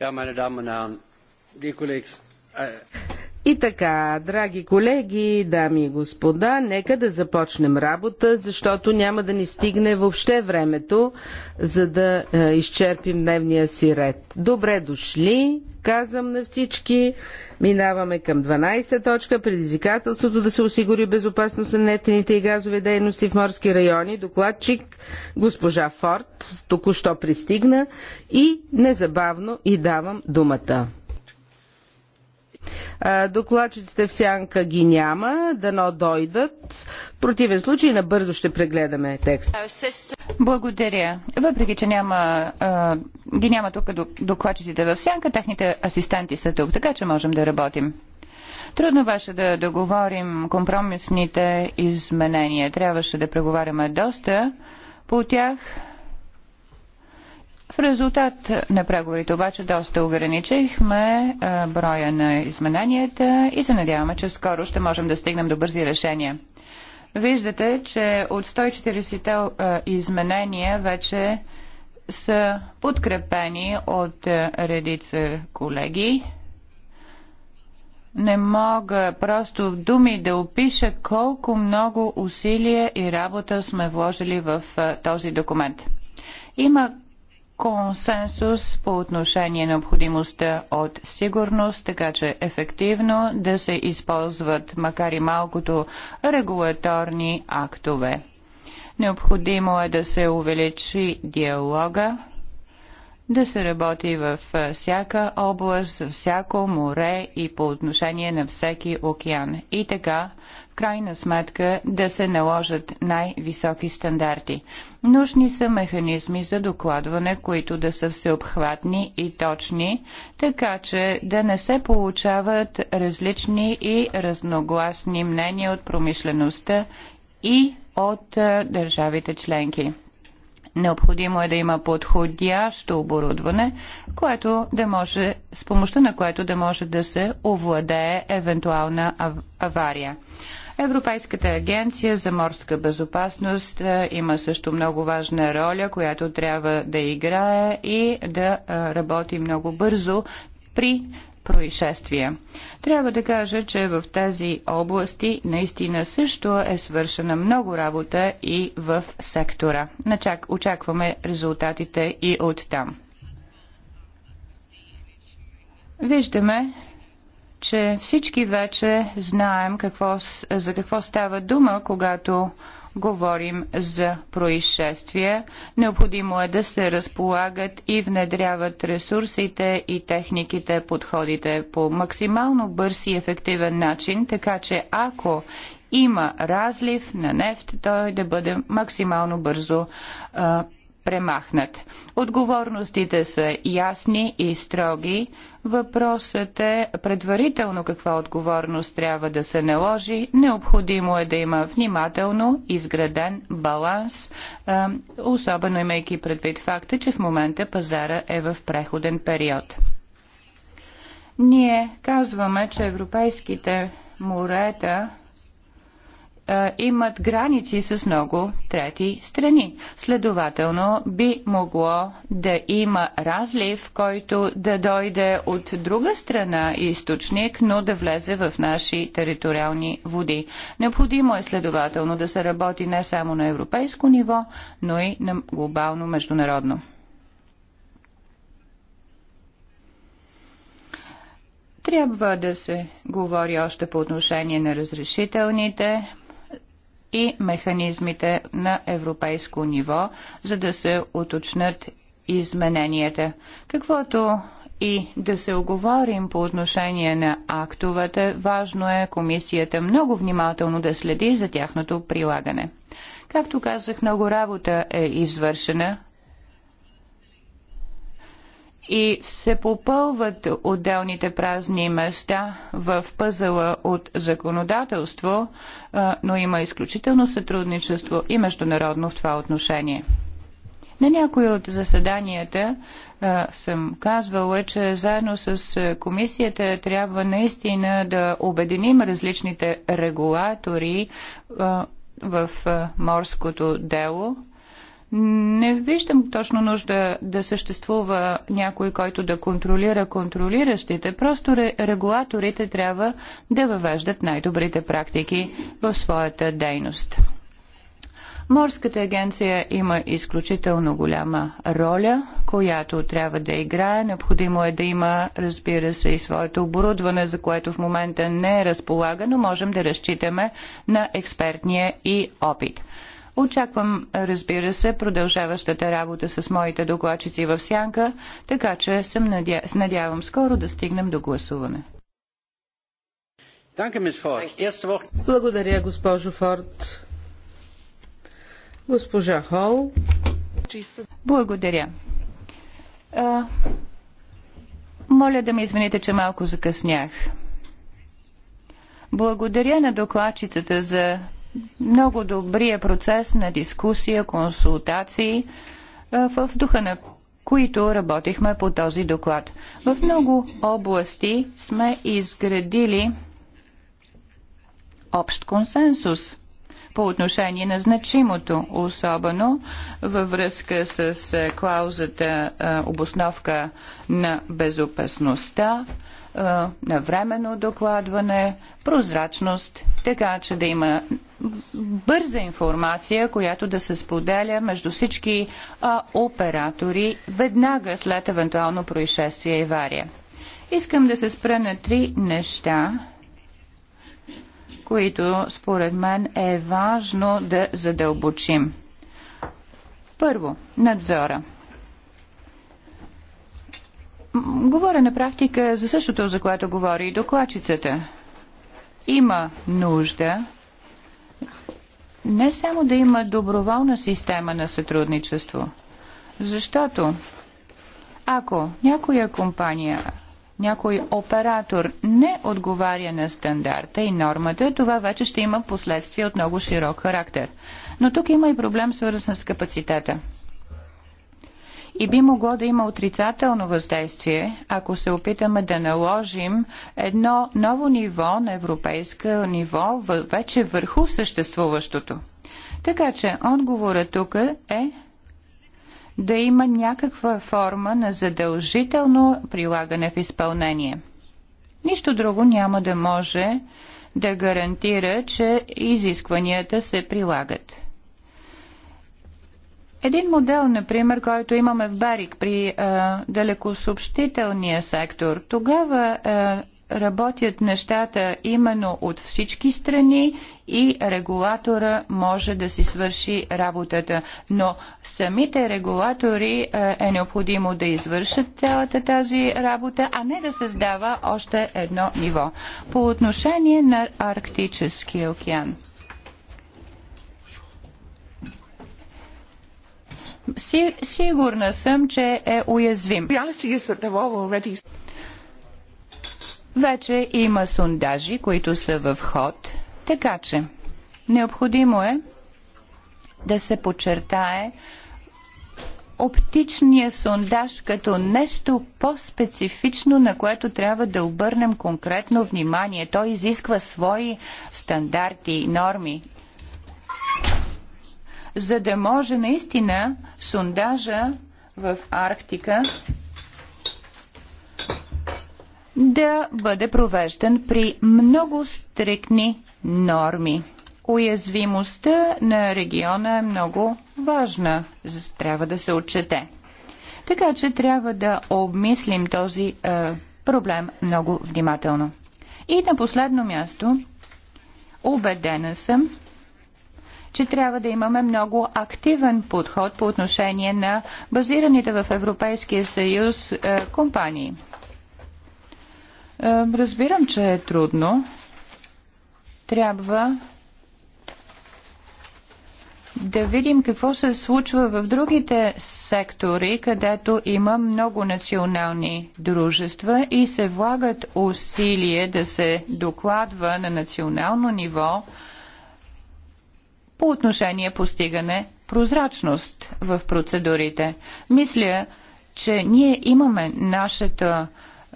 Äh, и така, драги колеги, дами и господа, нека да започнем работа, защото няма да ни стигне въобще времето, за да е, изчерпим дневния си ред. Добре дошли! казвам на всички. Минаваме към 12-та точка. Предизвикателството да се осигури безопасност на нефтените и газови дейности в морски райони. Докладчик госпожа Форд току-що пристигна и незабавно и давам думата. Докладчиците в сянка ги няма, дано дойдат. В противен случай набързо ще прегледаме текст. Благодаря. Въпреки, че няма, а, ги няма тук докладчиците в сянка, техните асистенти са тук, така че можем да работим. Трудно беше да договорим компромисните изменения. Трябваше да преговаряме доста по тях в резултат на преговорите обаче доста ограничихме броя на измененията и се надяваме, че скоро ще можем да стигнем до бързи решения. Виждате, че от 140 изменения вече са подкрепени от редица колеги. Не мога просто в думи да опиша колко много усилия и работа сме вложили в този документ. Има консенсус по отношение на необходимостта от сигурност, така че ефективно да се използват макар и малкото регулаторни актове. Необходимо е да се увеличи диалога, да се работи в всяка област, всяко море и по отношение на всеки океан. И така крайна сметка да се наложат най-високи стандарти. Нужни са механизми за докладване, които да са всеобхватни и точни, така че да не се получават различни и разногласни мнения от промишлеността и от държавите членки. Необходимо е да има подходящо оборудване, което да може, с помощта на което да може да се овладее евентуална авария. Европейската агенция за морска безопасност е, има също много важна роля, която трябва да играе и да е, работи много бързо при происшествия. Трябва да кажа, че в тези области наистина също е свършена много работа и в сектора. Начак, очакваме резултатите и от там. Виждаме, че всички вече знаем какво, за какво става дума, когато говорим за происшествие. Необходимо е да се разполагат и внедряват ресурсите и техниките, подходите по максимално бърз и ефективен начин, така че ако има разлив на нефт, той да бъде максимално бързо а, премахнат. Отговорностите са ясни и строги. Въпросът е предварително каква отговорност трябва да се наложи. Необходимо е да има внимателно изграден баланс, особено имайки предвид факта, че в момента пазара е в преходен период. Ние казваме, че европейските морета а, имат граници с много трети страни. Следователно би могло да има разлив, който да дойде от друга страна източник, но да влезе в наши териториални води. Необходимо е следователно да се работи не само на европейско ниво, но и на глобално международно. Трябва да се говори още по отношение на разрешителните, и механизмите на европейско ниво, за да се уточнат измененията. Каквото и да се оговорим по отношение на актовете, важно е комисията много внимателно да следи за тяхното прилагане. Както казах, много работа е извършена, и се попълват отделните празни места в пъзела от законодателство, но има изключително сътрудничество и международно в това отношение. На някои от заседанията съм казвала, че заедно с комисията трябва наистина да обединим различните регулатори в морското дело не виждам точно нужда да съществува някой, който да контролира контролиращите. Просто регулаторите трябва да въвеждат най-добрите практики в своята дейност. Морската агенция има изключително голяма роля, която трябва да играе. Необходимо е да има, разбира се, и своето оборудване, за което в момента не е разполага, но можем да разчитаме на експертния и опит. Очаквам, разбира се, продължаващата работа с моите докладчици в сянка, така че съм надя... надявам скоро да стигнем до гласуване. Благодаря, госпожо Форд. Госпожа Хол. Благодаря. А, моля да ме извините, че малко закъснях. Благодаря на докладчицата за много добрия е процес на дискусия, консултации, е, в духа на които работихме по този доклад. В много области сме изградили общ консенсус по отношение на значимото, особено във връзка с е, клаузата обосновка на безопасността, на временно докладване, прозрачност, така че да има бърза информация, която да се споделя между всички а, оператори веднага след евентуално происшествие и авария. Искам да се спра на три неща, които според мен е важно да задълбочим. Първо, надзора. Говоря на практика за същото, за което говори и докладчицата. Има нужда не само да има доброволна система на сътрудничество, защото ако някоя компания, някой оператор не отговаря на стандарта и нормата, това вече ще има последствия от много широк характер. Но тук има и проблем свързан с капацитета – и би могло да има отрицателно въздействие, ако се опитаме да наложим едно ново ниво на европейско ниво вече върху съществуващото. Така че отговорът тук е да има някаква форма на задължително прилагане в изпълнение. Нищо друго няма да може да гарантира, че изискванията се прилагат. Един модел, например, който имаме в Барик при е, далекосъобщителния сектор, тогава е, работят нещата именно от всички страни и регулатора може да си свърши работата. Но самите регулатори е, е необходимо да извършат цялата тази работа, а не да създава още едно ниво. По отношение на Арктическия океан. сигурна съм, че е уязвим. Вече има сондажи, които са в ход, така че необходимо е да се подчертае оптичния сондаж като нещо по-специфично, на което трябва да обърнем конкретно внимание. Той изисква свои стандарти, норми за да може наистина сондажа в Арктика да бъде провеждан при много стрикни норми. Уязвимостта на региона е много важна, трябва да се отчете. Така че трябва да обмислим този е, проблем много внимателно. И на последно място, убедена съм, че трябва да имаме много активен подход по отношение на базираните в Европейския съюз е, компании. Е, разбирам, че е трудно. Трябва да видим какво се случва в другите сектори, където има много национални дружества и се влагат усилия да се докладва на национално ниво по отношение постигане прозрачност в процедурите. Мисля, че ние имаме нашата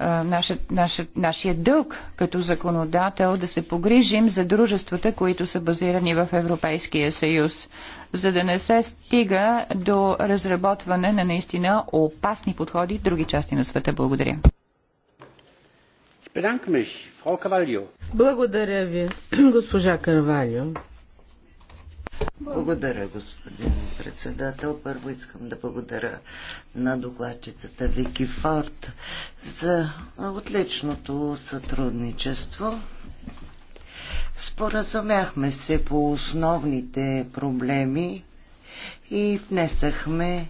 наша, наша, нашия дълг като законодател да се погрижим за дружествата, които са базирани в Европейския съюз, за да не се стига до разработване на наистина опасни подходи в други части на света. Благодаря. Благодаря ви, госпожа Карвалио. Благодаря, господин председател. Първо искам да благодаря на докладчицата Вики Форд за отличното сътрудничество. Споразумяхме се по основните проблеми и внесахме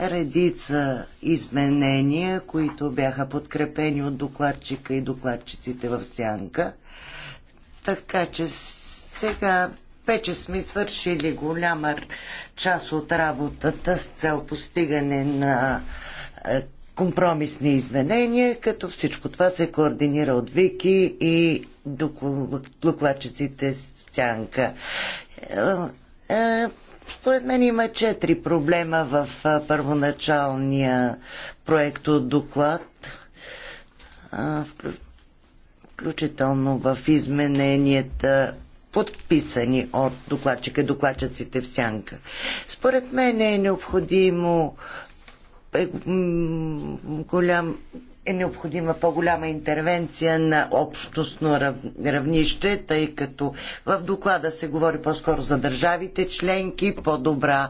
редица изменения, които бяха подкрепени от докладчика и докладчиците в сянка. Така че сега вече сме свършили голяма част от работата с цел постигане на е, компромисни изменения, като всичко това се координира от Вики и докладчиците с Цянка. Е, е, според мен има четири проблема в първоначалния проект от доклад, включително в измененията подписани от докладчика и докладчиците в сянка. Според мен е необходимо е, голям е необходима по-голяма интервенция на общностно равнище, тъй като в доклада се говори по-скоро за държавите членки, по-добра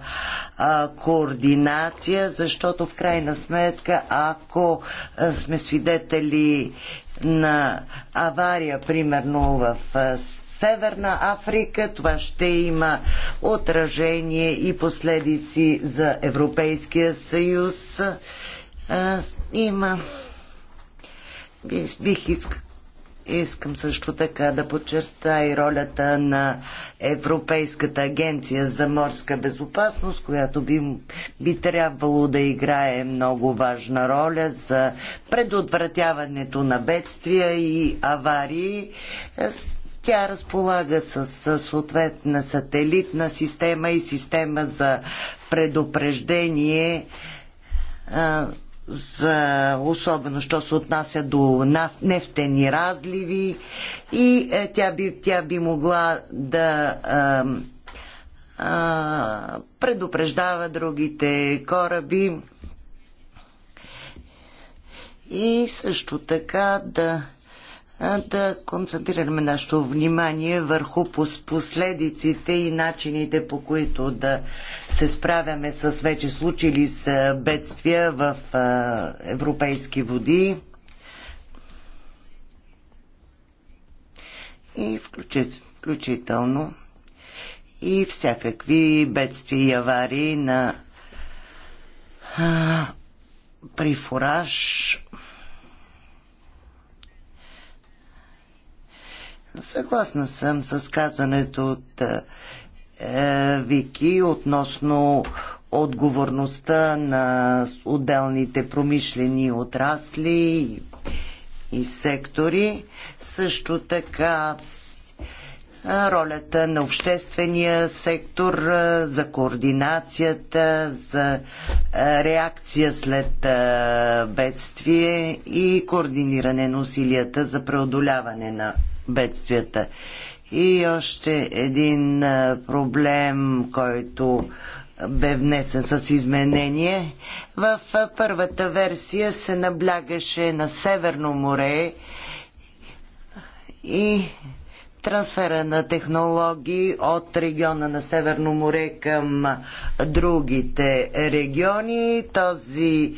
координация, защото в крайна сметка, ако а, сме свидетели на авария, примерно в а, Северна Африка. Това ще има отражение и последици за Европейския съюз. Има. Бих искал Искам също така да подчерта и ролята на Европейската агенция за морска безопасност, която би, би трябвало да играе много важна роля за предотвратяването на бедствия и аварии. Тя разполага с съответна сателитна система и система за предупреждение за особено що се отнася до нефтени разливи и е, тя би, тя би могла да а, предупреждава другите кораби и също така да да концентрираме нашето внимание върху последиците и начините по които да се справяме с вече случили с бедствия в европейски води. И включително и всякакви бедствия и аварии на при фураж, Съгласна съм с казането от е, е, Вики относно отговорността на отделните промишлени отрасли и сектори. Също така ролята на обществения сектор за координацията, за реакция след бедствие и координиране на усилията за преодоляване на бедствията. И още един проблем, който бе внесен с изменение. В първата версия се наблягаше на Северно море и трансфера на технологии от региона на Северно море към другите региони. Този,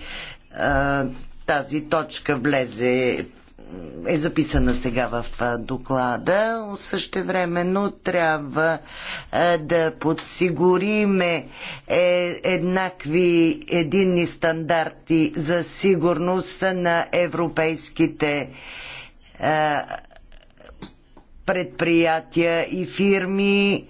тази точка влезе е записана сега в доклада. Същевременно трябва да подсигуриме е, еднакви единни стандарти за сигурност на европейските предприятия и фирми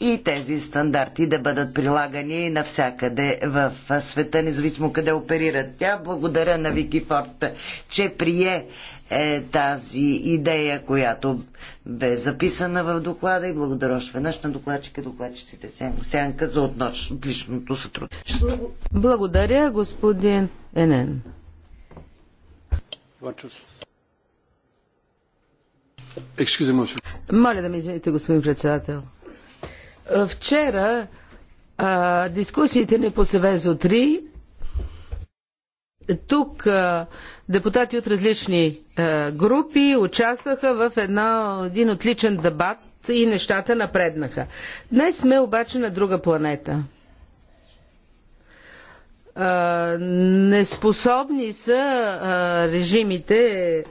и тези стандарти да бъдат прилагани навсякъде в света, независимо къде оперират тя. Благодаря на Вики Форд, че прие е, тази идея, която бе записана в доклада и благодаря още веднъж на докладчика и докладчиците Сянка за отличното сътрудничество. Благодаря, господин Енен. Моля да ме извините, господин председател. Вчера а, дискусиите ни по Севезо 3 тук а, депутати от различни а, групи участваха в една, един отличен дебат и нещата напреднаха. Днес сме обаче на друга планета. А, неспособни са режимите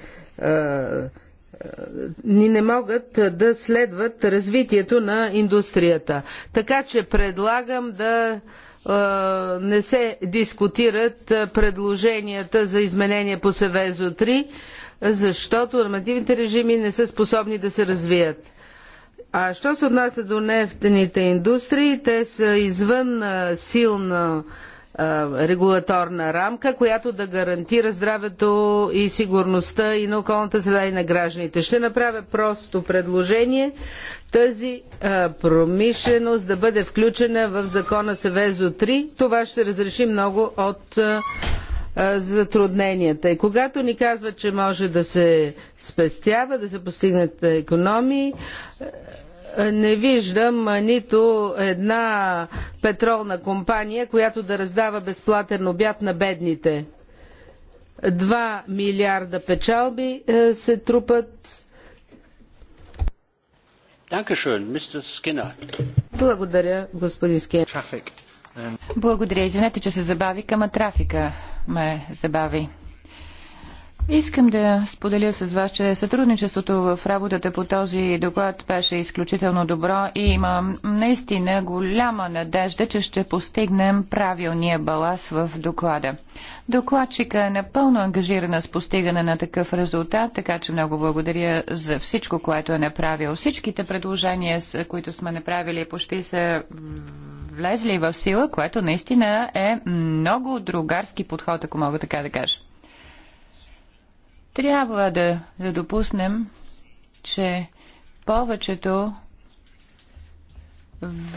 ни не могат да следват развитието на индустрията. Така че предлагам да не се дискутират предложенията за изменение по Севезо 3, защото нормативните режими не са способни да се развият. А що се отнася до нефтените индустрии, те са извън силно регулаторна рамка, която да гарантира здравето и сигурността и на околната среда и на гражданите. Ще направя просто предложение тази промишленост да бъде включена в закона Севезо 3. Това ще разреши много от затрудненията. И когато ни казват, че може да се спестява, да се постигнат економии, е, не виждам нито една петролна компания, която да раздава безплатен обяд на бедните. Два милиарда печалби е, се трупат. Благодаря, господин Скинер. Благодаря. Извинете, че се забави, ама трафика ме забави. Искам да споделя с вас, че сътрудничеството в работата по този доклад беше изключително добро и имам наистина голяма надежда, че ще постигнем правилния баланс в доклада. Докладчика е напълно ангажирана с постигане на такъв резултат, така че много благодаря за всичко, което е направил. Всичките предложения, които сме направили, почти са влезли в сила, което наистина е много другарски подход, ако мога така да кажа. Трябва да, да допуснем, че повечето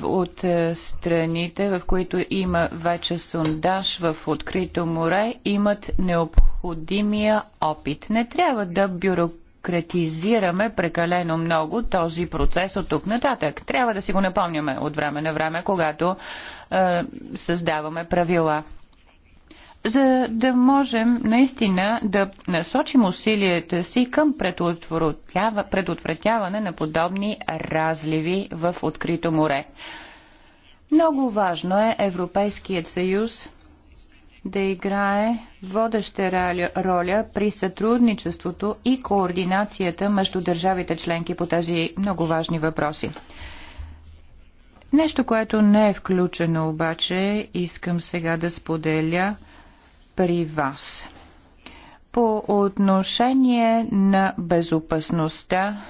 от е, страните, в които има вече сондаж в открито море, имат необходимия опит. Не трябва да бюрократизираме прекалено много този процес от тук нататък. Трябва да си го напомняме от време на време, когато е, създаваме правила за да можем наистина да насочим усилията си към предотвратяване на подобни разливи в открито море. Много важно е Европейският съюз да играе водеща роля при сътрудничеството и координацията между държавите членки по тези много важни въпроси. Нещо, което не е включено обаче, искам сега да споделя при вас. По отношение на безопасността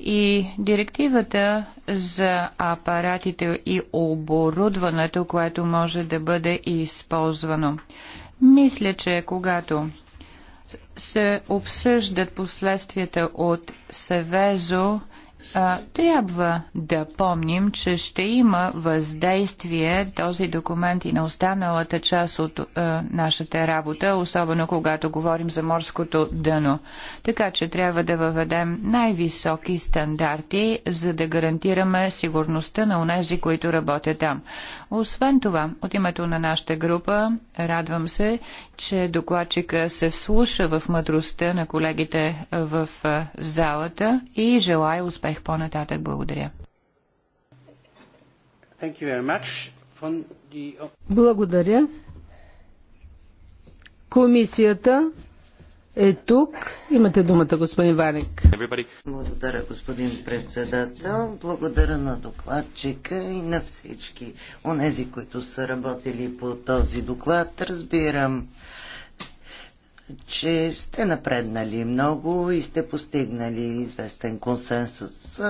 и директивата за апаратите и оборудването, което може да бъде използвано. Мисля, че когато се обсъждат последствията от Севезо, трябва да помним, че ще има въздействие този документ и на останалата част от е, нашата работа, особено когато говорим за морското дъно. Така че трябва да въведем най-високи стандарти, за да гарантираме сигурността на унези, които работят там. Освен това, от името на нашата група, радвам се, че докладчика се вслуша в мъдростта на колегите в залата и желая успех по-нататък. Благодаря. Благодаря. Комисията е тук. Имате думата, господин Ваник. Благодаря, господин председател. Благодаря на докладчика и на всички онези, които са работили по този доклад. Разбирам, че сте напреднали много и сте постигнали известен консенсус.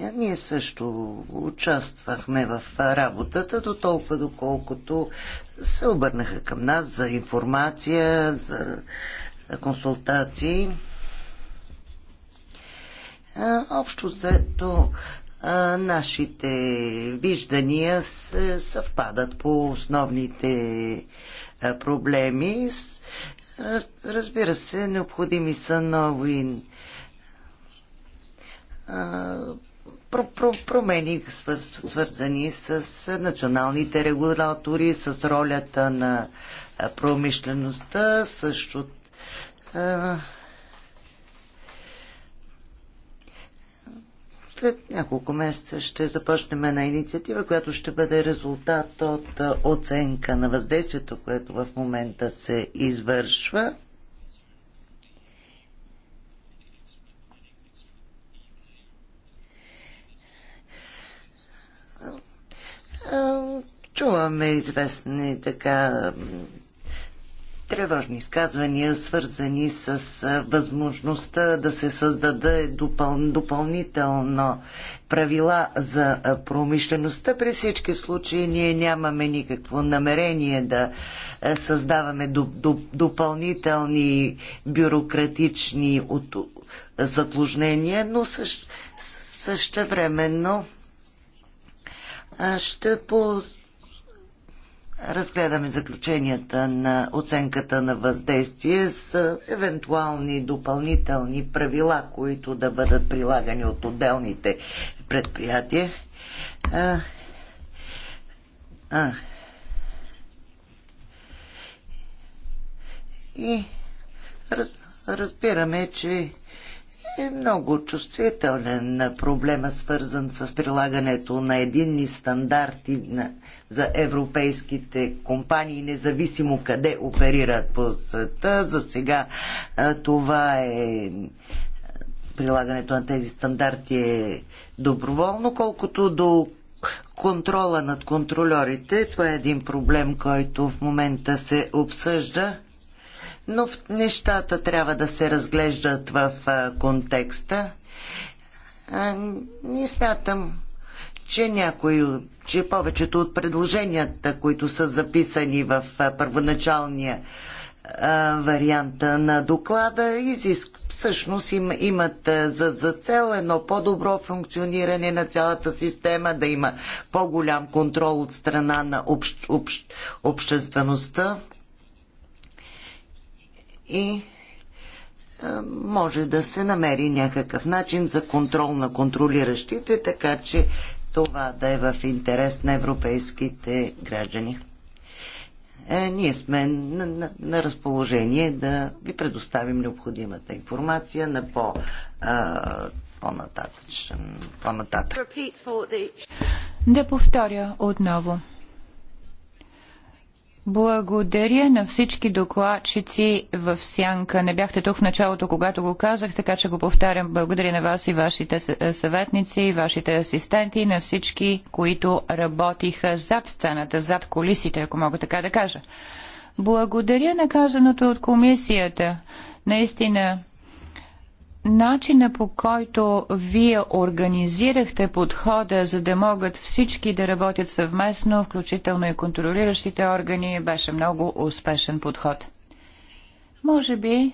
Е, ние също участвахме в работата, до толкова доколкото се обърнаха към нас за информация, за консултации. Е, общо взето е, нашите виждания съвпадат по основните проблеми. Разбира се, необходими са нови промени, свързани с националните регулатори, с ролята на промишлеността, също след няколко месеца ще започнем една инициатива, която ще бъде резултат от оценка на въздействието, което в момента се извършва. чуваме известни така тревожни изказвания, свързани с възможността да се създаде допъл... допълнително правила за промишлеността. При всички случаи ние нямаме никакво намерение да създаваме допълнителни бюрократични от... затлужнения, но също, същевременно ще по... разгледаме заключенията на оценката на въздействие с евентуални допълнителни правила, които да бъдат прилагани от отделните предприятия. А... А... И раз... разбираме, че е много чувствителен проблема, свързан с прилагането на единни стандарти на, за европейските компании, независимо къде оперират по света. За сега това е прилагането на тези стандарти е доброволно, колкото до контрола над контролерите. Това е един проблем, който в момента се обсъжда но нещата трябва да се разглеждат в контекста. Не смятам, че някои, че повечето от предложенията, които са записани в първоначалния варианта на доклада изиск, всъщност им, имат за, за цел едно по-добро функциониране на цялата система, да има по-голям контрол от страна на общ, общ, обществеността и е, може да се намери някакъв начин за контрол на контролиращите, така че това да е в интерес на европейските граждани. Е, ние сме на, на, на разположение да ви предоставим необходимата информация на по, а, по по-нататък. Да повторя отново. Благодаря на всички докладчици в Сянка. Не бяхте тук в началото, когато го казах, така че го повтарям. Благодаря на вас и вашите е, съветници, и вашите асистенти, и на всички, които работиха зад сцената, зад колисите, ако мога така да кажа. Благодаря на казаното от комисията. Наистина, начина по който вие организирахте подхода, за да могат всички да работят съвместно, включително и контролиращите органи, беше много успешен подход. Може би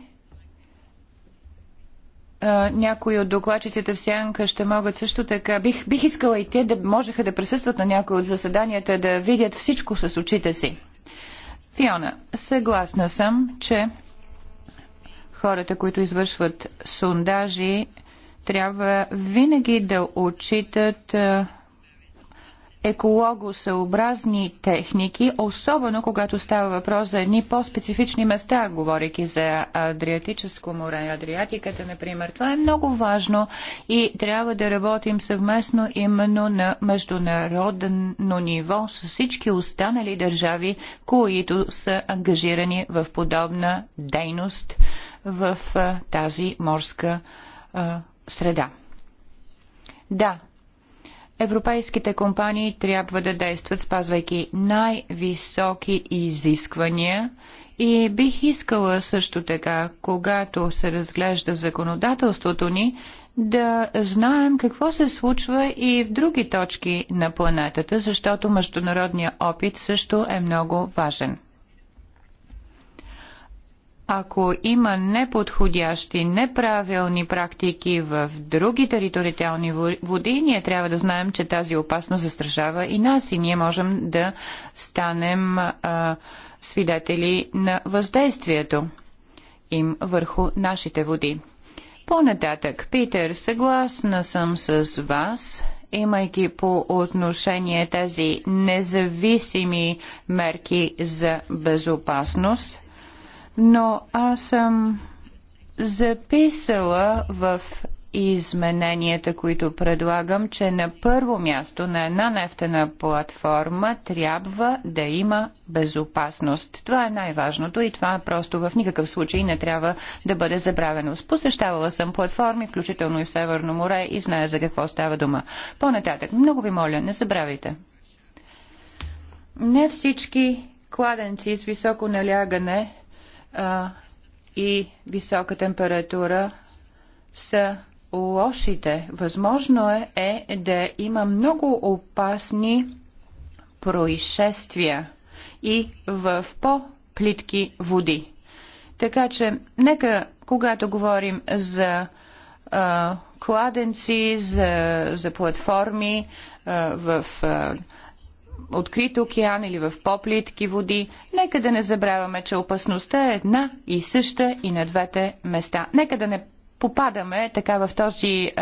някои от докладчиците в Сянка ще могат също така. Бих, бих искала и те да можеха да присъстват на някои от заседанията, да видят всичко с очите си. Фиона, съгласна съм, че хората, които извършват сондажи, трябва винаги да отчитат е, екологосъобразни техники, особено когато става въпрос за едни по-специфични места, говоряки за Адриатическо море, Адриатиката, например. Това е много важно и трябва да работим съвместно именно на международно ниво с всички останали държави, които са ангажирани в подобна дейност в тази морска среда. Да, европейските компании трябва да действат спазвайки най-високи изисквания и бих искала също така, когато се разглежда законодателството ни, да знаем какво се случва и в други точки на планетата, защото международният опит също е много важен ако има неподходящи, неправилни практики в други териториални води, ние трябва да знаем, че тази опасност застрашава и нас и ние можем да станем а, свидетели на въздействието им върху нашите води. По-нататък, Питер, съгласна съм с вас, имайки по отношение тези независими мерки за безопасност но аз съм записала в измененията, които предлагам, че на първо място на една нефтена платформа трябва да има безопасност. Това е най-важното и това просто в никакъв случай не трябва да бъде забравено. Посещавала съм платформи, включително и в Северно море и зная за какво става дума. По-нататък, много ви моля, не забравяйте. Не всички кладенци с високо налягане а, и висока температура са лошите. Възможно е, е да има много опасни происшествия и в по-плитки води. Така че, нека, когато говорим за а, кладенци, за, за платформи а, в. А, открит океан или в по-плитки води. Нека да не забравяме, че опасността е една и съща и на двете места. Нека да не попадаме така в този е,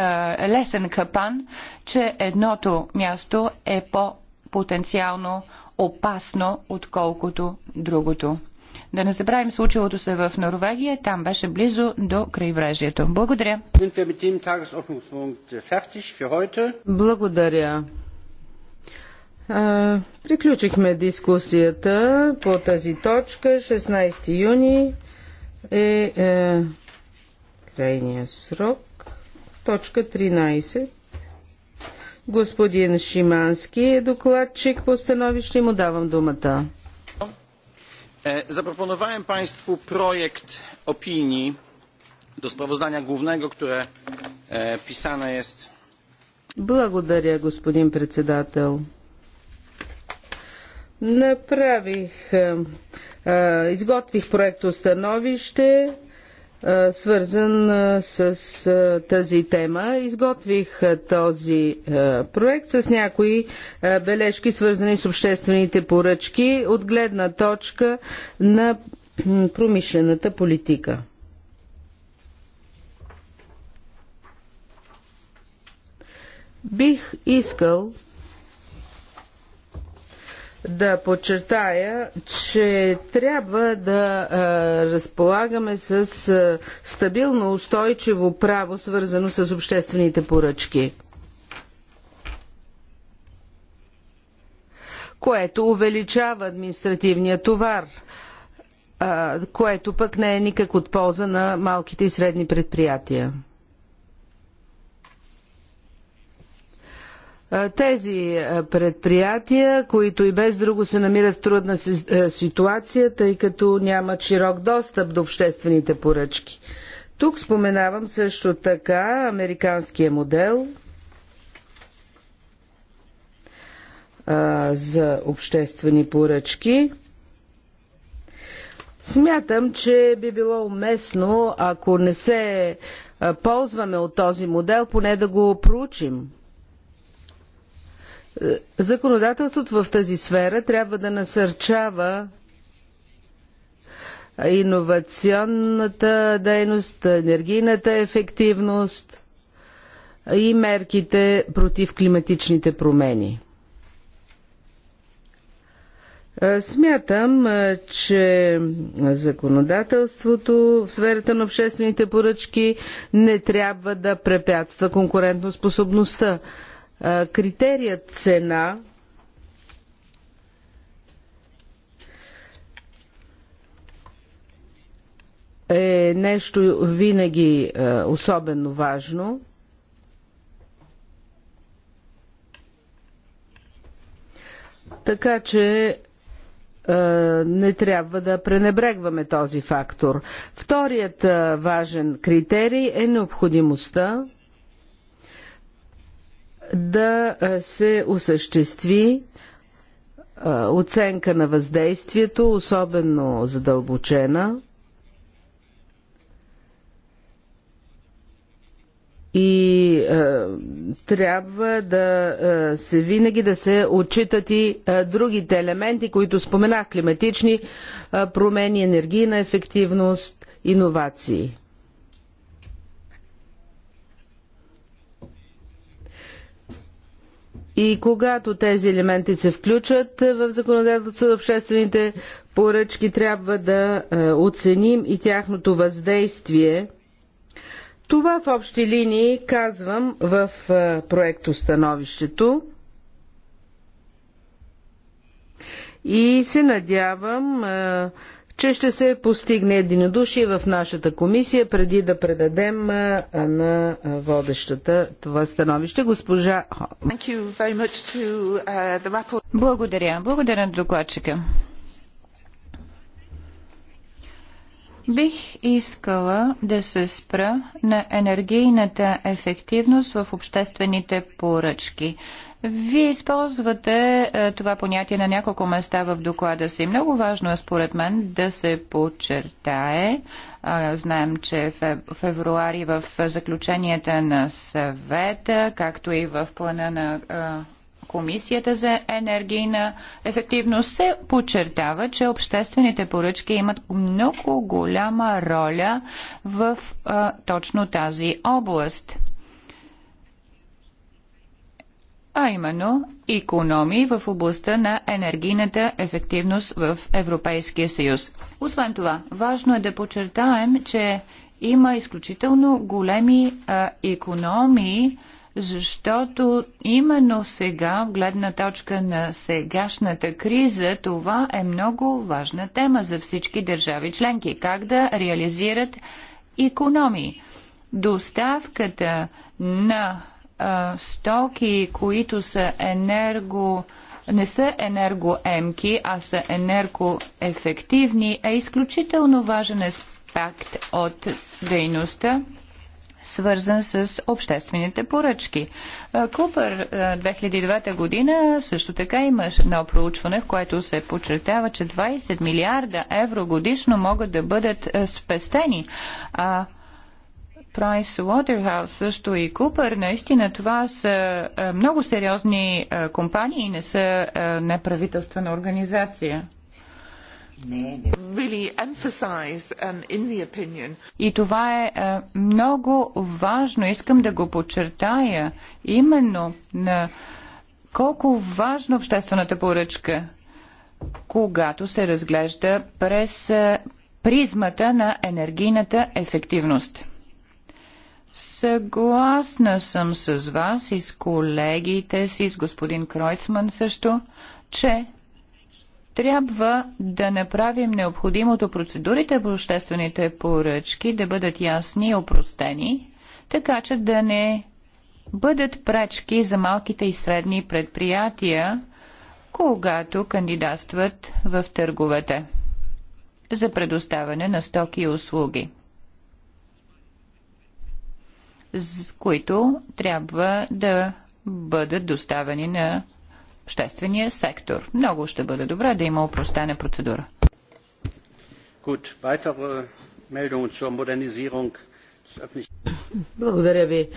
лесен капан, че едното място е по-потенциално опасно, отколкото другото. Да не забравим случилото се в Норвегия, там беше близо до крайбрежието. Благодаря. Благодаря приключихме дискусията по тази точка. 16 юни е, е крайния срок. Точка 13. Господин Шимански е докладчик по становище му давам думата. Zaproponowałem е, Państwu projekt opinii do sprawozdania głównego, które писано jest. Благодаря, господин председател. Направих, изготвих проектостановище, свързан с тази тема. Изготвих този проект с някои бележки, свързани с обществените поръчки от гледна точка на промишлената политика. Бих искал да подчертая, че трябва да а, разполагаме с а, стабилно устойчиво право, свързано с обществените поръчки. което увеличава административния товар, а, което пък не е никак от полза на малките и средни предприятия. Е, тези е, предприятия, които и без друго се намират в трудна е, ситуация, тъй като нямат широк достъп до обществените поръчки. Тук споменавам също така американския модел а, за обществени поръчки. Смятам, че би било уместно, ако не се ползваме от този модел, поне да го проучим Законодателството в тази сфера трябва да насърчава иновационната дейност, енергийната ефективност и мерките против климатичните промени. Смятам, че законодателството в сферата на обществените поръчки не трябва да препятства конкурентоспособността Критерият цена е нещо винаги особено важно. Така че не трябва да пренебрегваме този фактор. Вторият важен критерий е необходимостта да се осъществи оценка на въздействието, особено задълбочена. И е, трябва да е, се винаги да се отчитат и е, другите елементи, които споменах климатични е, промени, енергийна ефективност, иновации. И когато тези елементи се включат е, в законодателството за обществените поръчки, трябва да е, оценим и тяхното въздействие. Това в общи линии казвам в е, проекто становището. И се надявам че ще се постигне единодушие в нашата комисия, преди да предадем на водещата това становище. Госпожа uh, Благодаря. Благодаря на докладчика. Бих искала да се спра на енергийната ефективност в обществените поръчки. Вие използвате е, това понятие на няколко места в доклада си. Много важно е според мен да се подчертае. знаем, че в февруари в заключенията на съвета, както и в плана на Комисията за енергийна ефективност се подчертава, че обществените поръчки имат много голяма роля в а, точно тази област а именно економии в областта на енергийната ефективност в Европейския съюз. Освен това, важно е да подчертаем, че има изключително големи а, економии, защото именно сега, в гледна точка на сегашната криза, това е много важна тема за всички държави членки. Как да реализират економии? Доставката на стоки, които са енерго не са енергоемки, а са енергоефективни, е изключително важен аспект от дейността свързан с обществените поръчки. Купър 2009 година също така има едно проучване, в което се подчертава, че 20 милиарда евро годишно могат да бъдат спестени. А Прайс Waterhouse, също и Купър, наистина това са е, много сериозни е, компании и не са е, неправителствена организация. Um, и това е много важно, искам да го подчертая, именно на колко важна обществената поръчка, когато се разглежда през призмата на енергийната ефективност. Съгласна съм с вас и с колегите си, с господин Кройцман също, че трябва да направим необходимото процедурите по обществените поръчки да бъдат ясни и опростени, така че да не бъдат пречки за малките и средни предприятия, когато кандидатстват в търговете за предоставяне на стоки и услуги с които трябва да бъдат доставени на обществения сектор. Много ще бъде добре да има упростена процедура. Е, Благодаря ви.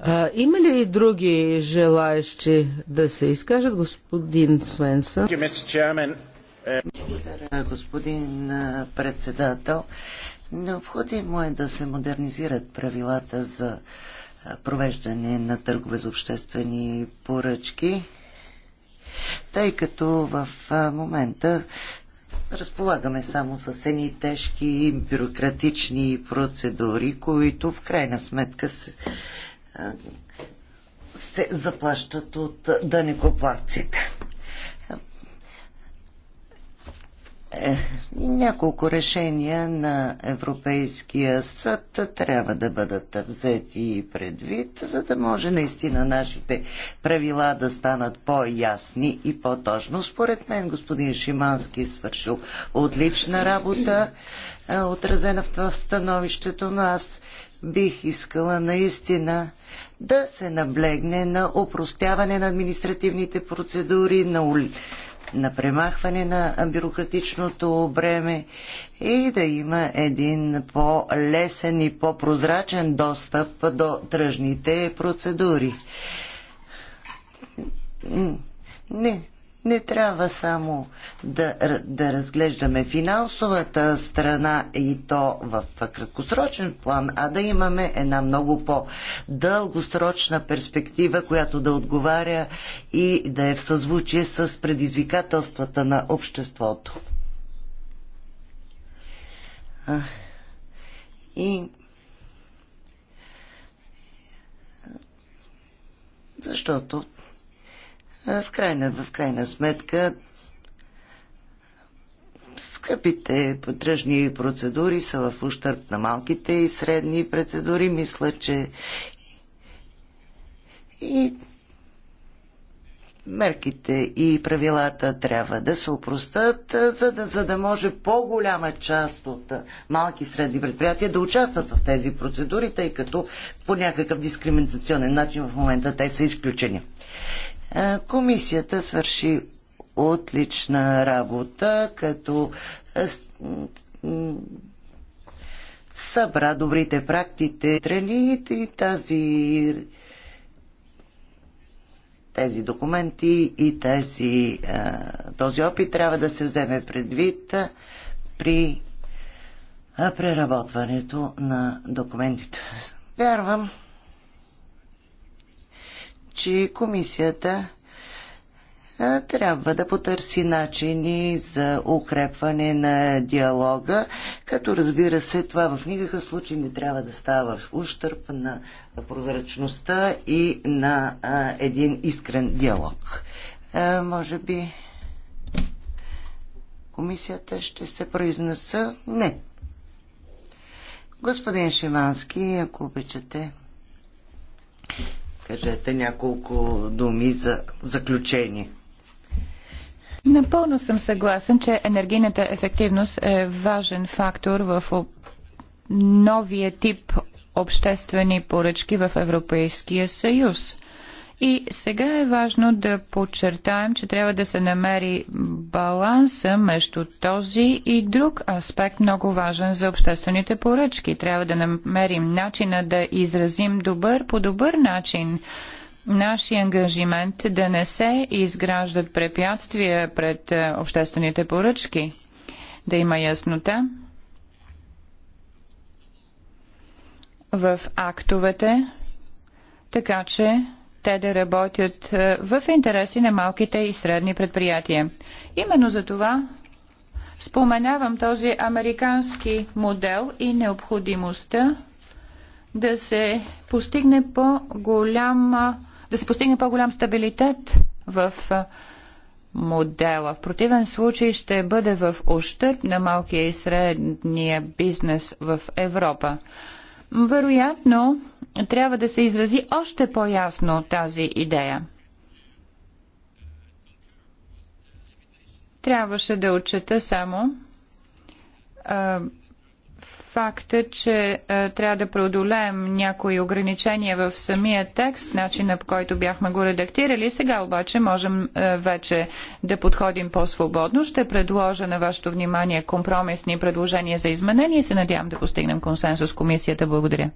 А, има ли и други желаящи да се изкажат, господин Свенсън? Благодаря, господин председател. Необходимо е да се модернизират правилата за провеждане на търгове за обществени поръчки, тъй като в момента разполагаме само с едни тежки бюрократични процедури, които в крайна сметка се, се заплащат от данекоплатците. Е, няколко решения на Европейския съд трябва да бъдат взети и предвид, за да може наистина нашите правила да станат по-ясни и по-точно. Според мен господин Шимански е свършил отлична работа, е, отразена в това становището, но аз бих искала наистина да се наблегне на упростяване на административните процедури, на на премахване на бюрократичното бреме и да има един по-лесен и по-прозрачен достъп до тръжните процедури. Не, не трябва само да, да разглеждаме финансовата страна и то в краткосрочен план, а да имаме една много по-дългосрочна перспектива, която да отговаря и да е в съзвучие с предизвикателствата на обществото. И защото в крайна, в крайна сметка скъпите тръжни процедури са в ущърп на малките и средни процедури. Мисля, че и мерките и правилата трябва да се опростат, за да, за да може по-голяма част от малки и средни предприятия да участват в тези процедури, тъй като по някакъв дискриминационен начин в момента те са изключени. Е, комисията свърши отлична работа, като е, събра добрите практики, тралиите и тази тези документи и тези, е, този опит трябва да се вземе предвид при преработването на документите. Вярвам, че комисията трябва да потърси начини за укрепване на диалога, като разбира се, това в никакъв случай не трябва да става в ущърп на прозрачността и на а, един искрен диалог. А, може би комисията ще се произнеса? Не. Господин Шимански, ако обичате кажете няколко думи за заключение. Напълно съм съгласен, че енергийната ефективност е важен фактор в новия тип обществени поръчки в Европейския съюз. И сега е важно да подчертаем, че трябва да се намери баланса между този и друг аспект, много важен за обществените поръчки. Трябва да намерим начина да изразим добър по добър начин нашия ангажимент да не се изграждат препятствия пред е, обществените поръчки, да има яснота в актовете, така че те да работят е, в интереси на малките и средни предприятия. Именно за това споменавам този американски модел и необходимостта да се постигне по голям е, да се постигне по-голям стабилитет в е, модела. В противен случай ще бъде в ущърп на малкия и средния бизнес в Европа. Вероятно, трябва да се изрази още по-ясно тази идея. Трябваше да отчета само а, факта, че а, трябва да преодолеем някои ограничения в самия текст, начина по който бяхме го редактирали. Сега обаче можем а, вече да подходим по-свободно. Ще предложа на вашето внимание компромисни предложения за изменения и се надявам да постигнем консенсус с комисията. Благодаря.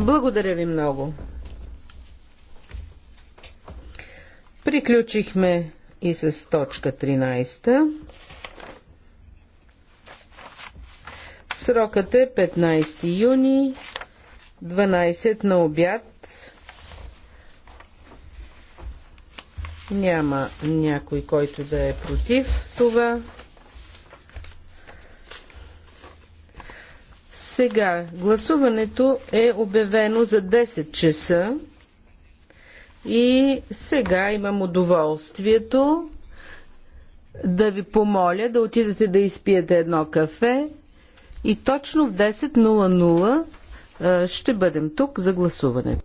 Благодаря ви много. Приключихме и с точка 13. Срокът е 15 юни, 12 на обяд. Няма някой, който да е против това. Сега, гласуването е обявено за 10 часа и сега имам удоволствието да ви помоля да отидете да изпиете едно кафе и точно в 10.00 ще бъдем тук за гласуването.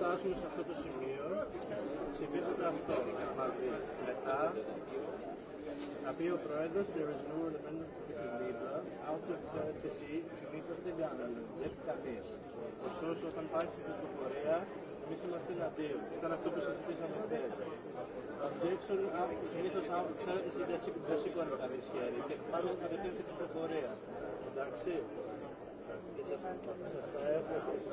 φτάσουν σε αυτό το σημείο, ψηφίζονται αυτό μαζί. Μετά, να πει ο Πρόεδρος, there is no element this is Libra, out of the συνήθως δεν κάνει έχει κανείς. Ωστόσο, όταν πάει στην πληροφορία, εμείς είμαστε εναντίον. Ήταν αυτό που συζητήσαμε χθες. Objection, συνήθως out of δεν σήκωνε κανείς χέρι και πάμε κατευθείαν στην πληροφορία. Εντάξει. Και σας, τα έστω στο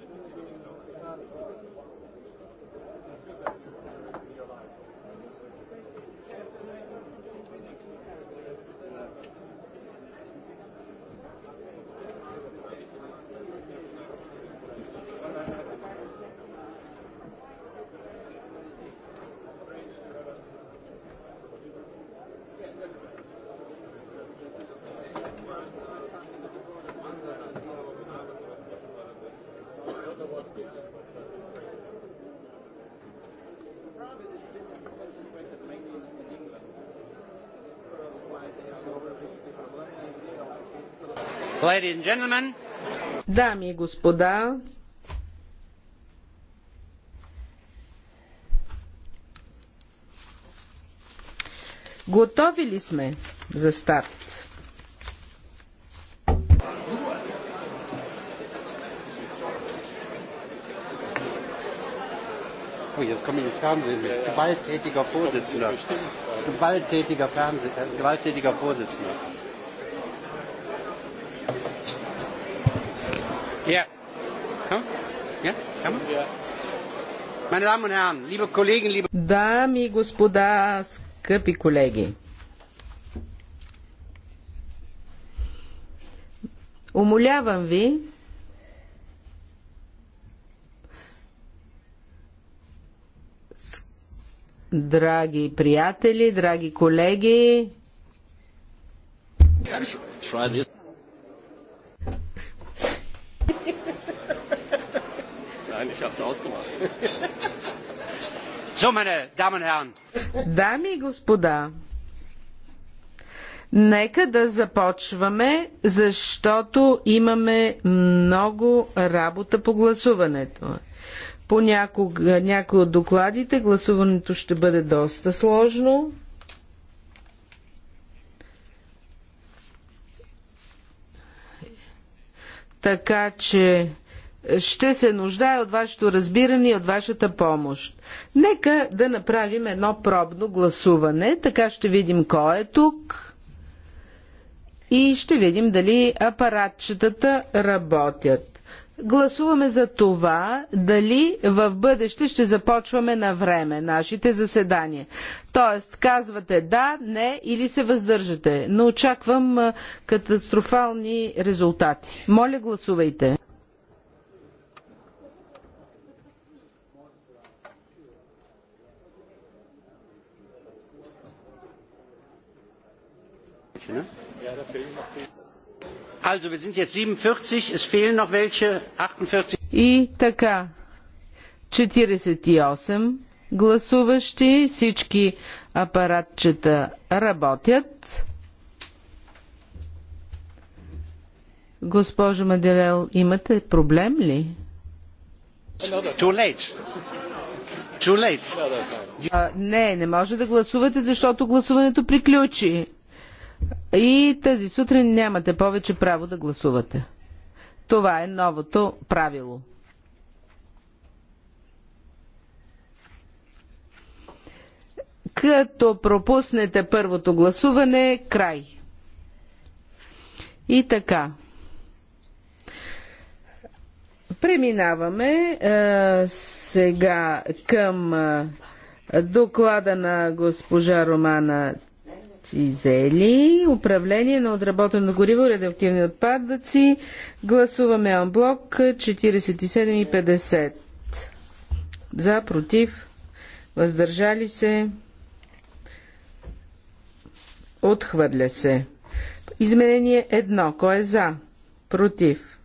Дами и господа, готови ли сме за старт? jetzt komme ich ins Fernsehen mit. Gewalttätiger Vorsitzender. Gewalttätiger, Fernseh, gewalttätiger Vorsitzender. Ja. Komm. Ja, komm. Ja. Meine Damen und Herren, liebe Kollegen, liebe Dami gospoda, господа, скъпи колеги. Умолявам ви драги приятели, драги колеги. Try Ich ausgemacht. So, meine Damen und Herren. Дами и господа, нека да започваме, защото имаме много работа по гласуването. По някога, някои от докладите гласуването ще бъде доста сложно. Така че ще се нуждае от вашето разбиране и от вашата помощ. Нека да направим едно пробно гласуване, така ще видим кой е тук и ще видим дали апаратчетата работят. Гласуваме за това дали в бъдеще ще започваме на време нашите заседания. Тоест, казвате да, не или се въздържате, но очаквам катастрофални резултати. Моля, гласувайте. 48. И така, 48 гласуващи, всички апаратчета работят. Госпожо Маделел, имате проблем ли? Too late. Too late. А, не, не може да гласувате, защото гласуването приключи. И тази сутрин нямате повече право да гласувате. Това е новото правило. Като пропуснете първото гласуване, край. И така. Преминаваме а, е, сега към а, е, доклада на госпожа Романа зели, управление на отработено гориво, радиоактивни отпадъци. Гласуваме анблок 47 и 50. За, против, въздържали се, отхвърля се. Изменение 1. Кой е за? Против.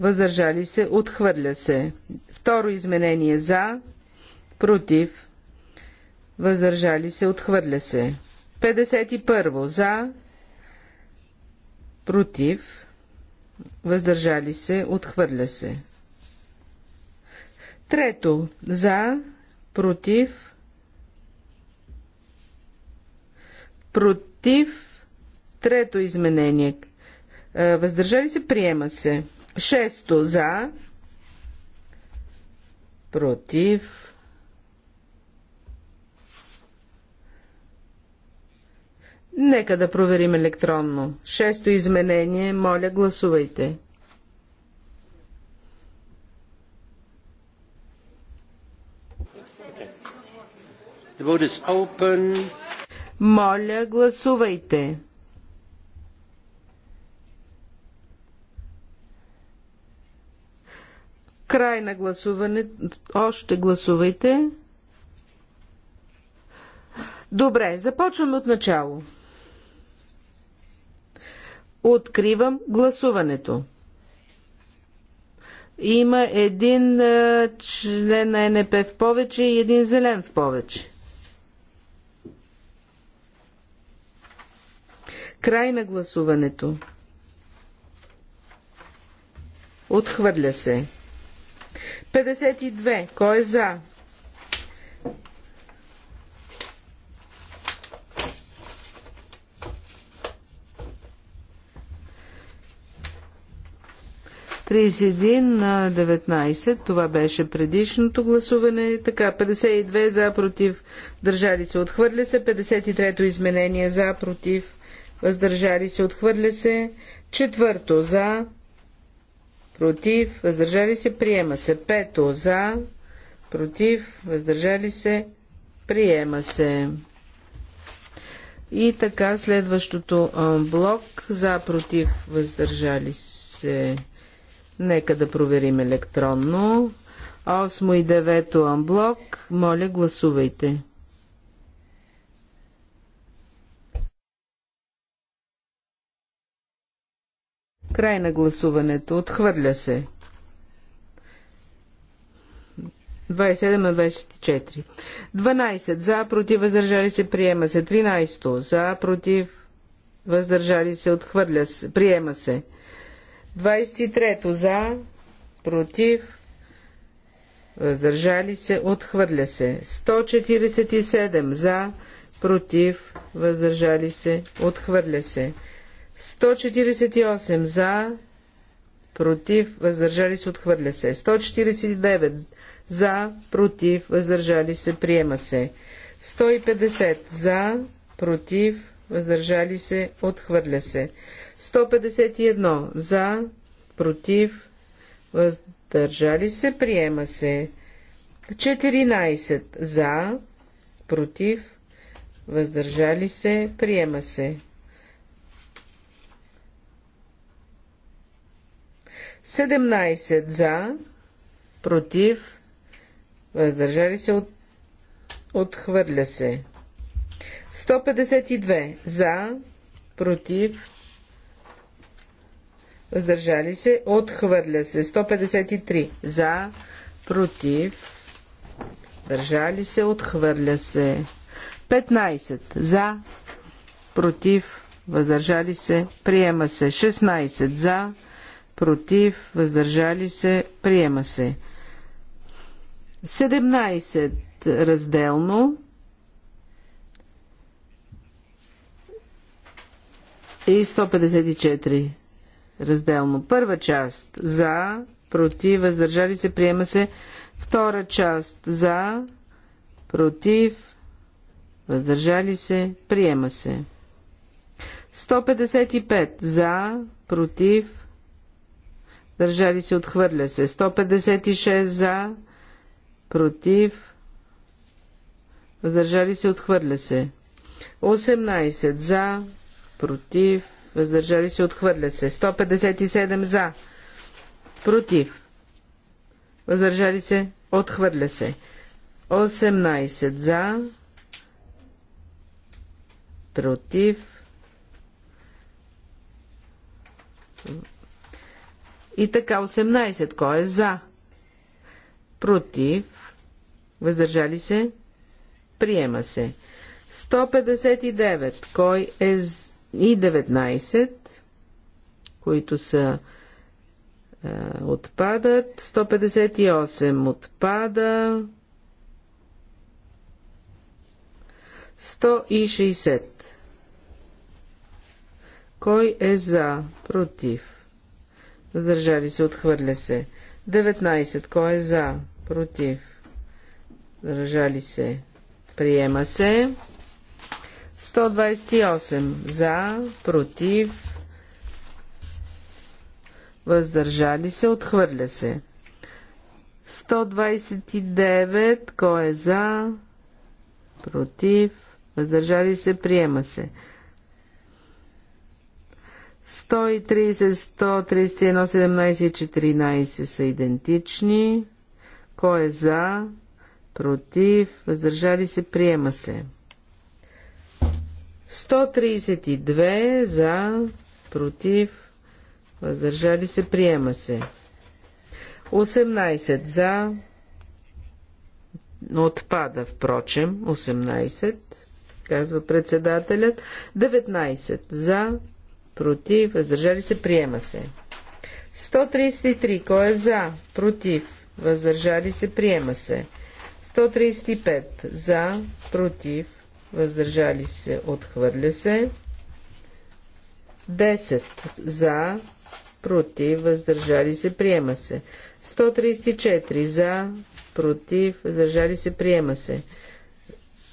Въздържали се, отхвърля се. Второ изменение за, против, въздържали се, отхвърля се. 51 за, против, въздържали се, отхвърля се. Трето, за, против, против, трето изменение, въздържали се, приема се. Шесто, за, против, Нека да проверим електронно. Шесто изменение, моля гласувайте. Моля, гласувайте. Край на гласуване. Още гласувайте. Добре, започваме от начало. Откривам гласуването. Има един е, член на НП в повече и един зелен в повече. Край на гласуването. Отхвърля се. 52. Кой е за? 31 на 19, това беше предишното гласуване. Така, 52 за, против, държали се, отхвърля се. 53-то изменение за, против, въздържали се, отхвърля се. Четвърто за, против, въздържали се, приема се. Пето за, против, въздържали се, приема се. И така следващото блок за, против, въздържали се. Нека да проверим електронно. 8 и 9 анблок. Моля, гласувайте. Край на гласуването. Отхвърля се. 27 на 24. 12. За, против, въздържали се, приема се. 13. За, против, въздържали се, отхвърля се, приема се. 23 за, против, въздържали се, отхвърля се. 147 за, против, въздържали се, отхвърля се. 148 за, против, въздържали се, отхвърля се. 149 за, против, въздържали се, приема се. 150 за, против, въздържали се, отхвърля се. 151 за, против, въздържали се, приема се. 14 за, против, въздържали се, приема се. 17 за, против, въздържали се, от, отхвърля се. 152 за, против, въздържали се, отхвърля се. 153 за, против, въздържали се, отхвърля се. 15 за, против, въздържали се, приема се. 16 за, против, въздържали се, приема се. 17 разделно, и 154. Разделно. Първа част за, против, въздържали се, приема се. Втора част за, против, въздържали се, приема се. 155 за, против, държали се, отхвърля се. 156 за, против, въздържали се, отхвърля се. 18 за, против, въздържали се, отхвърля се. 157 за, против, въздържали се, отхвърля се. 18 за, против, и така 18. Кой е за? Против, въздържали се, приема се. 159. Кой е за? и 19, които са е, отпадат. 158 отпада. 160. Кой е за? Против. Въздържали се, отхвърля се. 19. Кой е за? Против. Въздържали се. Приема се. 128 за, против, въздържали се, отхвърля се. 129, кой е за, против, въздържали се, приема се. 130, 131, 17 и 14 са идентични. Кой е за, против, въздържали се, приема се. 132 за, против, въздържали се, приема се. 18 за, отпада, впрочем, 18, казва председателят, 19 за, против, въздържали се, приема се. 133, кой е за, против, въздържали се, приема се. 135 за, против, въздържали се, отхвърля се. 10 за, против, въздържали се, приема се. 134 за, против, въздържали се, приема се.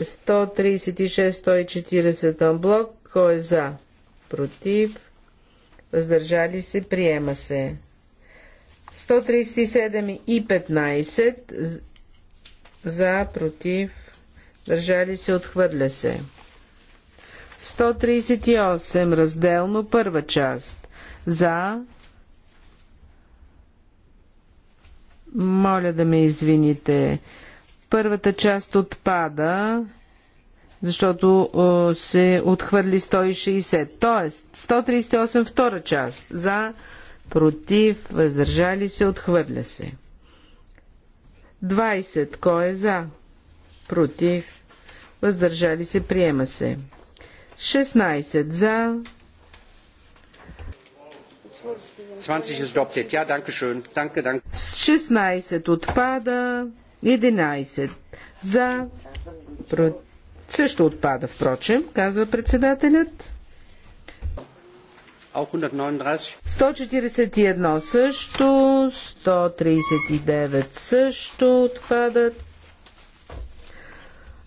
136-140 блок, кой е за, против, въздържали се, приема се. 137 и 15 за, против, Държали се, отхвърля се. 138. Разделно първа част. За. Моля да ме извините. Първата част отпада, защото се отхвърли 160. Тоест, 138 втора част. За, против, въздържали се, отхвърля се. 20. Кой е за? против, въздържали се, приема се. 16 за. 16 е отпада, 11 за, Про... също отпада, впрочем, казва председателят. 141 също, 139 също отпадат.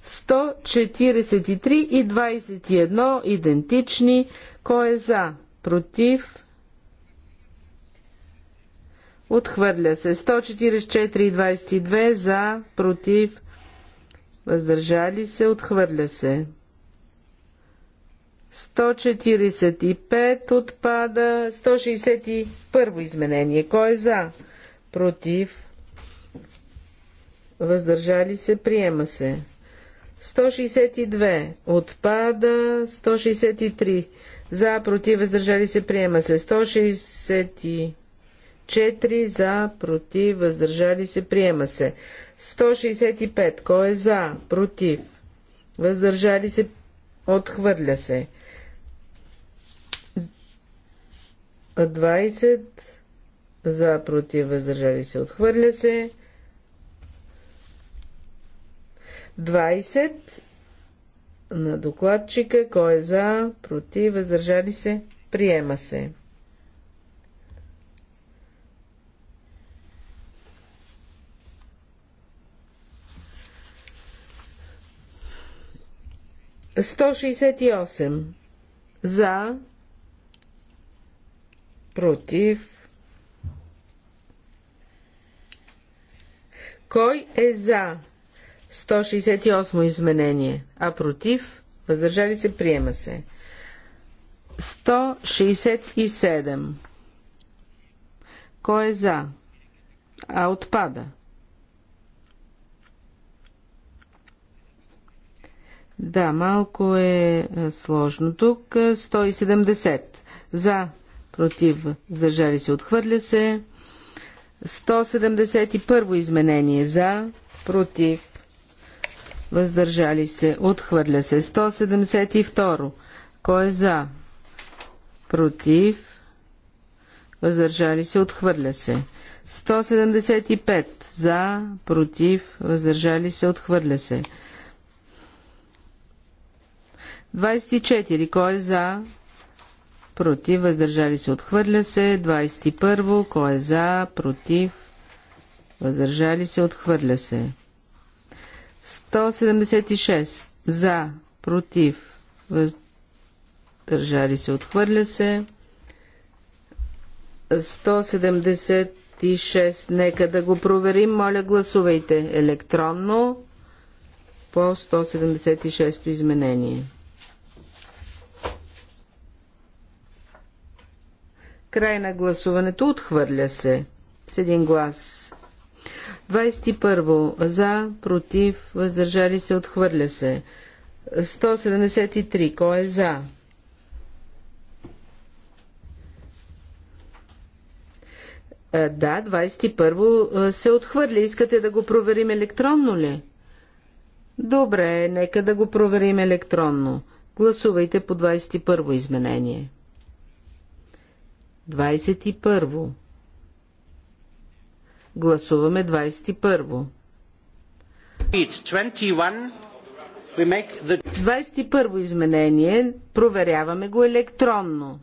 143 и 21 идентични. Кой е за? Против? Отхвърля се. 144 и 22 за, против, въздържали се, отхвърля се. 145 отпада. 161 изменение. Кой е за? Против. Въздържали се, приема се. 162 отпада, 163 за, против, въздържали се, приема се. 164 за, против, въздържали се, приема се. 165. Кой е за, против, въздържали се, отхвърля се. 20 за, против, въздържали се, отхвърля се. 20 на докладчика. Кой е за? Против? Въздържали се? Приема се. Сто шестьдесят? и За. Против. Кой е за? 168 изменение, а против, въздържали се, приема се. 167. Кой е за? А отпада. Да, малко е сложно тук. 170. За, против, въздържали се, отхвърля се. 171 изменение за, против, въздържали се, отхвърля се. 172. Кой е за? Против, въздържали се, отхвърля се. 175. За, против, въздържали се, отхвърля се. 24. Кой е за? Против, въздържали се, отхвърля се. 21. Кой е за? Против, въздържали се, отхвърля се. 176 за, против, въздържали се, отхвърля се. 176, нека да го проверим, моля гласувайте електронно по 176 изменение. Край на гласуването отхвърля се с един глас 21. За, против, въздържали се, отхвърля се. 173. Кой е за? 21. Е, да, 21 е, се отхвърля. Искате да го проверим електронно ли? Добре, нека да го проверим електронно. Гласувайте по 21 изменение. 21. Гласуваме 21. во 21 изменение. Проверяваме го електронно.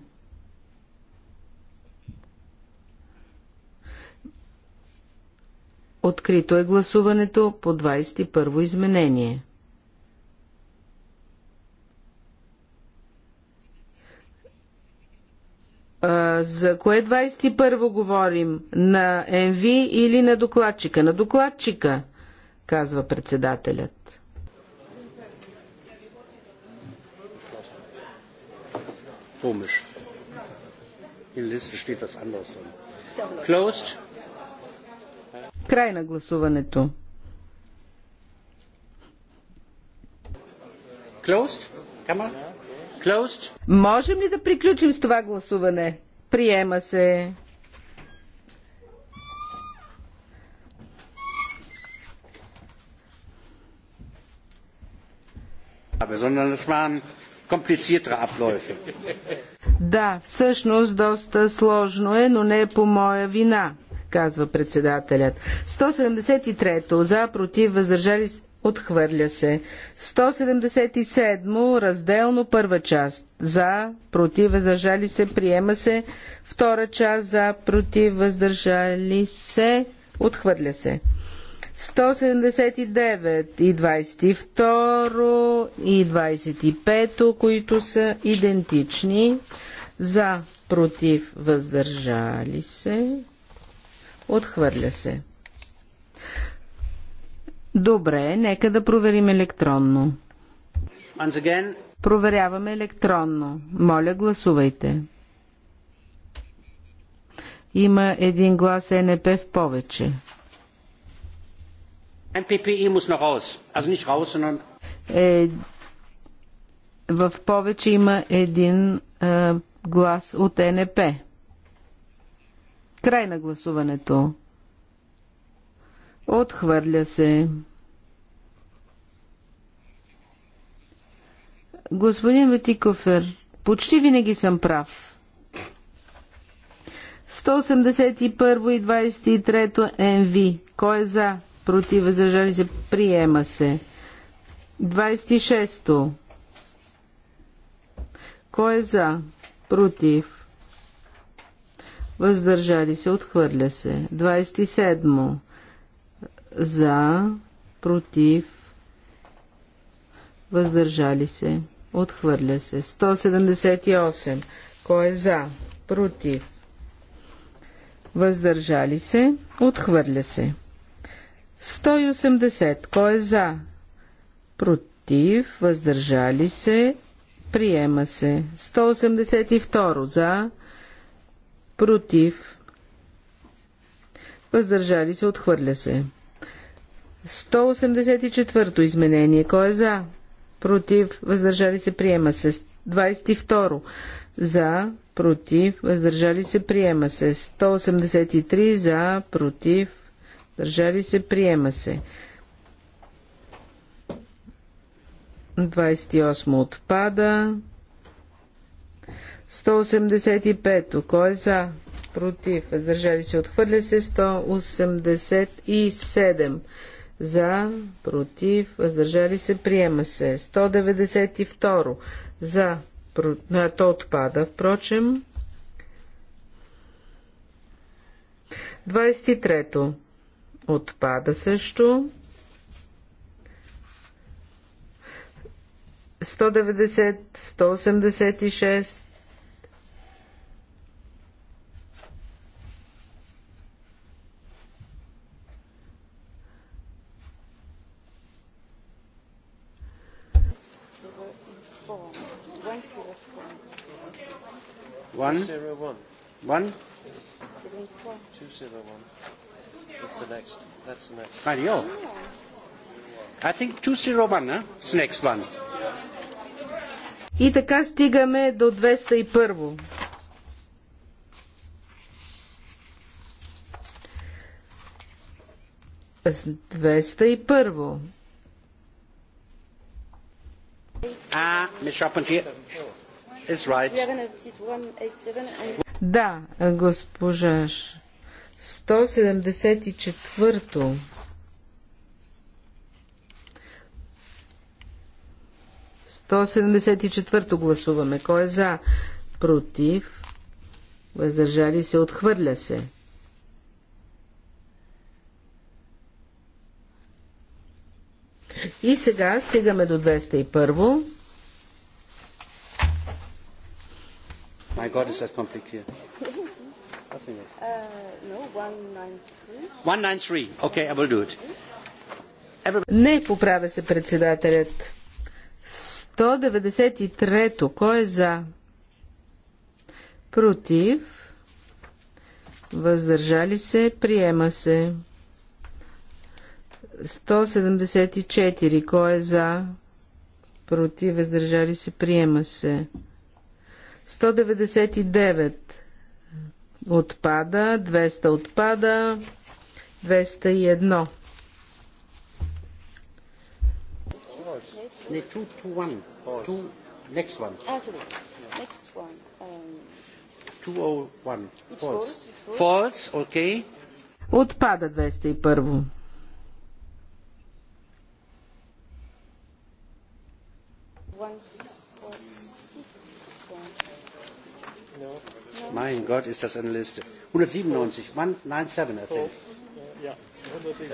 Открито е гласуването по 21 во изменение. за кое 21-во говорим? На МВ или на докладчика? На докладчика, казва председателят. Край на гласуването. Closed? Камера? Можем ли да приключим с това гласуване? Приема се. Да, всъщност доста сложно е, но не е по моя вина, казва председателят. 173-то за, против, въздържали се Отхвърля се. 177. Разделно първа част. За, против, въздържали се. Приема се. Втора част. За, против, въздържали се. Отхвърля се. 179 и 22 и 25, които са идентични. За, против, въздържали се. Отхвърля се. Добре, нека да проверим електронно. Проверяваме електронно. Моля, гласувайте. Има един глас НП в повече. Е, в повече има един а, глас от НП. Край на гласуването. Отхвърля се. Господин Ветикофер, почти винаги съм прав. 181 и 23 МВ. Кой е за? Против, въздържали се. Приема се. 26-то. Кой е за? Против. Въздържали се. Отхвърля се. 27 за, против, въздържали се, отхвърля се. 178. Кой е за, против, въздържали се, отхвърля се. 180. Кой е за, против, въздържали се, приема се. 182. За, против, въздържали се, отхвърля се. 184-то изменение. Кой е за? Против. Въздържали се. Приема се. 22. За. Против. Въздържали се. Приема се. 183. За. Против. Въздържали се. Приема се. 28 отпада. 185. Кой е за? Против. Въздържали се. Отхвърля се. 187 за, против, въздържали се, приема се. 192 за, про... а, то отпада, впрочем. 23 отпада също. 190, 186, One. One. Two zero one. That's the next. That's the next. Mario. I think 201, huh? It's the next one. И така стигаме до 201. С 201. А, Мишапантия is right. Да, госпожа. 174-то. Сто гласуваме. Кой е за? Против? Въздържали се? Отхвърля се. И сега стигаме до 201. My God, is that complicated? 193. Uh, Не, поправя се председателят. 193-то. Кой е за? Против. Въздържали се. Приема се. 174. Кой е за? Против. Въздържали се. Приема се. 199 отпада, 200 отпада, 201. Не, two, two, one. Two, next one. Ah, one. Um... 201. False. False, okay. Отпада 201. One Mein Gott, ist das eine Liste. 197, 197, I think.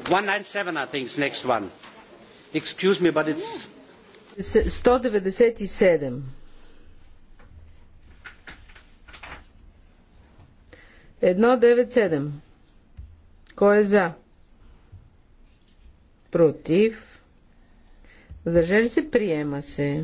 197, I think, is next one. Excuse me, but it's... 197. Едно, девет, седем. Кой е за? Против. Въздържали се, приема се.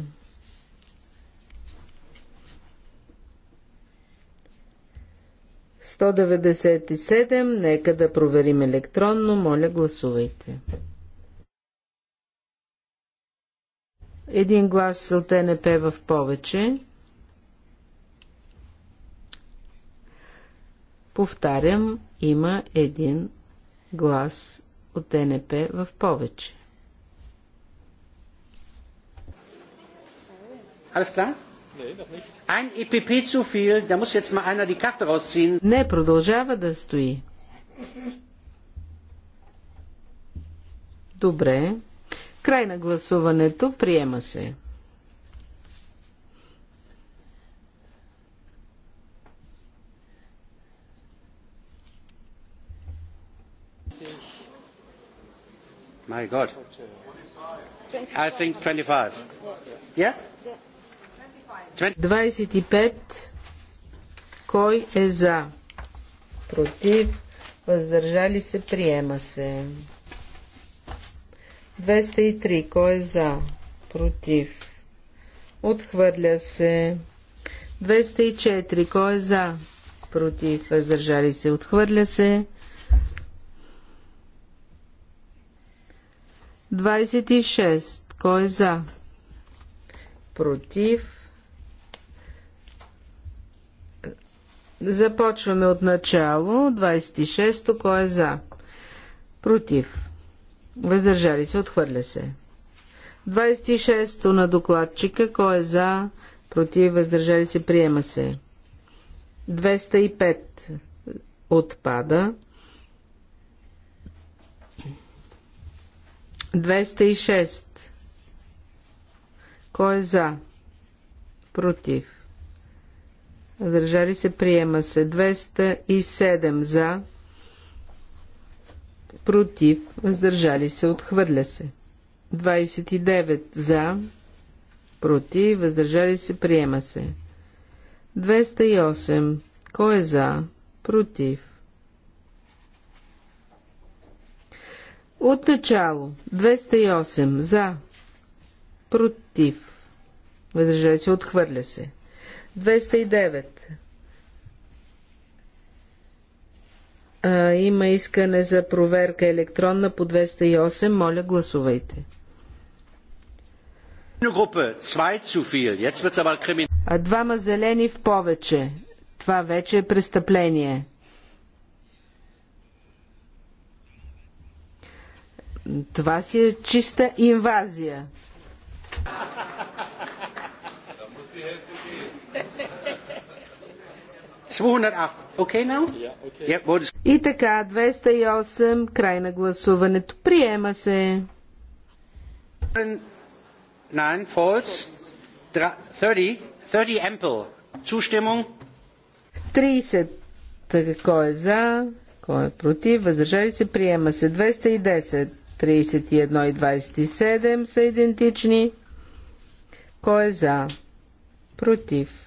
197, нека да проверим електронно, моля гласувайте. Един глас от НП в повече. Повтарям, има един глас от НП в повече. Alles klar? Не, e продължава да стои. Добре. Край на гласуването. Приема се. My God. 25. I think 25. Yeah? 25. Кой е за? Против. Въздържали се. Приема се. 203. Кой е за? Против. Отхвърля се. 204. Кой е за? Против. Въздържали се. Отхвърля се. 26. Кой е за? Против. Започваме от начало. 26-то. Кой е за? Против. Въздържали се. Отхвърля се. 26-то на докладчика. Кой е за? Против. Въздържали се. Приема се. 205 отпада. 206. Кой е за? Против. Въздържали се, приема се. 207 за. Против. Въздържали се, отхвърля се. 29 за. Против. Въздържали се, приема се. 208. Кой е за? Против. Отначало. 208. За. Против. Въздържали се, отхвърля се. 209. 209. А, има искане за проверка електронна по 208. Моля, гласувайте. А двама зелени в повече. Това вече е престъпление. Това си е чиста инвазия. И така, 208, край на гласуването. Приема се. Nein, 30, Кой е за? Кой е против? Въздържали се? Приема се. 210. 31 и 27 са идентични. Кой е за? Против.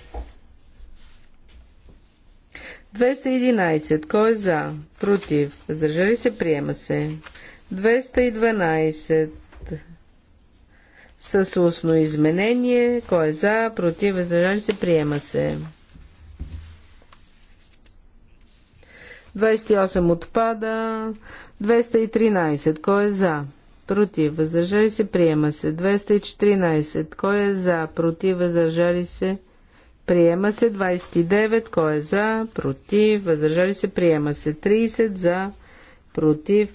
211. Кой е за? Против. Въздържали се? Приема се. 212. С устно изменение. Кой е за? Против. Въздържали се? Приема се. 28 отпада. 213. Кой е за? Против. Въздържали се? Приема се. 214. Кой е за? Против. Въздържали се? Приема се. Приема се 29, кой е за, против, въздържали се, приема се 30, за, против,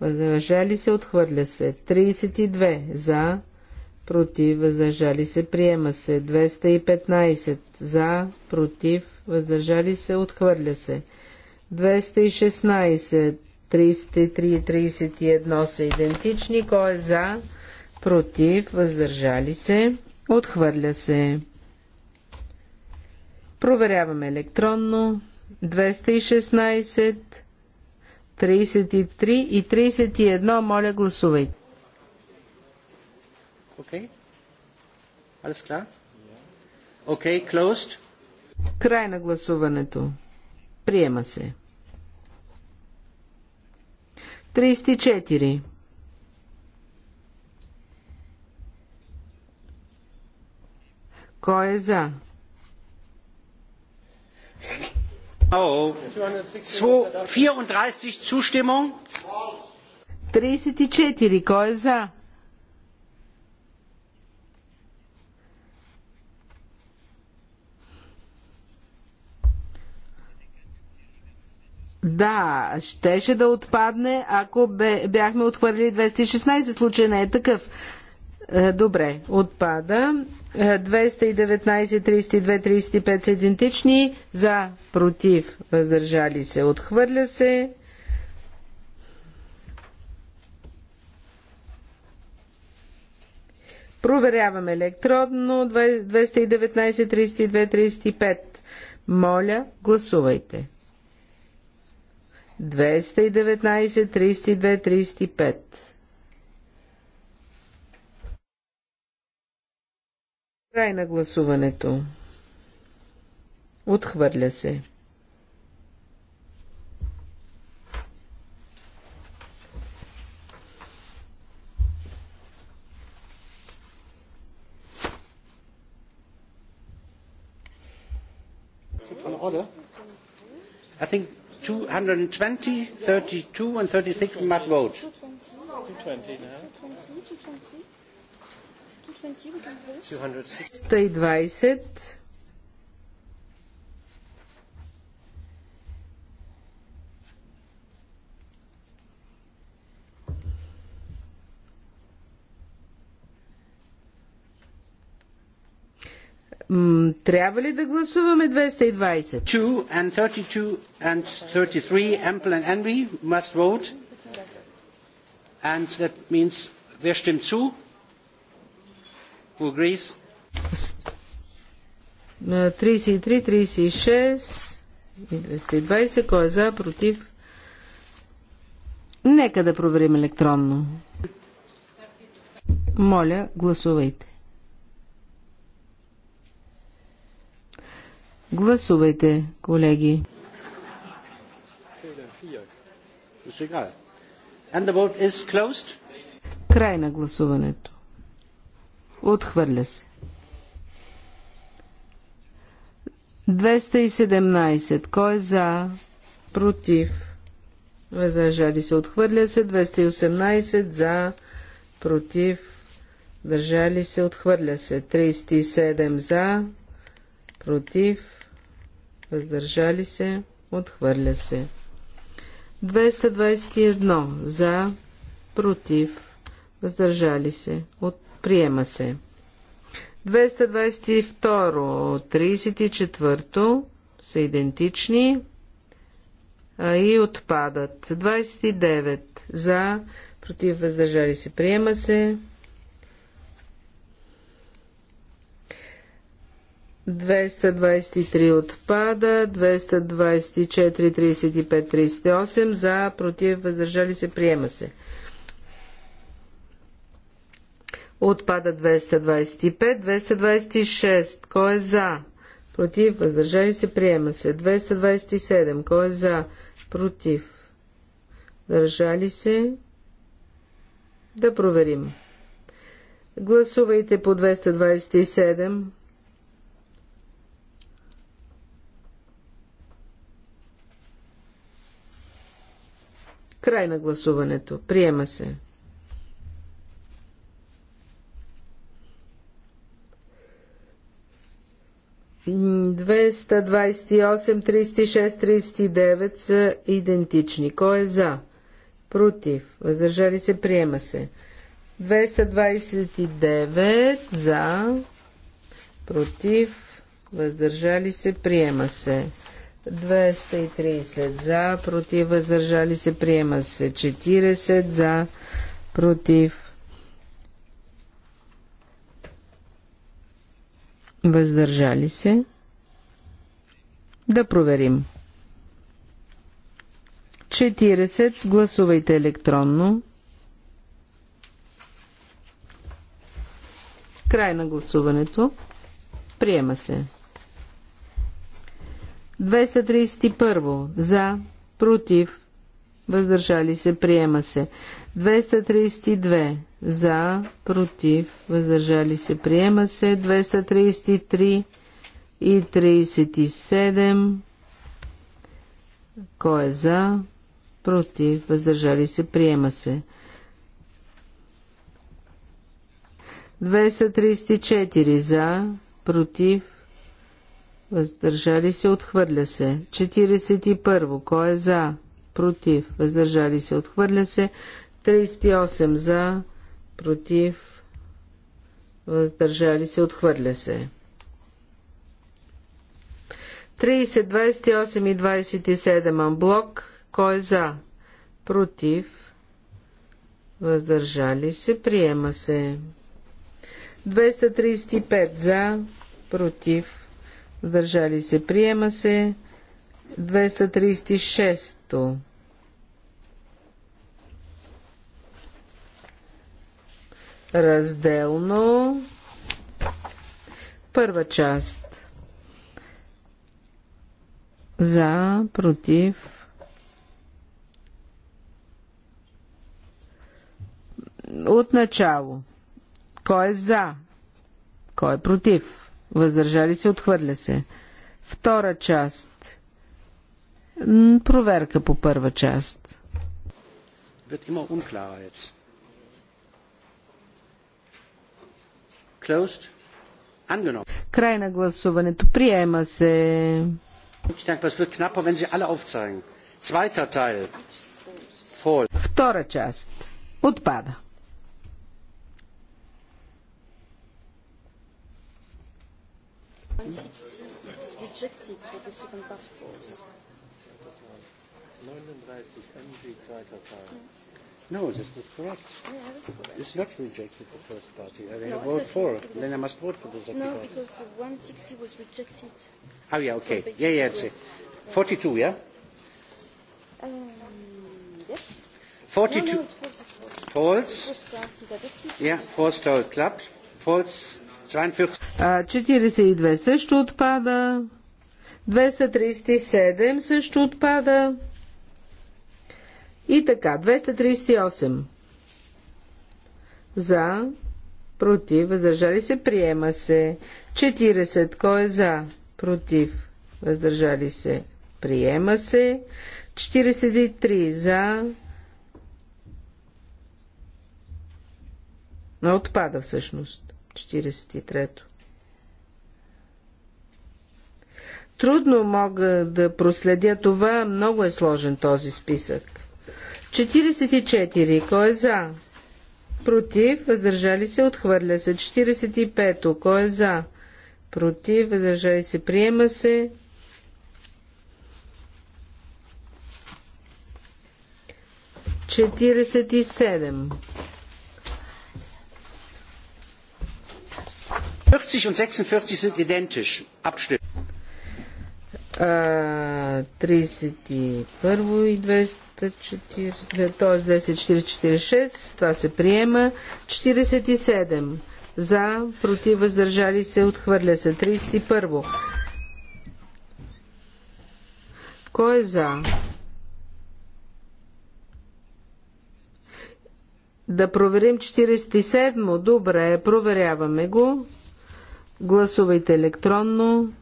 въздържали се, отхвърля се 32, за, против, въздържали се, приема се 215, за, против, въздържали се, отхвърля се 216, 33 и 31 са идентични, кой е за, против, въздържали се, отхвърля се. Проверяваме електронно. 216, 33 и 31. Моля, гласувайте. Okay. Alles Okay, closed. Край на гласуването. Приема се. 34. Кой е за? 34 zustimmung. 34. Кой е за? Да, щеше да отпадне, ако бяхме отхвърлили 216. Случай не е такъв. Е, добре, отпада. 219, 32, 35 са идентични. За, против, въздържали се, отхвърля се. Проверяваме електронно 219-32-35. Моля, гласувайте. 219-32-35. Край на гласуването. Отхвърля се. order. I think 220, 32 and 36 we might vote. 220 now. 120. Трябва ли да гласуваме 220? 2 and 32 and 33, Ample and Envy must vote. And that means, wer stimmt zu? 33, 36 и 220. Кой е за, против? Нека да проверим електронно. Моля, гласувайте. Гласувайте, колеги. Край на гласуването. Отхвърля се. 217. Кой е за? Против. Въздържали се. Отхвърля се. 218. За. Против. Държали се. Отхвърля се. 37. За. Против. Въздържали се. Отхвърля се. 221. За. Против. Въздържали се. От Приема се. 222, 34 са идентични а, и отпадат. 29 за, против въздържали се. Приема се. 223 отпада, 224, 35, 38 за, против, въздържали се, приема се. Отпада 225. 226. Кой е за? Против. Въздържали се. Приема се. 227. Кой е за? Против. Държали се. Да проверим. Гласувайте по 227. Край на гласуването. Приема се. 228, 36, 39 са идентични. Кой е за? Против. Въздържали се, приема се. 229 за. Против. Въздържали се, приема се. 230 за, против, въздържали се, приема се. 40 за, против, въздържали се. Да проверим. 40. Гласувайте електронно. Край на гласуването. Приема се. 231. За. Против. Въздържали се. Приема се. 232 за, против, въздържали се, приема се 233 и 37. Кой е за, против, въздържали се, приема се. 234 за, против, въздържали се, отхвърля се. 41. Кой е за, против, въздържали се, отхвърля се. 38 за, против, въздържали се, отхвърля се. 30, 28 и 27 амблок. Кой е за? Против. Въздържали се. Приема се. 235 за. Против. Въздържали се. Приема се. 236. разделно. Първа част. За, против. От начало. Кой е за? Кой е против? Въздържали се, отхвърля се. Втора част. Проверка по първа част. Wird immer unklarer jetzt. Closed. Angenommen. Край на гласуването. Приема се. Ich denke, das wird knapper, wenn Sie alle aufzeigen. Zweiter Teil. Fall. Втора част. Отпада. rejected for the second part falls. 39 MG zweiter Teil. No, is this was correct. Yeah, that's correct. It's not rejected, the first party. I mean, no, I vote for it. Then I must vote for the second no, party. No, because the 160 was rejected. Oh, yeah, okay. yeah, yeah, that's it. 42, yeah? Um, yes. 42. No, no, false. Yeah, false told club. False. 42. 42 също отпада. 237 също отпада. И така, 238. За, против, въздържали се, приема се. 40. Кой е за? Против, въздържали се, приема се. 43. За. Отпада всъщност. 43-то. Трудно мога да проследя това, много е сложен този списък. 44. Кой е за? Против, въздържали се, отхвърля се. 45. Кой е за? Против, въздържали се, приема се. 47. и 40 и 46 са идентични. Abstimmen. 31 и 204, т.е. 1046, това се приема. 47 за, против, въздържали се, отхвърля се. 31. Кой е за? Да проверим 47. Добре, проверяваме го. Гласувайте електронно.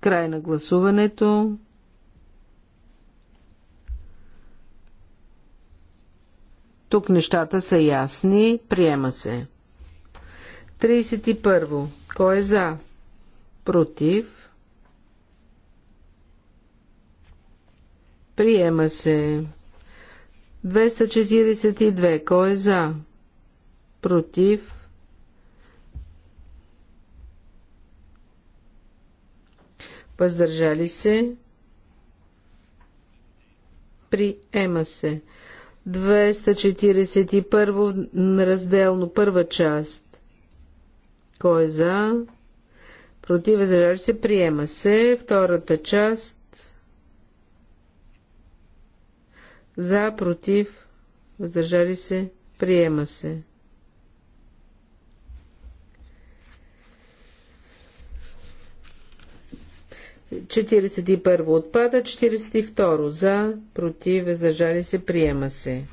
Край на гласуването. Тук нещата са ясни. Приема се. 31. Кой е за? Против. Приема се. 242. Кой е за? Против. въздържали се, приема се. 241 разделно първа част. Кой е за? Против въздържали се, приема се. Втората част. За, против, въздържали се, приема се. 41 отпада, 42 за, против, въздържали се, приема се.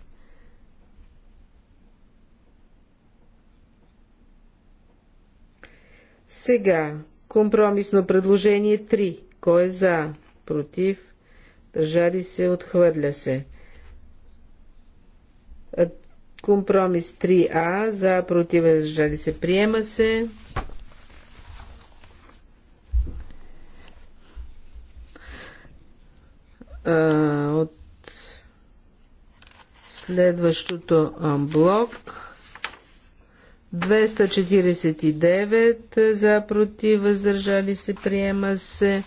Сега, компромисно предложение 3. Кой е за? Против? Държали се? Отхвърля се. Компромис 3А. За? Против? въздържали се? Приема се. Е, от следващото блок. 249 за против, въздържали се, приема се.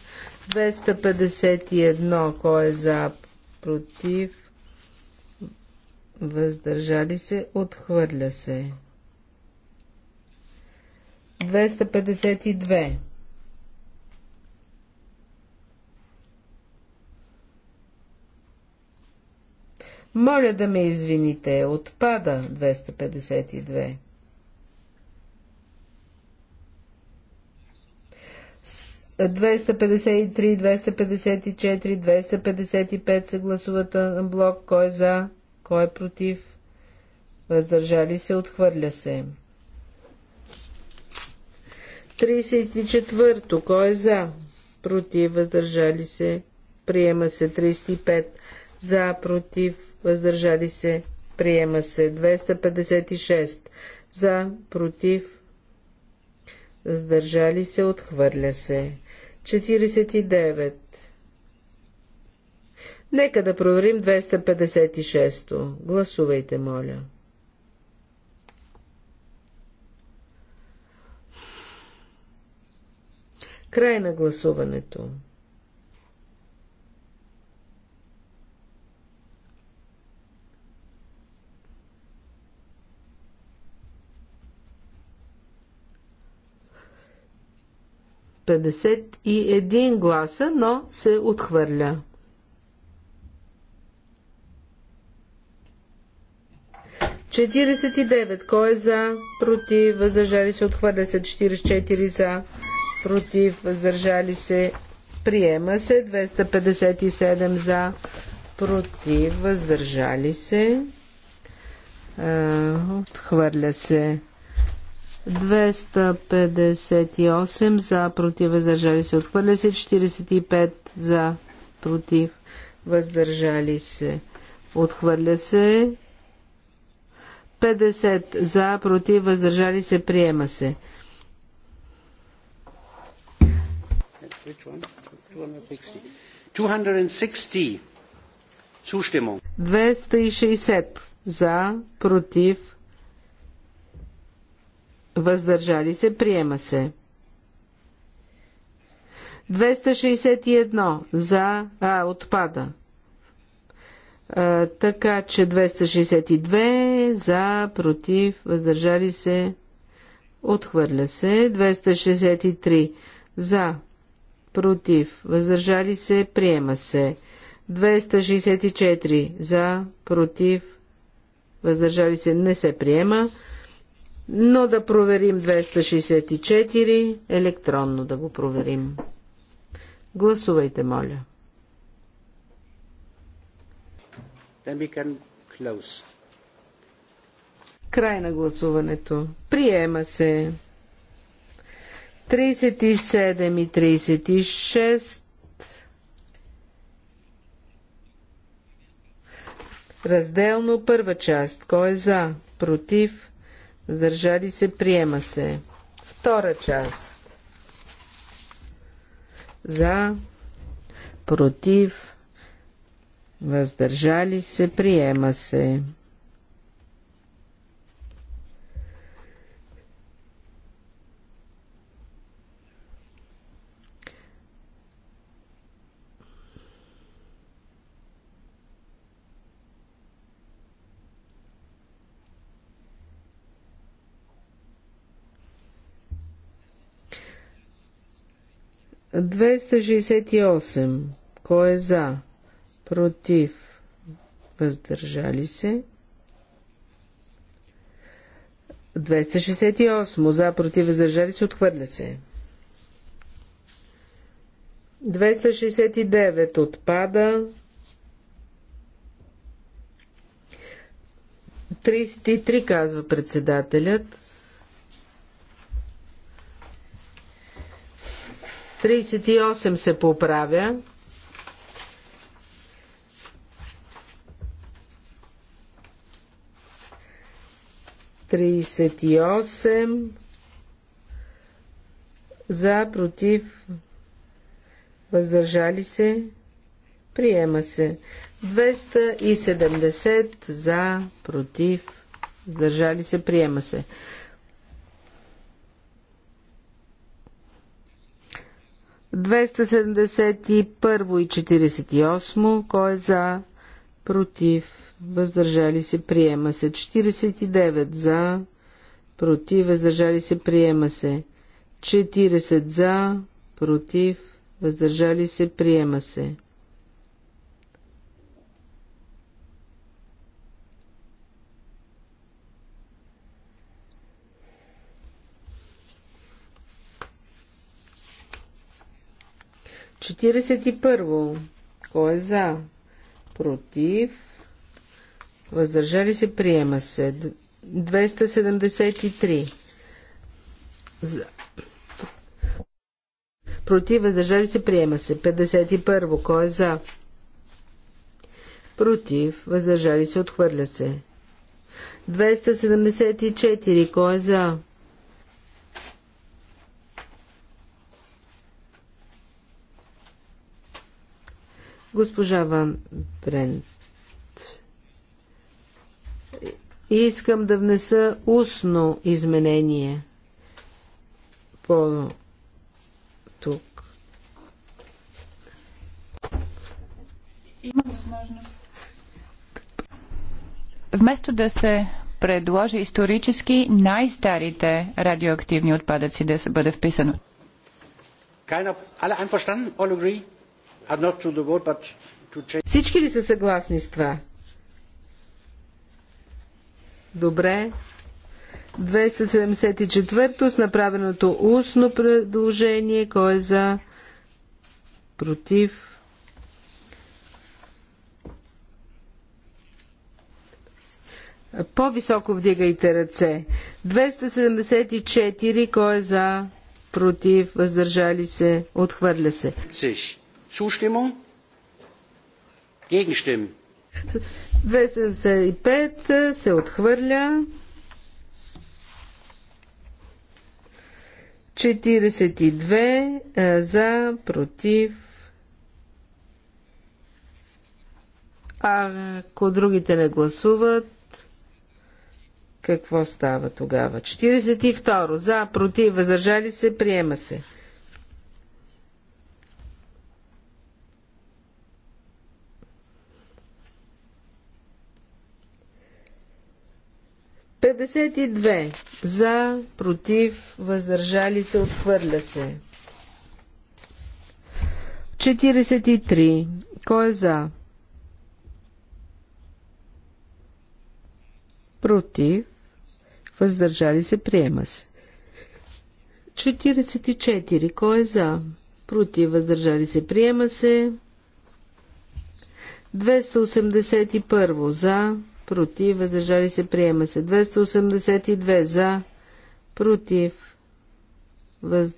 251, кой е за против, въздържали се, отхвърля се. 252 Моля да ме извините, отпада 252. 253, 254, 255 се гласуват на блок. Кой е за? Кой е против? Въздържали се, отхвърля се. 34. Кой е за? Против, въздържали се. Приема се 35 за, против, въздържали се, приема се. 256 за, против, въздържали се, отхвърля се. 49 Нека да проверим 256-то. Гласувайте, моля. Край на гласуването. 51 гласа, но се отхвърля. Четиридесет и девет. Кой е за? Против. Въздържали се. Отхвърля се. 44 за. Против. Въздържали се. Приема се. 257 за. Против. Въздържали се. Отхвърля се. 258 за, против, въздържали се. Отхвърля се 45 за, против, въздържали се. Отхвърля се 50 за, против, въздържали се, приема се. Which one? 260. 260. 260 за, против, въздържали се, приема се. 261 за, а, отпада. А, така че 262 за, против, въздържали се, отхвърля се. 263 за, против, въздържали се, приема се. 264 за, против, въздържали се, не се приема но да проверим 264 електронно да го проверим. Гласувайте, моля. Край на гласуването. Приема се. 37 и 36 Разделно първа част. Кой е за? Против? Въздържали се, приема се. Втора част. За, против, въздържали се, приема се. 268. Кой е за? Против? Въздържали се? 268. За, против, въздържали се, отхвърля се. 269 отпада. 33 казва председателят. 38 се поправя. Тридесет и осем за, против, въздържали се, приема се. 270 за, против, въздържали се, приема се. 271 и 48, кой е за, против, въздържали се, приема се. 49 за, против, въздържали се, приема се. 40 за, против, въздържали се, приема се. 41. Кой е за? Против. Въздържали се, приема се. 273. За. Против, въздържали се, приема се. 51. Кой е за? Против, въздържали се, отхвърля се. 274. Кой е за? Госпожа Ван Брент. Искам да внеса устно изменение по тук. Има възможност. Вместо да се предложи исторически най-старите радиоактивни отпадъци да се бъде вписано. Keiner, alle einverstanden? All agree? Всички ли са съгласни с това? Добре. 274 с направеното устно предложение. Кой е за? Против? По-високо вдигайте ръце. 274. Кой е за? Против? Въздържали се? Отхвърля се. Zustimmung? Gegenstimmen? Е, се отхвърля. 42 е, за, против. Ако другите не гласуват, какво става тогава? 42 за, против, въздържали се, приема се. 52. За, против, въздържали се, отхвърля се. 43. Кой е за? Против, въздържали се, приема се. 44. Кой е за? Против, въздържали се, приема се. 281. За, против, въздържали се, приема се. 282 за, против, въз...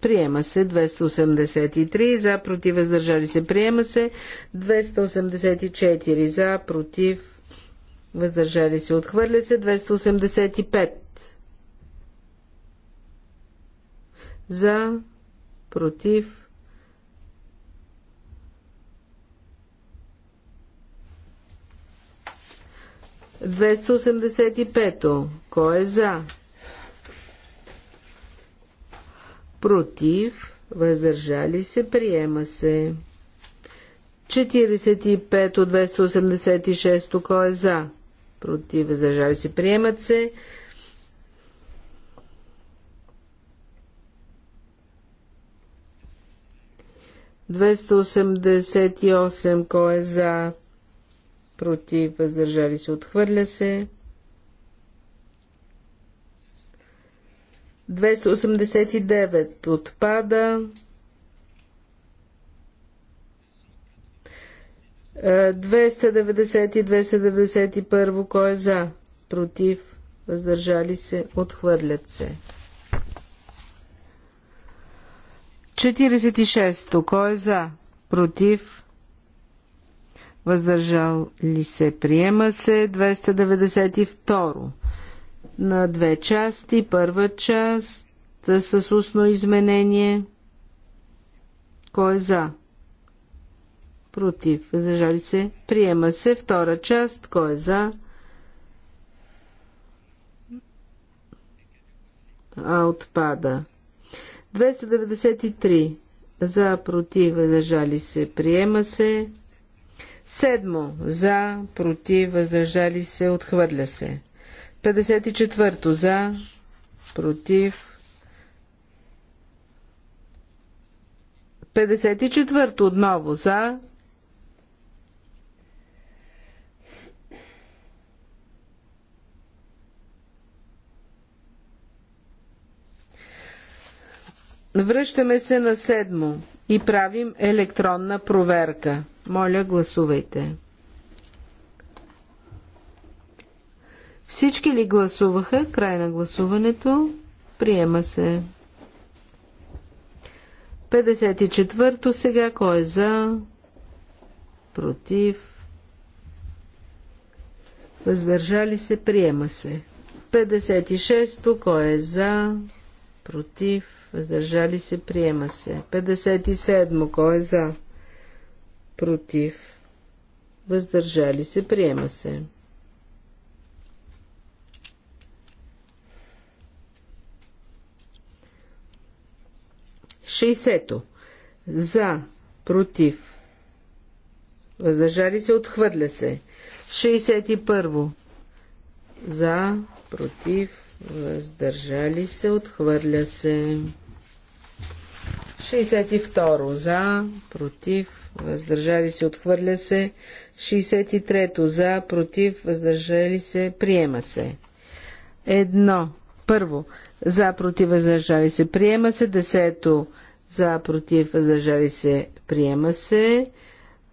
приема се. 283 за, против, въздържали се, приема се. 284 за, против, въздържали се, отхвърля се. 285 за, против, 285. Кой е за? Против. Въздържали се. Приема се. 45 от 286. Кой е за? Против. Въздържали се. Приемат се. 288, кой е за, против, въздържали се, отхвърля се. 289 отпада. 290 е, и 291 кой е за? Против, въздържали се, отхвърлят се. 46 кой е за? Против, въздържал ли се, приема се 292 на две части, първа част е с устно изменение. Кой е за? Против. Въздържали се. Приема се. Втора част. Кой е за? А, отпада. 293. За, против, въздържали се. Приема се. Седмо. За, против, въздържали се, отхвърля се. 54. За, против. 54. Отново за. Връщаме се на седмо и правим електронна проверка. Моля, гласувайте. Всички ли гласуваха? Край на гласуването. Приема се. 54-то сега. Кой е за? Против? Въздържали се? Приема се. 56-то. Кой е за? Против? Въздържали се, приема се. 57. Кой е за? Против. Въздържали се, приема се. 60. За. Против. Въздържали се, отхвърля се. 61. За. Против въздържали се, отхвърля се. 62 за, против, въздържали се, отхвърля се. 63 за, против, въздържали се, приема се. Едно. Първо. За, против, въздържали се, приема се. Десето. За, против, въздържали се, приема се.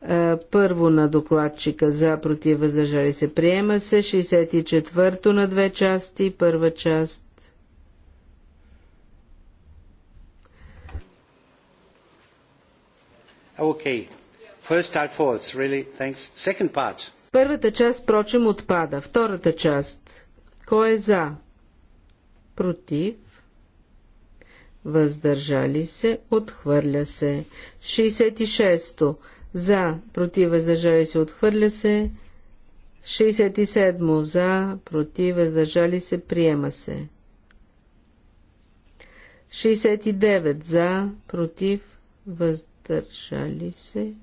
Е, първо на докладчика за против въздържали се приема се. 64-то на две части. Първа част. Okay. First part falls, really. Thanks. Second part. Първата част, прочим, отпада. Втората част. Кой е за? Против. Въздържали се. Отхвърля се. 66-то за, против, въздържали се, отхвърля се. 67 за, против, въздържали се, приема се. 69 за, против, въздържали се,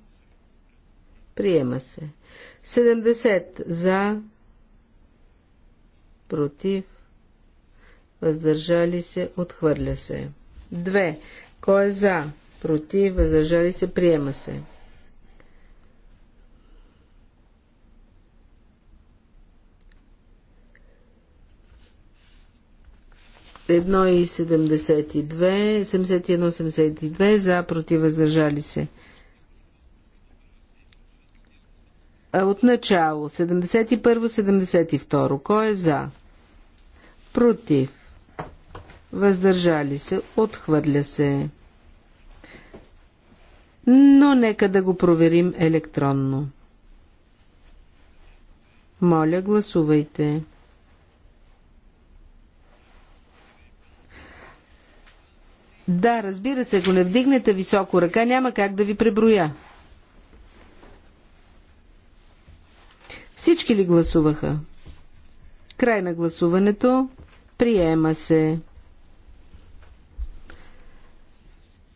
приема се. 70 за, против, въздържали се, отхвърля се. 2. Кой е за? Против, въздържали се, приема се. 1,72, 72, за, против, въздържали се. От начало 71-72. Кой е за? Против. Въздържали се. Отхвърля се. Но нека да го проверим електронно. Моля, гласувайте. Да, разбира се, ако не вдигнете високо ръка, няма как да ви преброя. Всички ли гласуваха? Край на гласуването. Приема се.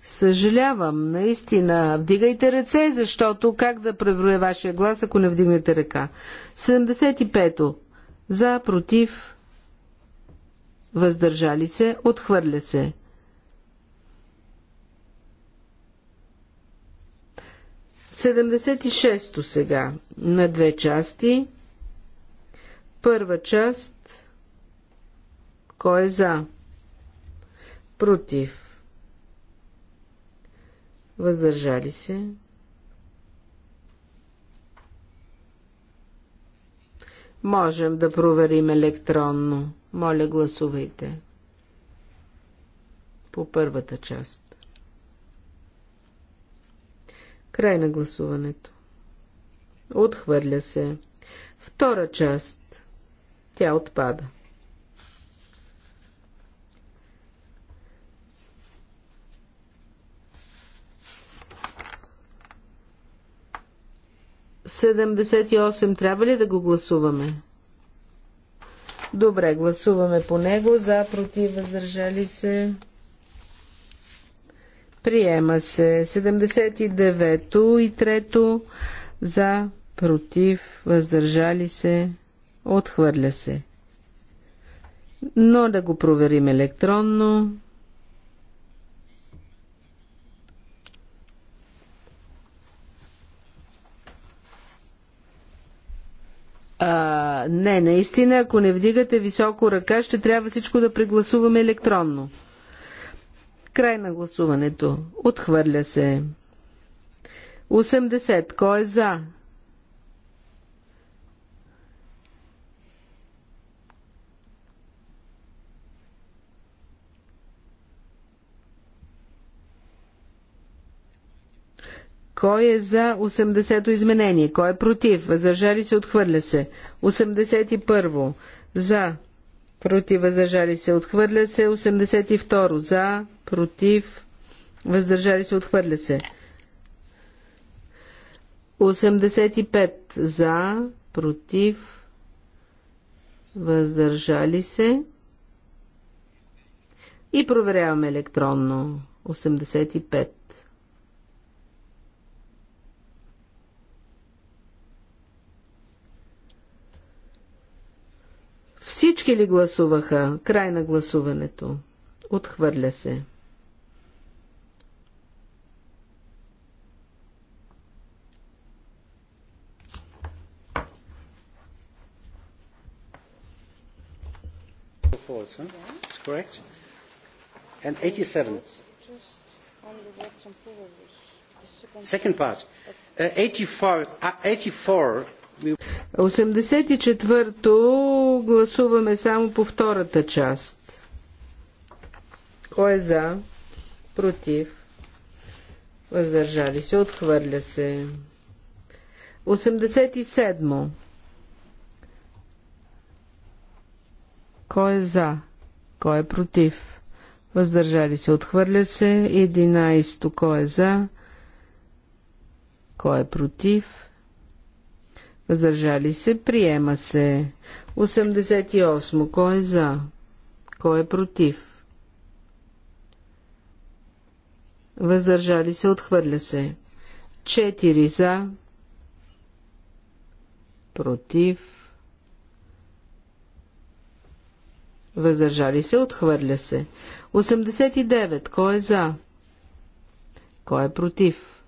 Съжалявам, наистина. Вдигайте ръце, защото как да преброя вашия глас, ако не вдигнете ръка? 75-то. За, против, въздържали се, отхвърля се. 76-то сега на две части. Първа част. Кой е за? Против. Въздържали се. Можем да проверим електронно. Моля, гласувайте. По първата част. Край на гласуването. Отхвърля се. Втора част. Тя отпада. Седемдесет и осем. Трябва ли да го гласуваме? Добре, гласуваме по него. За, против, въздържали се. Приема се 79-то и 3-то за, против, въздържали се, отхвърля се. Но да го проверим електронно. А, не, наистина, ако не вдигате високо ръка, ще трябва всичко да прегласуваме електронно. Край на гласуването. Отхвърля се. 80. Кой е за? Кой е за 80-то изменение? Кой е против? Въздържали се, отхвърля се. 81-во. За. Против, въздържали се, отхвърля се. 82-ро. За против, въздържали се, отхвърля се. 85 за, против, въздържали се. И проверяваме електронно. 85. Всички ли гласуваха? Край на гласуването. Отхвърля се. false, huh? Yeah. It's correct. And 87. Second part. Uh, 84, uh, 84 84-то гласуваме само по втората част. Кой е за? Против? Въздържали се? Отхвърля се. 87-мо. Кой е за? Кой е против? Въздържали се, отхвърля се. 11. Кой е за? Кой е против? Въздържали се, приема се. 88. Кой е за? Кой е против? Въздържали се, отхвърля се. 4 за. Против Въздържали се, отхвърля се. 89. Кой е за? Кой е против?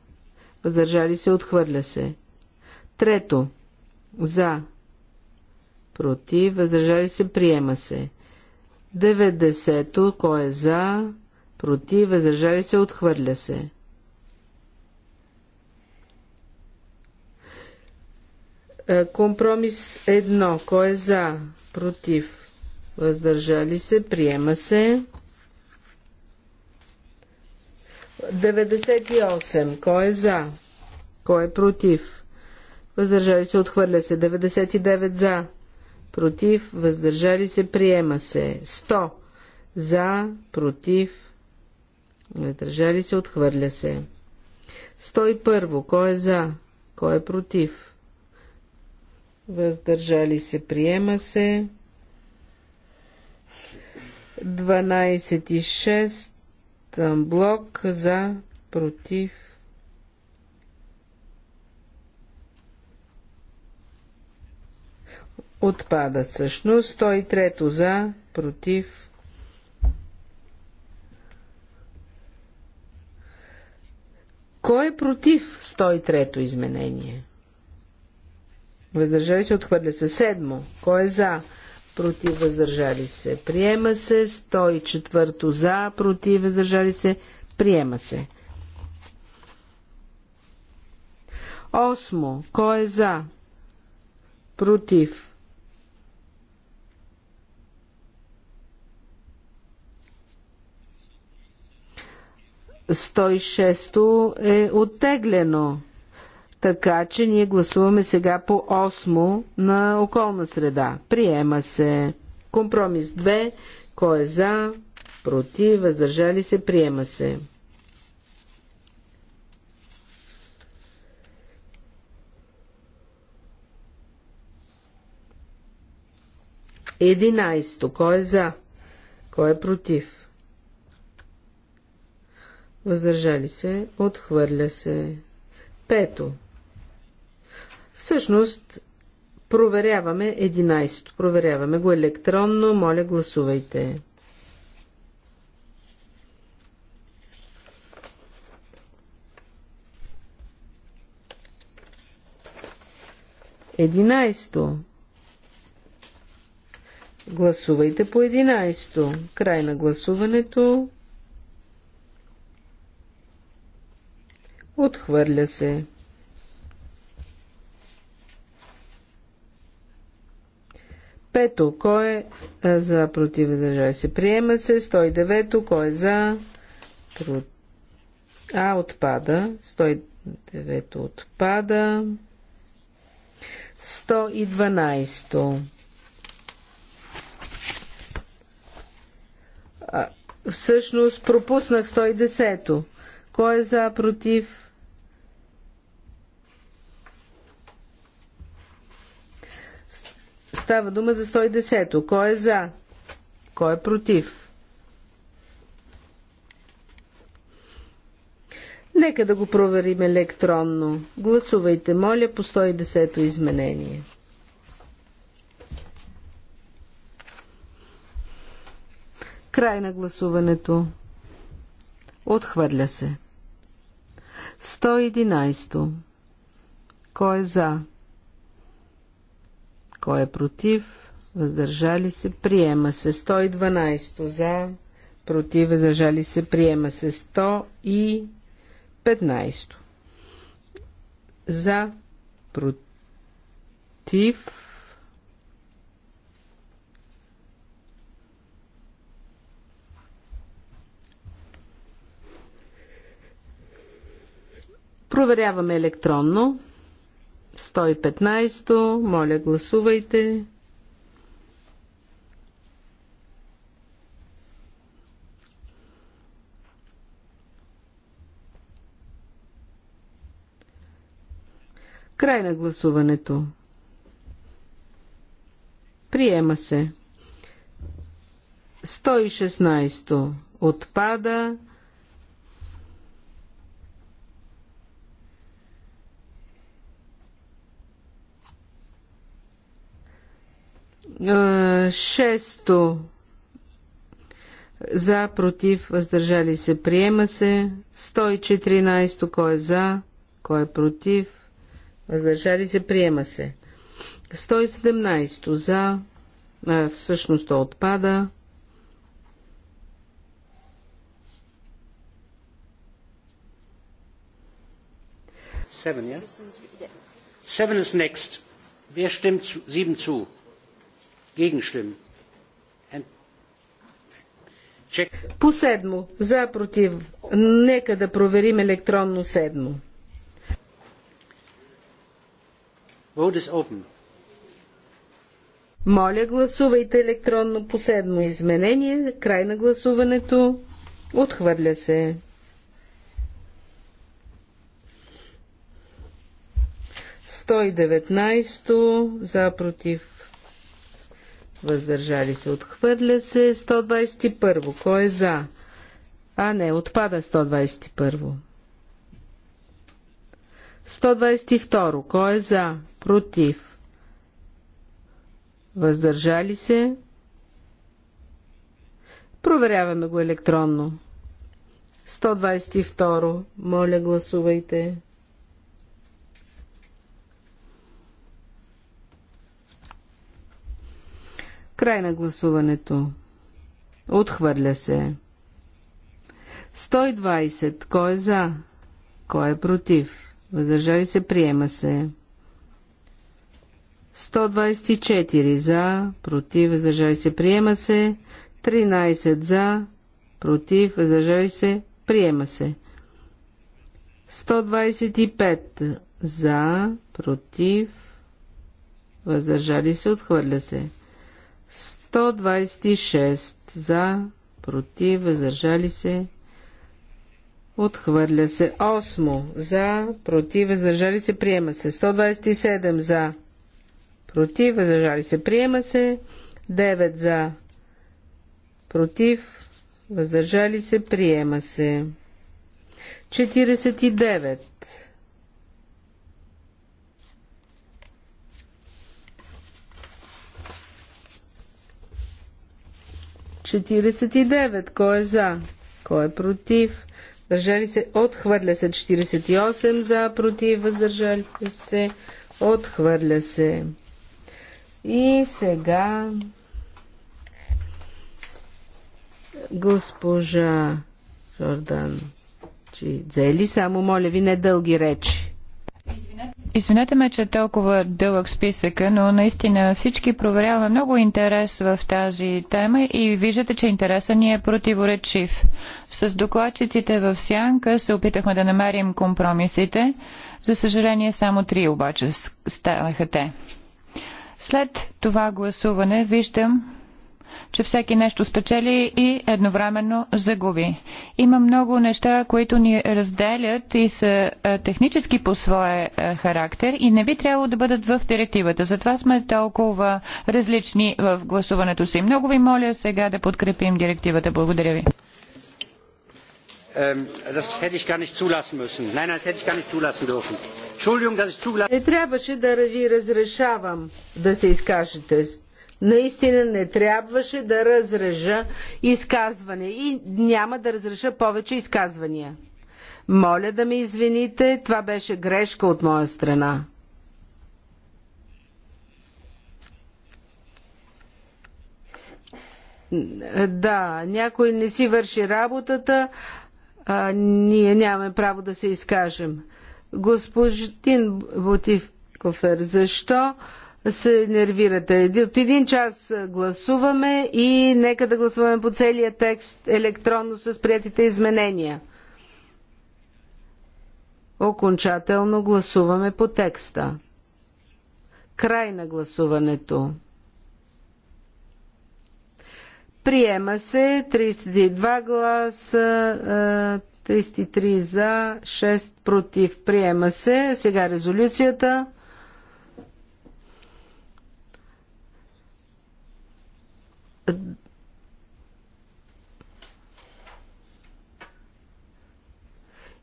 Въздържали се, отхвърля се. Трето. За. Против. Въздържали се, приема се. 90. Кой е за? Против. Въздържали се, отхвърля се. Е, компромис 1. Кой е за? Против въздържали се, приема се. 98. Кой е за? Кой е против? Въздържали се, отхвърля се. 99 за. Против, въздържали се, приема се. 100. За, против, въздържали се, отхвърля се. 101. Кой е за? Кой е против? Въздържали се, приема се. 12 и 6 блок за против. Отпада всъщност. 103 за против. Кой е против 103-то изменение? Въздържали се, отхвърля се. Седмо. Кой е за? против въздържали се. Приема се. 104 за, против въздържали се. Приема се. Осмо. Кой е за? Против. Сто шесто е оттеглено. Така че ние гласуваме сега по 8 на околна среда. Приема се. Компромис 2. Кой е за? Против? Въздържали се? Приема се. Единайсто. Кой е за? Кой е против? Въздържали се? Отхвърля се. Пето. Всъщност, проверяваме 11. Проверяваме го електронно. Моля, гласувайте. Единайсто. Гласувайте по единайсто. Край на гласуването. Отхвърля се. Пето, кой е за против въздържали се? Приема се. 109, кой е за Про... А, отпада. 109 отпада. 112. всъщност пропуснах 110-то. Кой е за, против? Става дума за 110-то. Кой е за? Кой е против? Нека да го проверим електронно. Гласувайте, моля, по 110-то изменение. Край на гласуването. Отхвърля се. 111. Кой е за? Кой е против? Въздържали се. Приема се. 112 за. Против. Въздържали се. Приема се. 115 за. Против. Проверяваме електронно. 115. Моля, гласувайте. Край на гласуването. Приема се. 116 отпада. 6 е, за, против, въздържали се, приема се. 114 кой е за, кой е против, въздържали се, приема се. 117 за, а, е, всъщност то отпада. Seven, yeah? Seven is next. Wer stimmt zu? Sieben zu. Gegenstimmen. По седмо. За, против. Нека да проверим електронно седмо. Моля, гласувайте електронно по седмо изменение. Край на гласуването. Отхвърля се. Сто и деветнайсто. За, против въздържали се, отхвърля се 121. Кой е за? А, не, отпада 121. 122. Кой е за? Против. Въздържали се? Проверяваме го електронно. 122. Моля, гласувайте. Край на гласуването. Отхвърля се. 120. Кой е за? Кой е против? Въздържали се, приема се. 124 за, против, въздържали се, приема се. 13 за, против, въздържали се, приема се. 125 за, против, въздържали се, отхвърля се. 126 за, против, въздържали се, отхвърля се. 8 за, против, въздържали се, приема се. 127 за, против, въздържали се, приема се. 9 за, против, въздържали се, приема се. 49 49. Кой е за? Кой е против? Държали се? Отхвърля се. 48 за, против, въздържали се. Отхвърля се. И сега госпожа Жордан Чидзели, само моля ви, не дълги речи. Извинете ме, че е толкова дълъг списъка, но наистина всички проверяваме много интерес в тази тема и виждате, че интересът ни е противоречив. С докладчиците в Сянка се опитахме да намерим компромисите. За съжаление, само три обаче станаха те. След това гласуване виждам, че всеки нещо спечели и едновременно загуби. Има много неща, които ни разделят и са е, технически по своя е, характер и не би трябвало да бъдат в директивата. Затова сме толкова различни в гласуването си. Много ви моля сега да подкрепим директивата. Благодаря ви. Не трябваше да ви разрешавам да се изкажете наистина не трябваше да разрежа изказване и няма да разреша повече изказвания. Моля да ме извините, това беше грешка от моя страна. Да, някой не си върши работата, а ние нямаме право да се изкажем. Господин Бутив Кофер, защо се нервирате. От един час гласуваме и нека да гласуваме по целия текст електронно с приятите изменения. Окончателно гласуваме по текста. Край на гласуването. Приема се 32 гласа, 33 е, за, 6 против. Приема се. Сега резолюцията.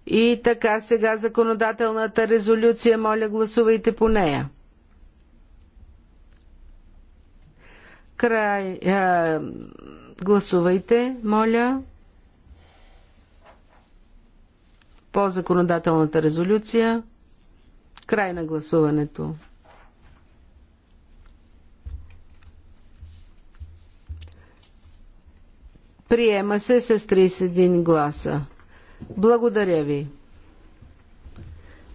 И така сега законодателната резолюция, моля гласувайте по нея. Край. А, е, гласувайте, моля. По законодателната резолюция. Край на гласуването. Приема се с 31 гласа. Благодаря ви.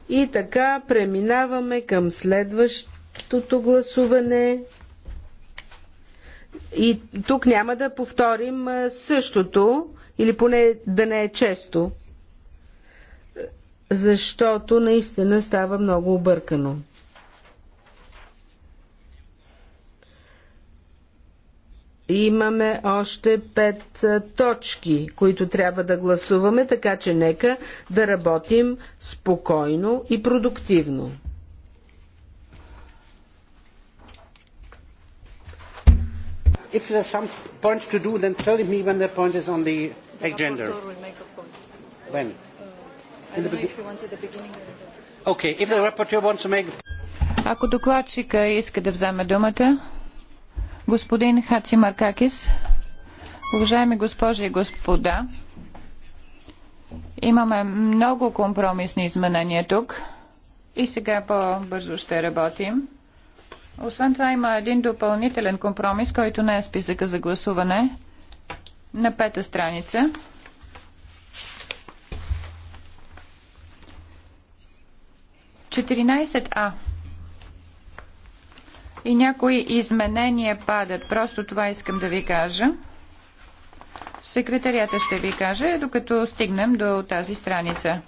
И така преминаваме към следващото гласуване. И тук няма да повторим същото, или поне да не е често, защото наистина става много объркано. имаме още пет точки, които трябва да гласуваме, така че нека да работим спокойно и продуктивно. If there's some point to do, then tell me Ако докладчика иска да вземе думата, Господин Хаци Маркакис, уважаеми госпожи и господа, имаме много компромисни изменения тук и сега по-бързо ще работим. Освен това има един допълнителен компромис, който не е списъка за гласуване на пета страница. Четиринайсет А и някои изменения падат. Просто това искам да ви кажа. Секретарията ще ви каже, докато стигнем до тази страница.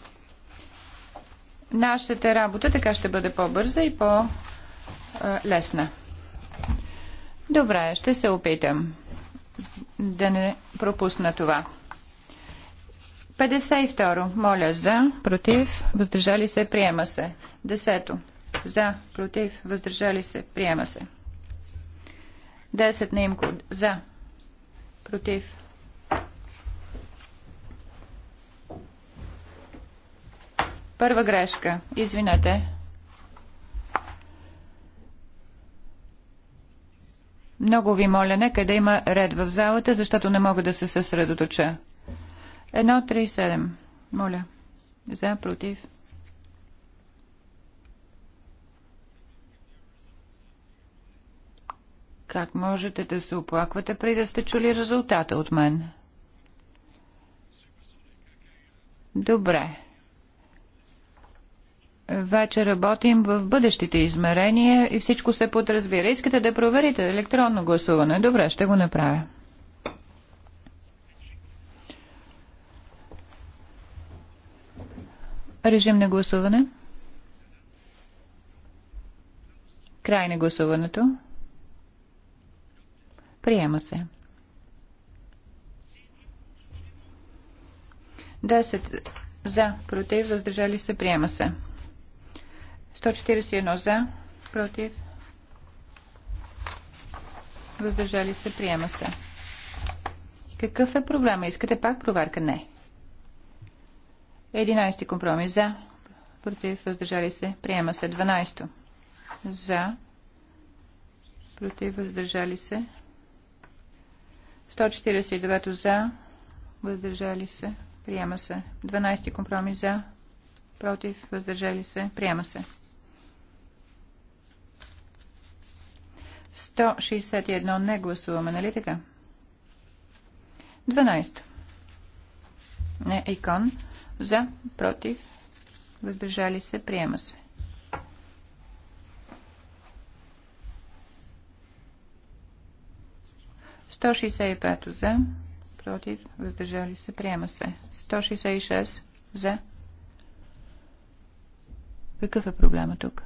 Нашата работа така ще бъде по-бърза и по-лесна. Добре, ще се опитам да не пропусна това. 52. Моля за, против, въздържали се, приема се. Десето за, против, въздържали се, приема се. 10 на имко, за, против. Първа грешка, извинете. Много ви моля, нека да има ред в залата, защото не мога да се съсредоточа. Едно, седем. Моля. За, против. Как можете да се оплаквате, преди да сте чули резултата от мен? Добре. Вече работим в бъдещите измерения и всичко се подразбира. Искате да проверите електронно гласуване? Добре, ще го направя. Режим на гласуване. Край на гласуването. Приема се. 10 за, против, въздържали се, приема се. 141 за, против, въздържали се, приема се. Какъв е проблема? Искате пак проверка? Не. 11 компромис за, против, въздържали се, приема се. 12 за, против, въздържали се, 149 за, въздържали се, приема се. 12 компромис за, против, въздържали се, приема се. 161 не гласуваме, нали така? 12. Не, икон. За, против, въздържали се, приема се. 165 за, против, въздържали се, приема се. 166 за. Какъв е проблема тук?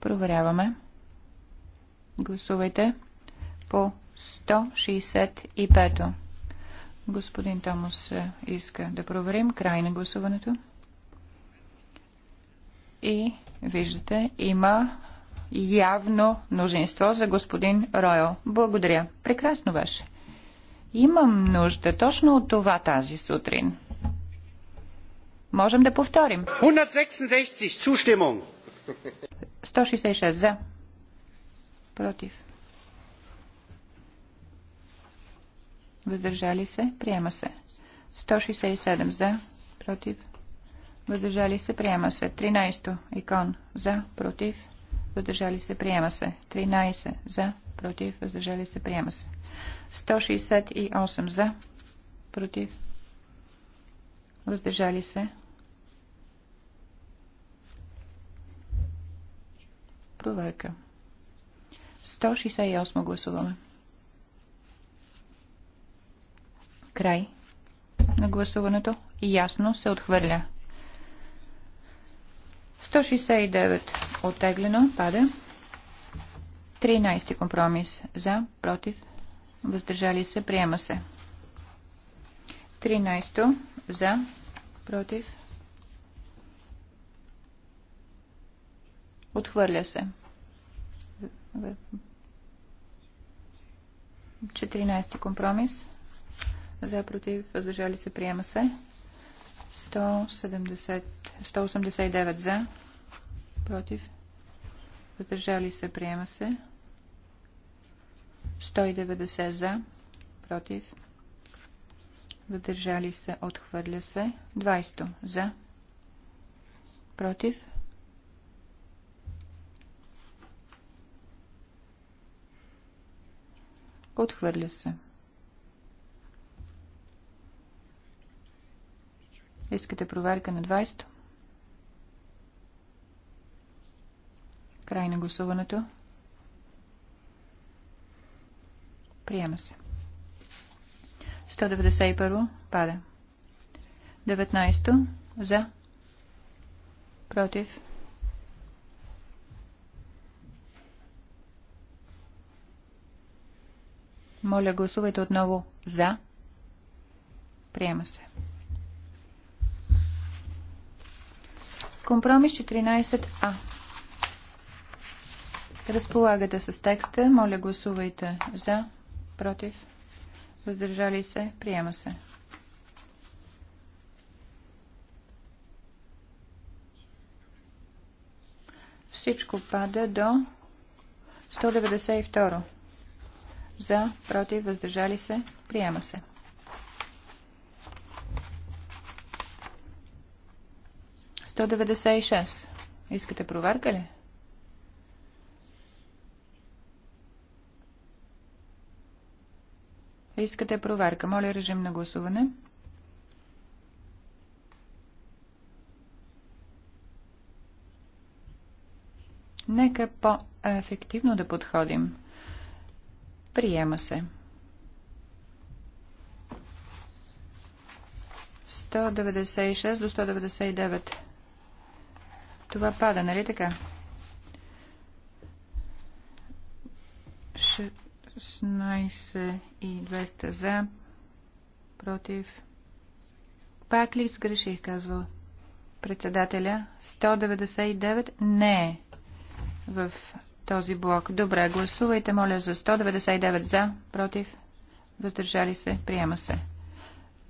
Проверяваме. Гласувайте по 165. Господин Томас е, иска да проверим край на гласуването. И виждате, има явно мнозинство за господин Ройл. Благодаря. Прекрасно беше. Имам нужда точно от това тази сутрин. Можем да повторим. 166 zustimmung. 166 за. Против. Въздържали се. Приема се. 167 за. Против. Въздържали се. Приема се. 13. Икон. За. Против въздържали се, приема се. 13 за, против, въздържали се, приема се. 168 за, против, въздържали се. Проверка. 168 гласуваме. Край на гласуването. Ясно се отхвърля. 169 оттеглено, пада. 13 компромис за, против, въздържали се, приема се. 13 за, против, отхвърля се. 14 компромис за, против, въздържали се, приема се. 170, 189 за, против, въздържали се, приема се. 190 за, против, въздържали се, отхвърля се. 20 за, против. Отхвърля се. Искате проверка на 20-то? Край на гласуването. Приема се. 191 пада. 19 за. Против. Моля, гласувайте отново за. Приема се. Компромис 14А. Разполагате с текста. Моля, гласувайте за, против, въздържали се, приема се. Всичко пада до 192. За, против, въздържали се, приема се. 196. Искате проверка ли? Искате проверка. Моля режим на гласуване. Нека по-ефективно да подходим. Приема се. 196 до 199. Това пада, нали така? 16 и 200 за, против. Пак ли сгреших, казва председателя? 199 не в този блок. Добре, гласувайте, моля, за 199 за, против, въздържали се, приема се.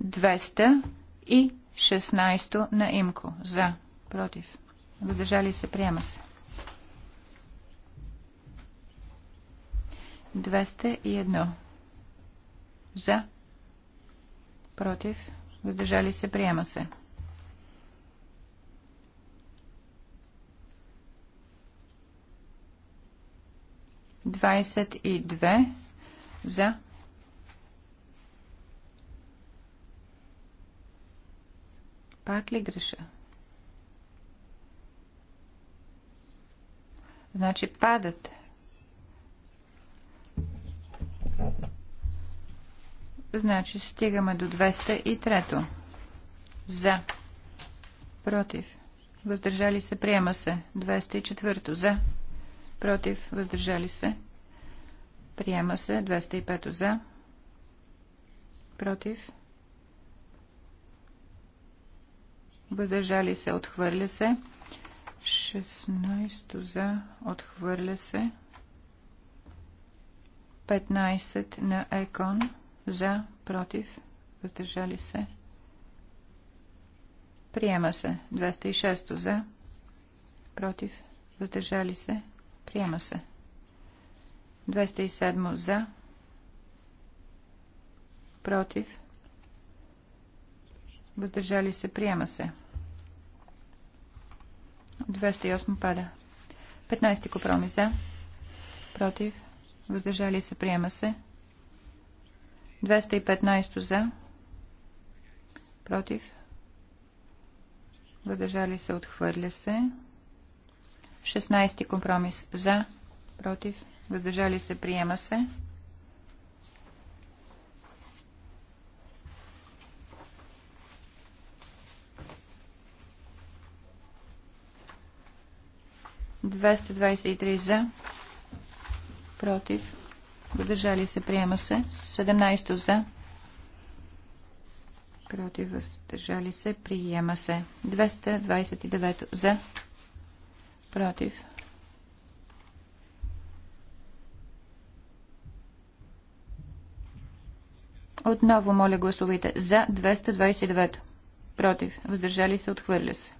200 и 16 на имко, за, против. Въздържали се. Приема се. 201. За. Против. Въздържали се. Приема се. 22 за. Пак ли греша? Значи падат. Значи стигаме до 203. За. Против. Въздържали се. Приема се. 204. За. Против. Въздържали се. Приема се. 205. За. Против. Въздържали се. Отхвърля се. 16 за, отхвърля се. 15 на Екон за, против, въздържали се. Приема се. 206 за, против, въздържали се. Приема се. 207 за, против, въздържали се. Приема се. 208 пада. 15 компромис за. Против. Въздържали се. Приема се. 215 за. Против. Въздържали се. Отхвърля се. 16 компромис за. Против. Въздържали се. Приема се. 223 за. Против. Въздържали се. Приема се. 17 за. Против. Въздържали се. Приема се. 229 за. Против. Отново моля гласувайте за 229. Против. Въздържали се. Отхвърля се.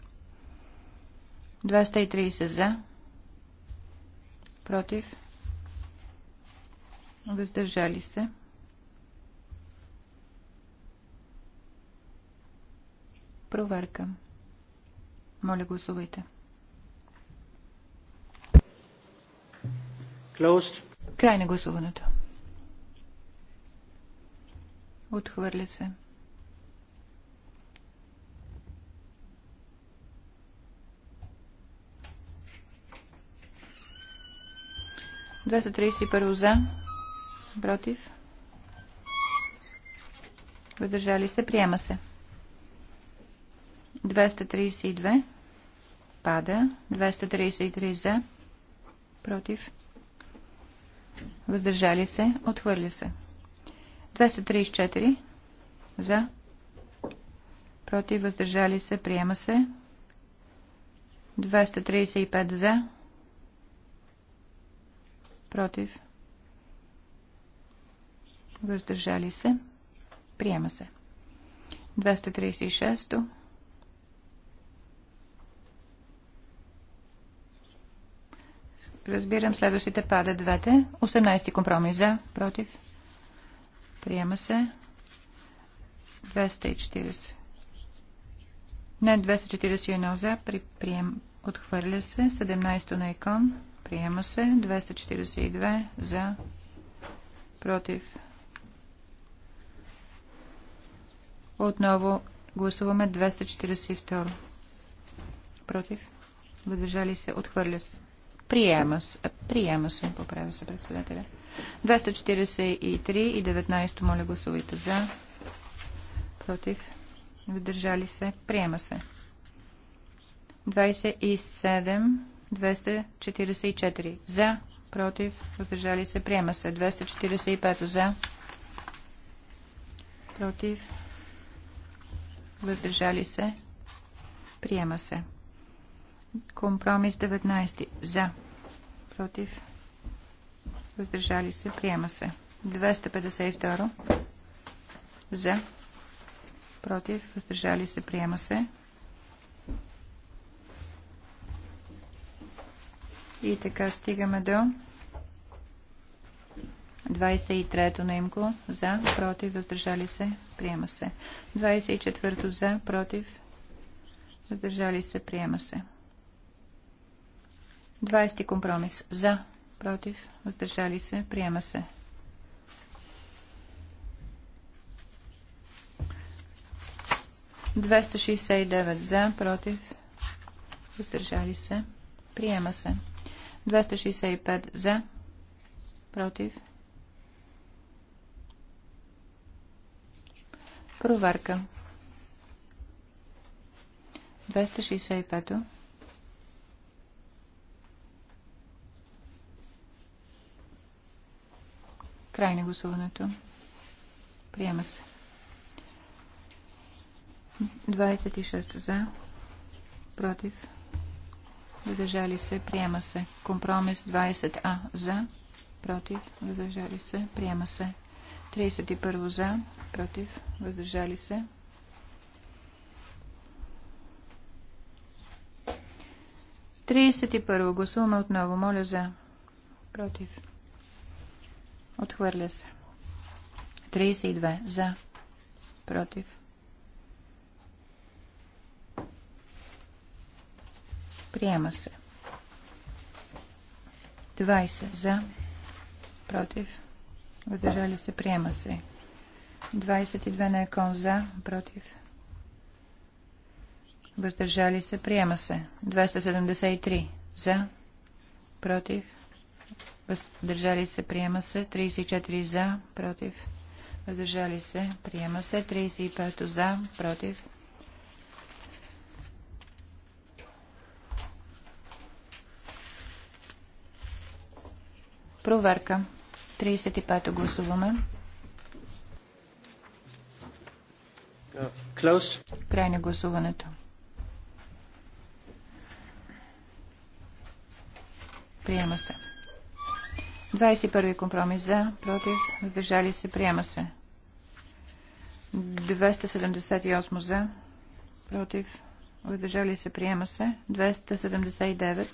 230 за против, въздържали се. Проверка. Моля, гласувайте. Closed. Край на гласуването. Отхвърля се. 231 за, против, въздържали се, приема се. 232 пада, 233 за, против, въздържали се, отхвърля се. 234 за, против, въздържали се, приема се. 235 за, против, въздържали се, приема се. 236 Разбирам, следващите падат двете. 18 компромис за, против, приема се. 240. Не, 241 за, при, прием, отхвърля се. 17 то на икон. Приема се. 242 за. Против. Отново гласуваме 242. Против. Въздържали се. Отхвърля се. Приема се. Приема се. Поправя се председателя. 243 и 19. Моля гласувайте за. Против. Въздържали се. Приема се. 27 244 за, против, въздържали се, приема се. 245 за, против, въздържали се, приема се. Компромис 19 за, против, въздържали се, приема се. 252 за, против, въздържали се, приема се. И така стигаме до 23-то наимко За, против, въздържали се, приема се. 24-то за, против, въздържали се, приема се. 20 компромис. За, против, въздържали се, приема се. Двеста за, против, въздържали се, приема се. 265 за, против. Проверка. 265. Край на гласуването. Приема се. 26 за, против въздържали се, приема се. Компромис 20А за, против, въздържали се, приема се. 31 за, против, въздържали се. Тридесет и първо. Гласуваме отново. Моля за. Против. Отхвърля се. 32. За. Против. Приема се. 20 за. Против. Въздържали се. Приема се. 22 на екон за. Против. Въздържали се. Приема се. 273 за. Против. Въздържали се. Приема се. 34 за. Против. Въздържали се. Приема се. 35 за. Против. Проверка. 35-то гласуваме. Close. Край на гласуването. Приема се. 21 компромис за, против, въздържали се, приема се. 278 за, против, въздържали се, приема се. 279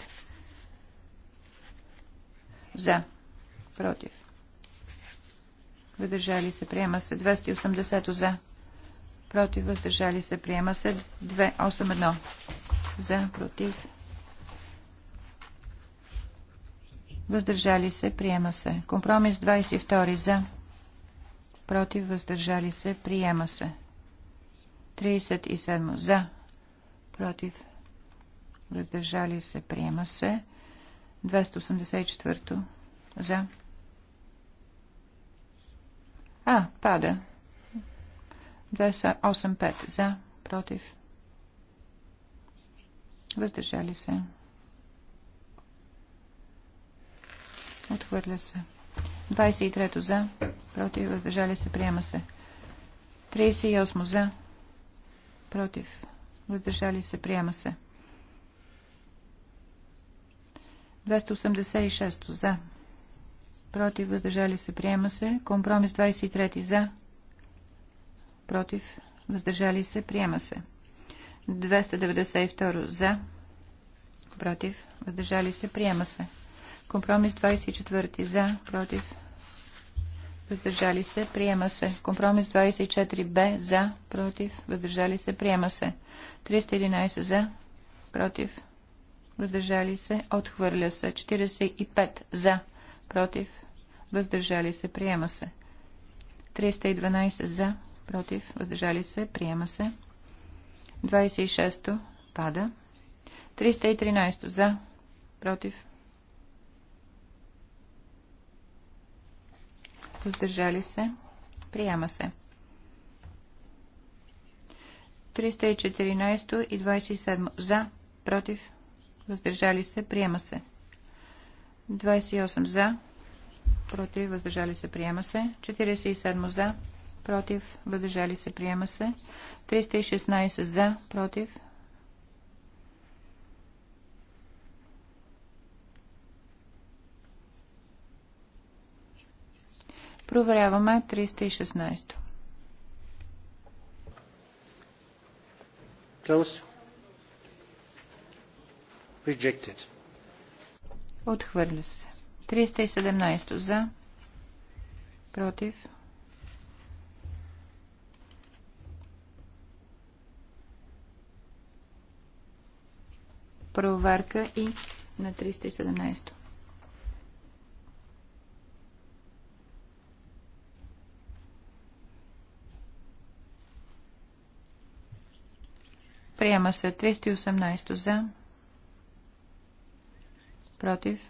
за, против. Въздържали се, приема се 280 за, против, въздържали се, приема се 281 за, против. Въздържали се, приема се. Компромис 22 за, против, въздържали се, приема се. 37 за, против, въздържали се, приема се. 284 за, а, пада. 285 за, против. Въздържали се. Отхвърля се. 23 за, против, въздържали се, приема се. 38 за, против, въздържали се, приема се. 286 за, против, въздържали се, приема се. Компромис 23 за, против, въздържали се, приема се. 292 за, против, въздържали се, приема се. Компромис 24 за, против, въздържали се, приема се. Компромис 24 б за, против, въздържали се, приема се. 311 за, против, въздържали се, отхвърля се. 45 за, против, въздържали се, приема се. 312 за, против, въздържали се, приема се. 26 пада. 313 за, против, въздържали се, приема се. 314 и 27 за, против, въздържали се, приема се. 28 за, против, въздържали се, приема се. 47 за, против, въздържали се, приема се. 316 за, против. Проверяваме 316. Close. Rejected. Отхвърля се. 317 за, против, проверка и на 317. Приема се 318 за, против, 317.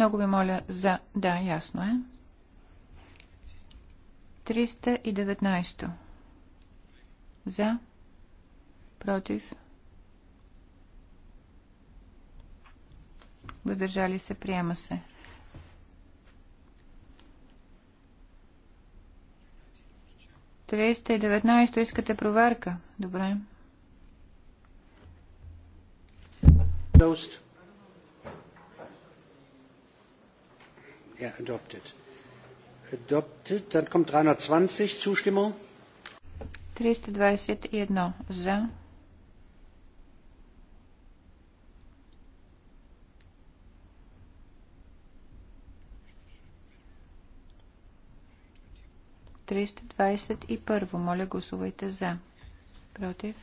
Много ви моля за... Да, ясно е. 319. За. Против. Въдържали се. Приема се. Триста и деветнайсто искате проверка. Добре. Тоест. Ja, adopted. Adopted. Dann kommt 320. Zustimmung? 321 за. Триста двадесет и първо. Моля, гласувайте за. Против?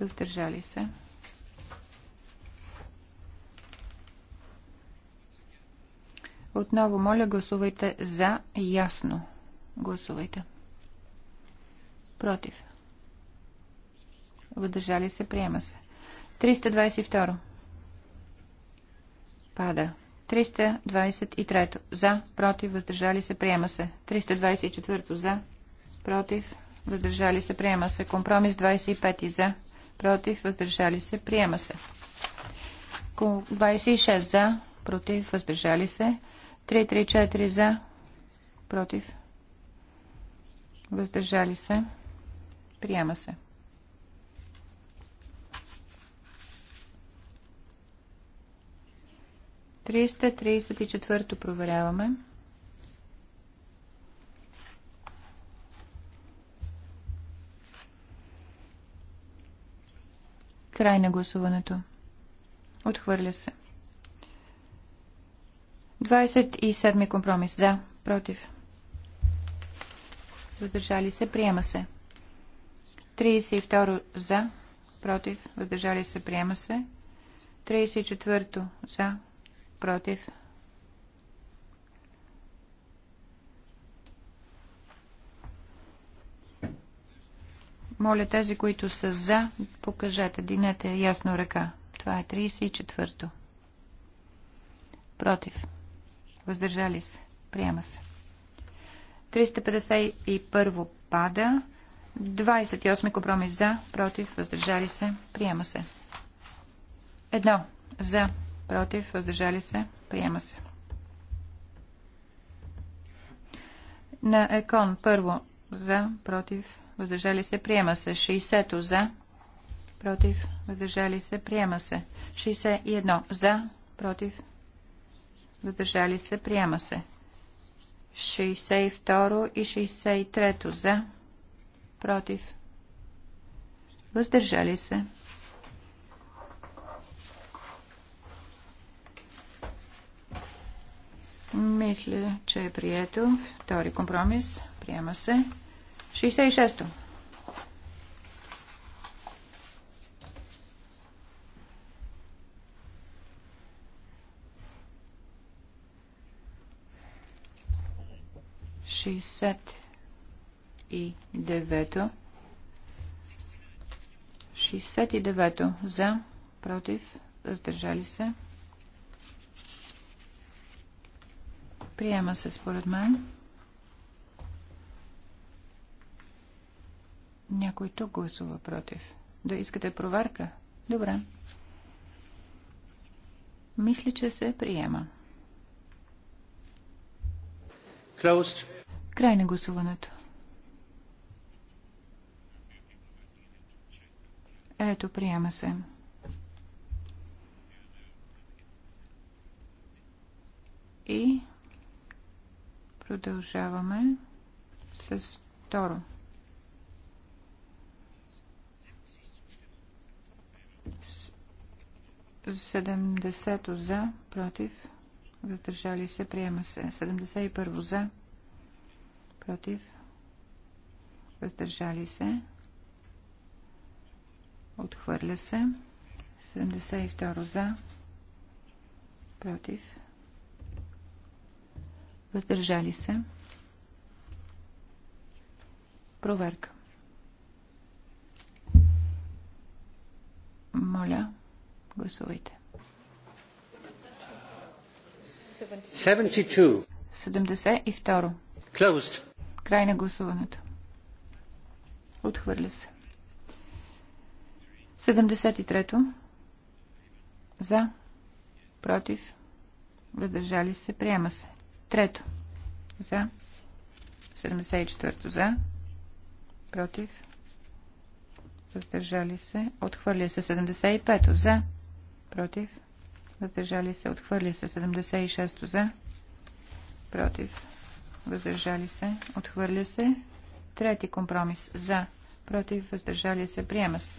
Въздържали се. Отново, моля, гласувайте за ясно. Гласувайте. Против. Въдържали се, приема се. 322. Пада. 323. За, против, въздържали се, приема се. 324. За, против, въздържали се, приема се. Компромис 25. За, против, въздържали се, приема се. 26. За, против, въздържали се, 334 за, против, въздържали се, приема се. Триста тридесет и четвърто проверяваме. Край на гласуването. Отхвърля се. 334. 27 компромис. За. Против. Въздържали се. Приема се. 32 за. Против. Въздържали се. Приема се. 34 за. Против. Моля тези, които са за, покажете. Динете ясно ръка. Това е 34-то. Против въздържали се, приема се. 351 пада. 28 компромис за, против, въздържали се, приема се. Едно. За, против, въздържали се, приема се. На Екон първо за, против, въздържали се, приема се. 60 за, против, въздържали се, приема се. 61 за, против, въздържали се, приема се. 62 и 63 за, против, въздържали се. Мисля, че е прието. Втори компромис. Приема се. 66-то. 69. 69 за, против, въздържали се. Приема се според мен. Някой тук гласува против. Да искате проверка? Добре. Мисля, че се приема. Closed. Край на гласуването. Ето, приема се. И продължаваме с второ. 70 за, против, въздържали се, приема се. 71 за, против, въздържали се, отхвърля се, 72 за, против, въздържали се, проверка. Моля, гласувайте. 72. 72. Closed. Край на гласуването. Отхвърля се. 73-то. За. Против. Въздържали се. Приема се. Трето. За. 74-то. За. Против. Въздържали се. Отхвърля се. 75-то. За. Против. Въздържали се. Отхвърля се. 76-то. За. Против въздържали се, отхвърля се. Трети компромис за, против, въздържали се, приема се.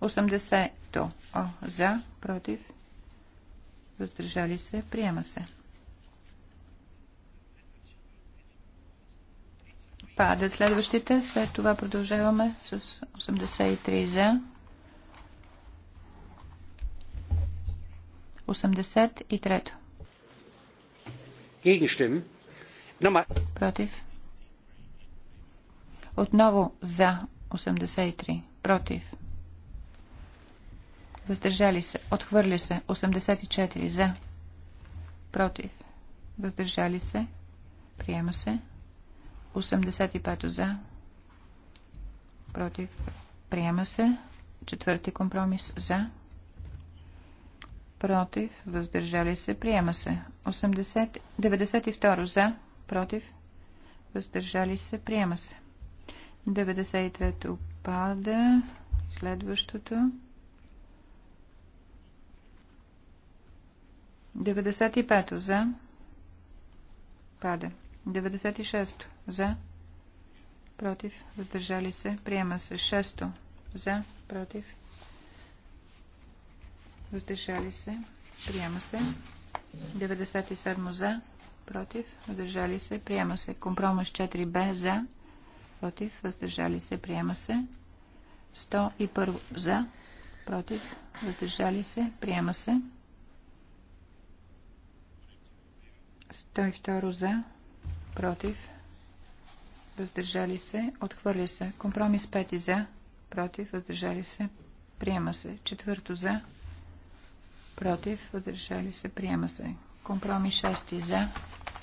80-то О, за, против, въздържали се, приема се. Падат следващите, след това продължаваме с 83 за. 83-то. Gegenstimmen. Против. Отново за 83. Против. Въздържали се. Отхвърля се. 84. За. Против. Въздържали се. Приема се. 85 за. Против. Приема се. Четвърти компромис за. Против. Въздържали се. Приема се. 80... 92 за против, въздържали се, приема се. 93 то пада. Следващото. 95 за. Пада. 96 за. Против. Въздържали се. Приема се. 6 за. Против. Въздържали се. Приема се. 97 за против, въздържали се, приема се. Компромис 4Б за, против, въздържали се, приема се. 101 за, против, въздържали се, приема се. 102 за, против, въздържали се, отхвърля се. Компромис 5 за, против, въздържали се, приема се. Четвърто за, против, въздържали се, приема се. Компромис 6 за,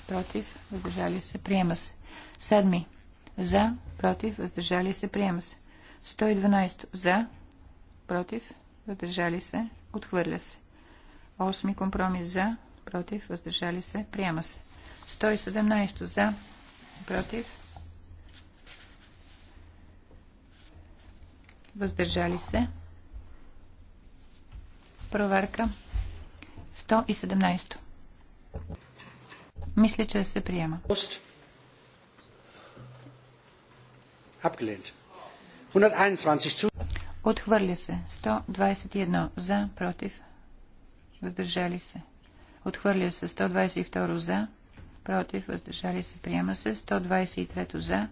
против, въздържали се, приема се. 7 за, против, въздържали се, приема се. 112 за, против, въздържали се, отхвърля се. 8 компромис за, против, въздържали се, приема се. 117 за, против, въздържали се. Проверка 117. Мисля, че се приема. Отхвърля се. 121 за, против, въздържали се. Отхвърля се 122 за, против, въздържали се, приема се. 123 за,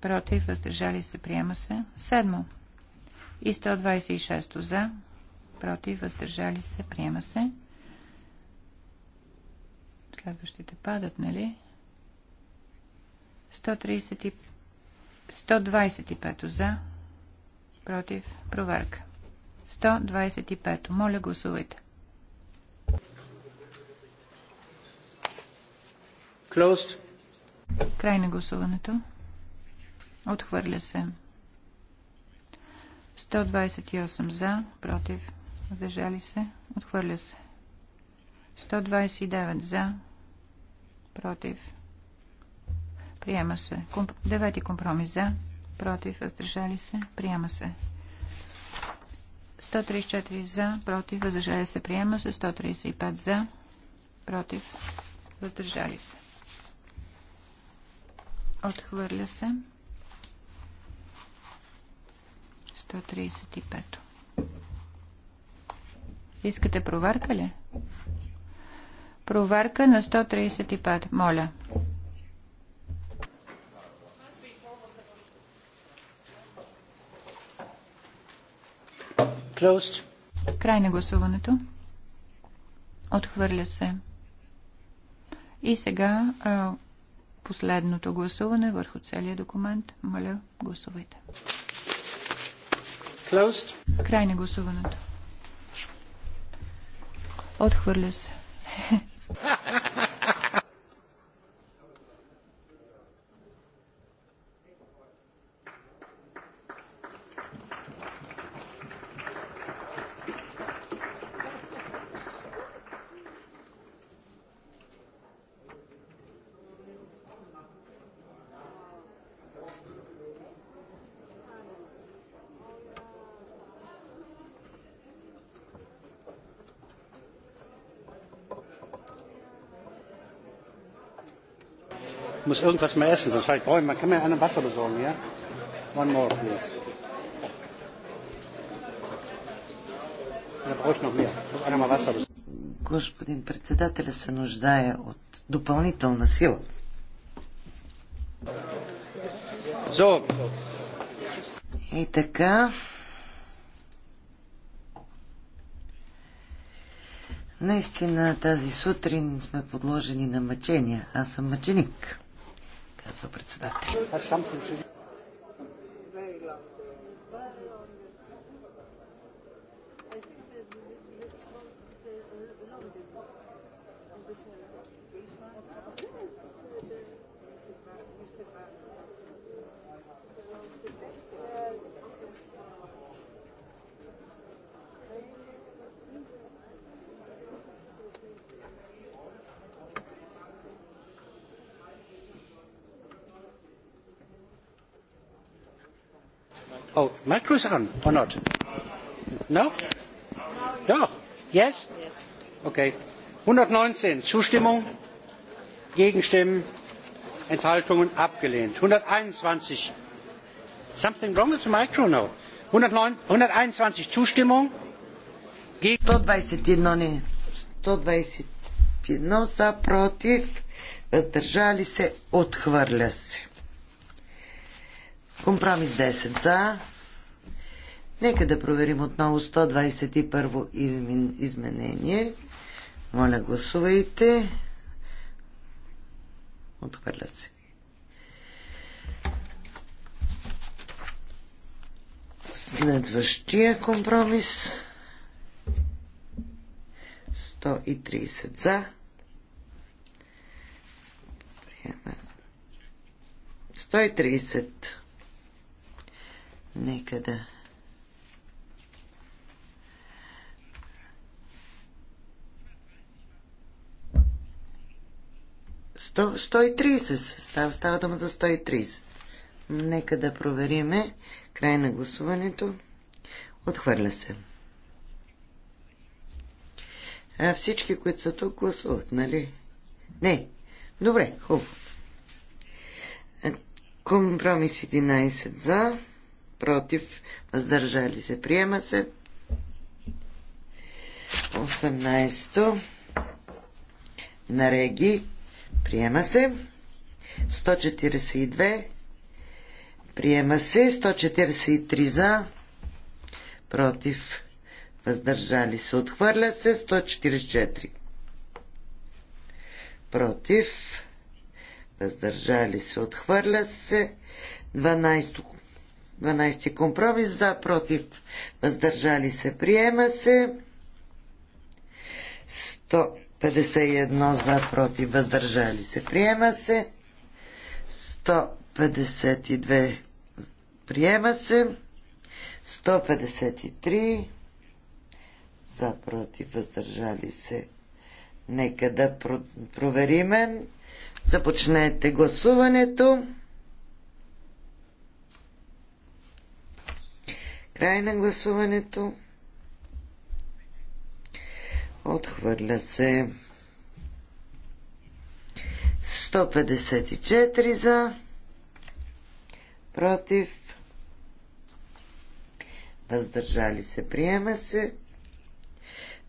против, въздържали се, приема се. 7 и 126 за, против, въздържали се, приема се. Следващите падат, нали? 130... 125 за. Против. Проверка. 125. Моля, гласувайте. Closed. Край на гласуването. Отхвърля се. 128 за, против, въздържали се, отхвърля се. 129 за, против, приема се. Комп... Девети компромис за, против, въздържали се, приема се. 134 за, против, въздържали се, приема се. 135 за, против, въздържали се. Отхвърля се. 135. Искате проверка ли? Проверка на 135. Моля. Closed. Край на гласуването. Отхвърля се. И сега а, последното гласуване върху целия документ. Моля, гласувайте. Closed. Край на гласуването. Отхвърля се. muss irgendwas mehr essen, sonst vielleicht brauche ich, man kann mir ein Wasser besorgen, ja? One more, please. Господин председателя се нуждае от допълнителна сила. И така. Наистина тази сутрин сме подложени на мъчения. Аз съм мъченик председател. größeren or not? No? Yes? Okay. 119 Zustimmung, Gegenstimmen, Enthaltungen abgelehnt. 121 Something wrong with the micro? No. 121 Zustimmung. 121 за против. Въздържали се. Отхвърля се. Компромис 10 за Нека да проверим отново 121 изменение. Моля, гласувайте. Отхвърля се. Следващия компромис. 130 за. Приема. 130. Нека да 130. Става, става дума за 130. Нека да провериме. Край на гласуването. Отхвърля се. А всички, които са тук, гласуват, нали? Не. Добре, хубаво. Компромис 11 за, против, въздържали се, приема се. 18 на Реги Приема се. 142. Приема се. 143 за. Против. Въздържали се. Отхвърля се. 144. Против. Въздържали се. Отхвърля се. 12. 12 компромис за. Против. Въздържали се. Приема се. 100. 51 за против въздържали се. Приема се. 152 приема се. 153 за против въздържали се. Нека да про- провериме. Започнете гласуването. Край на гласуването. Отхвърля се. 154 за. Против. Въздържали се. Приема се.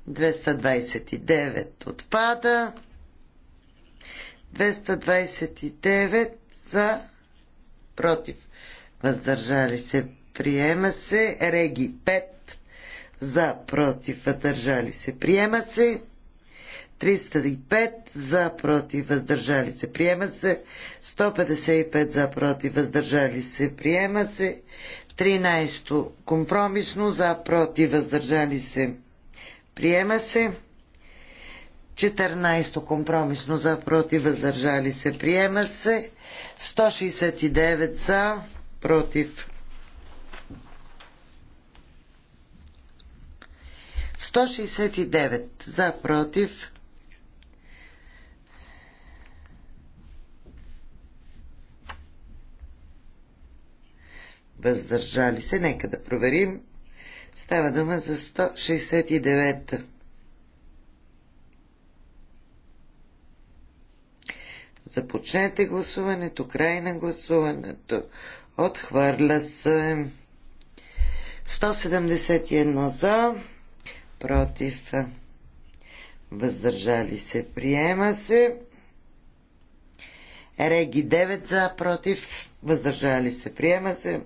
229 отпада. 229 за. Против. Въздържали се. Приема се. Реги 5 за против, въздържали се, приема се. 305 за против, въздържали се, приема се. 155 за против, въздържали се, приема се. 13 компромисно за против, въздържали се, приема се. 14 компромисно за против, въздържали се, приема се. 169 за против, 169 за против. Въздържали се. Нека да проверим. Става дума за 169. Започнете гласуването, край на гласуването. Отхвърля се. 171 за против, въздържали се, приема се. Реги 9 за, против, въздържали се, приема се.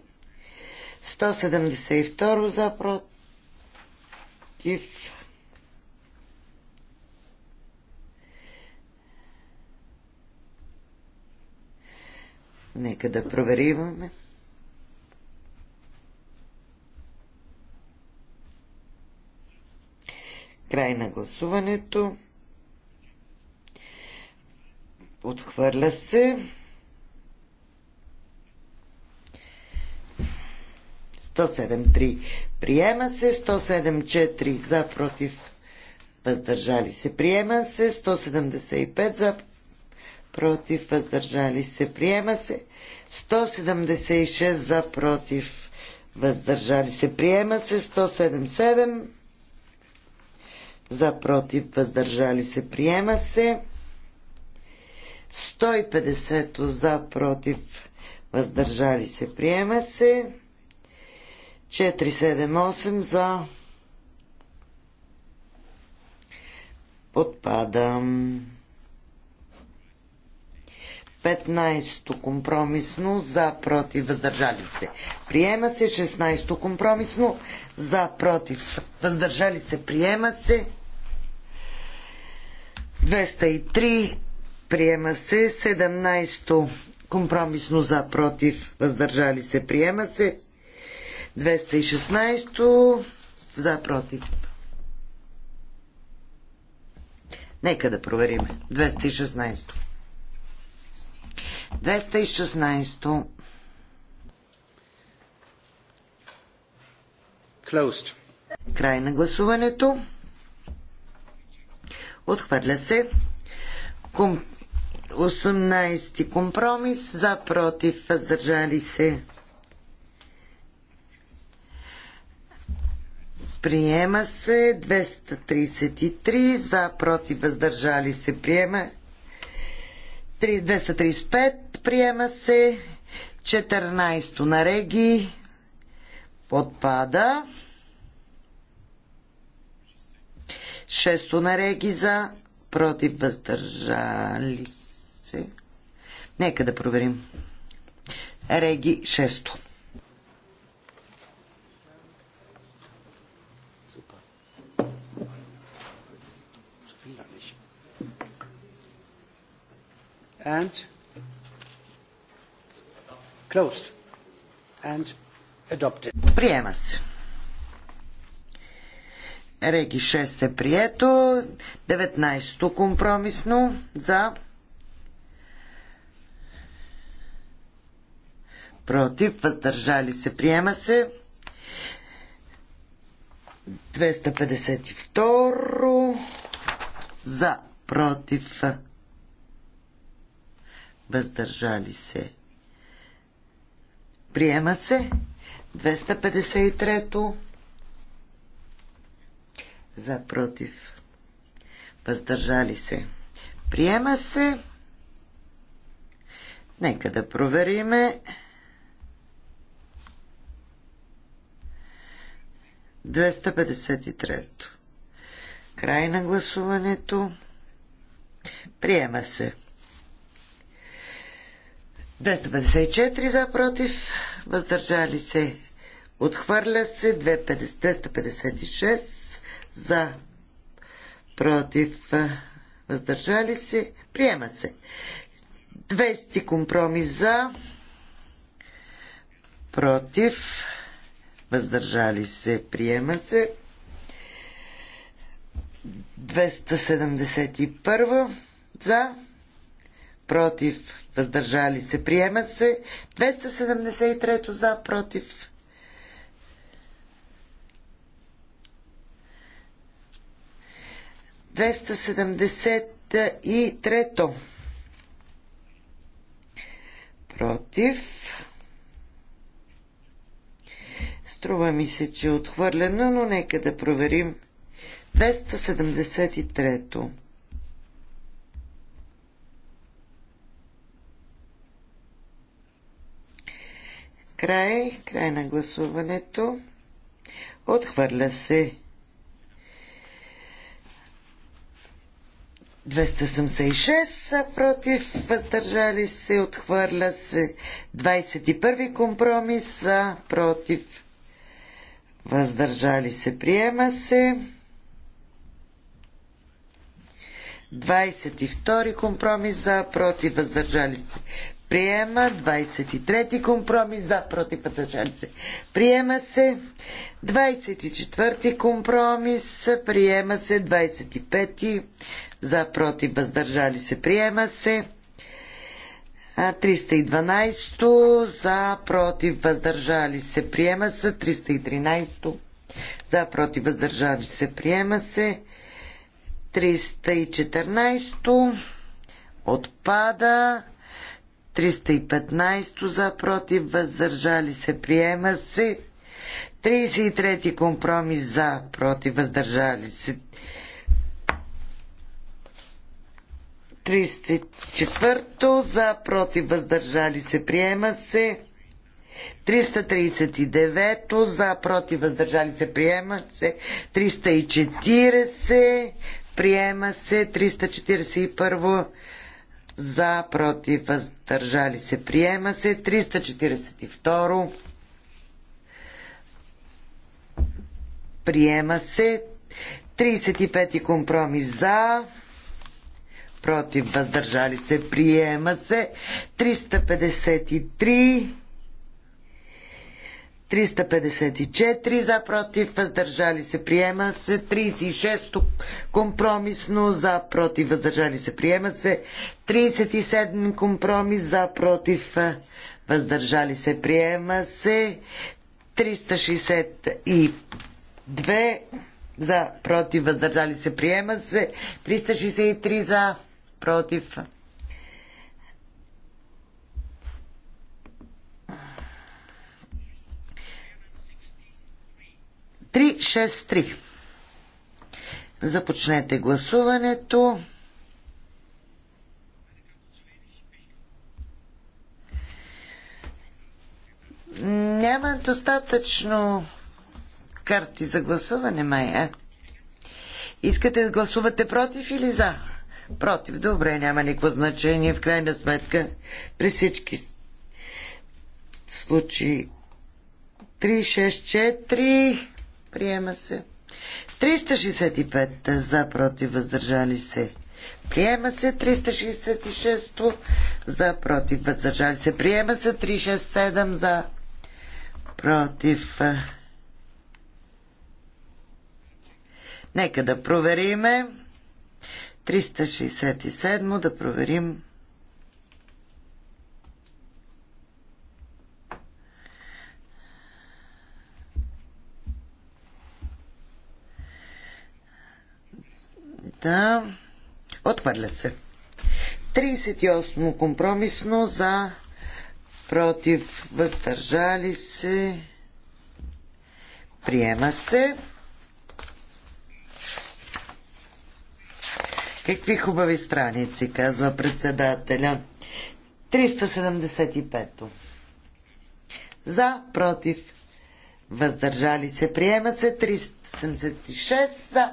172 за, против. Нека да провериваме. Край на гласуването. Отхвърля се. приема се, 107.4 за против въздържали се приема се, 175 за против въздържали се приема се, 176 за против въздържали се приема се, 177 за против, въздържали се, приема се. 150 за против, въздържали се, приема се. 478 за Подпадам. 15-то компромисно за против въздържали се. Приема се 16-то компромисно за против въздържали се. Приема се. 203 приема се. 17 компромисно за, против, въздържали се, приема се. 216 за, против. Нека да проверим. 216. 216. Closed. Край на гласуването. Отхвърля се. Ком... 18 компромис. За, против, въздържали се. Приема се 233 за против въздържали се приема 235 приема се 14 на Реги отпада Шесто на Реги за, против въздържали се. Нека да проверим. Реги шесто. and closed and adopted. Приема се. Реги 6 е прието. 19-то компромисно за. Против. Въздържали се. Приема се. 252 за. Против. Въздържали се. Приема се. 253 то за против. Въздържали се. Приема се. Нека да провериме. 253. Край на гласуването. Приема се. 254 за против. Въздържали се. Отхвърля се. 256 за против въздържали се приема се 200 компромис за против въздържали се приема се 271 за против въздържали се приема се 273 за против 273 против. Струва ми се, че е отхвърлено, но нека да проверим. 273-то. Край, край на гласуването. Отхвърля се. 276 против, въздържали се, отхвърля се 21 компромис, против, въздържали се, приема се 22 компромис за, против, въздържали се, приема 23 компромис за, против, въздържали се, приема се 24 компромис, приема се 25 за против въздържали се приема се. 312 за против въздържали се приема се. 313 за против въздържали се приема се. 314 отпада. 315 за против въздържали се приема се. 33 компромис за против въздържали се 34 за, против, въздържали се, приема се. 339 за, против, въздържали се, приема се. 340 приема се. 341 за, против, въздържали се, приема се. 342 приема се. 35 компромис за, против, въздържали се, приема се. 353, 354 за, против, въздържали се, приема се. 36 компромисно за, против, въздържали се, приема се. 37 компромис за, против, въздържали се, приема се. 362 за, против, въздържали се, приема се. 363 за, против. Три, шест, три. Започнете гласуването. Няма достатъчно карти за гласуване, Майя. Искате да гласувате против или за? Против. Добре, няма никакво значение. В крайна сметка, при всички случаи 364 приема се. 365 за против въздържали се. Приема се 366 за против въздържали се. Приема се 367 за против. Нека да провериме. 367 да проверим. Да, отвърля се. 38 компромисно за против въздържали се. Приема се. Какви хубави страници, казва председателя. 375-то. За, против, въздържали се, приема се. 376 за,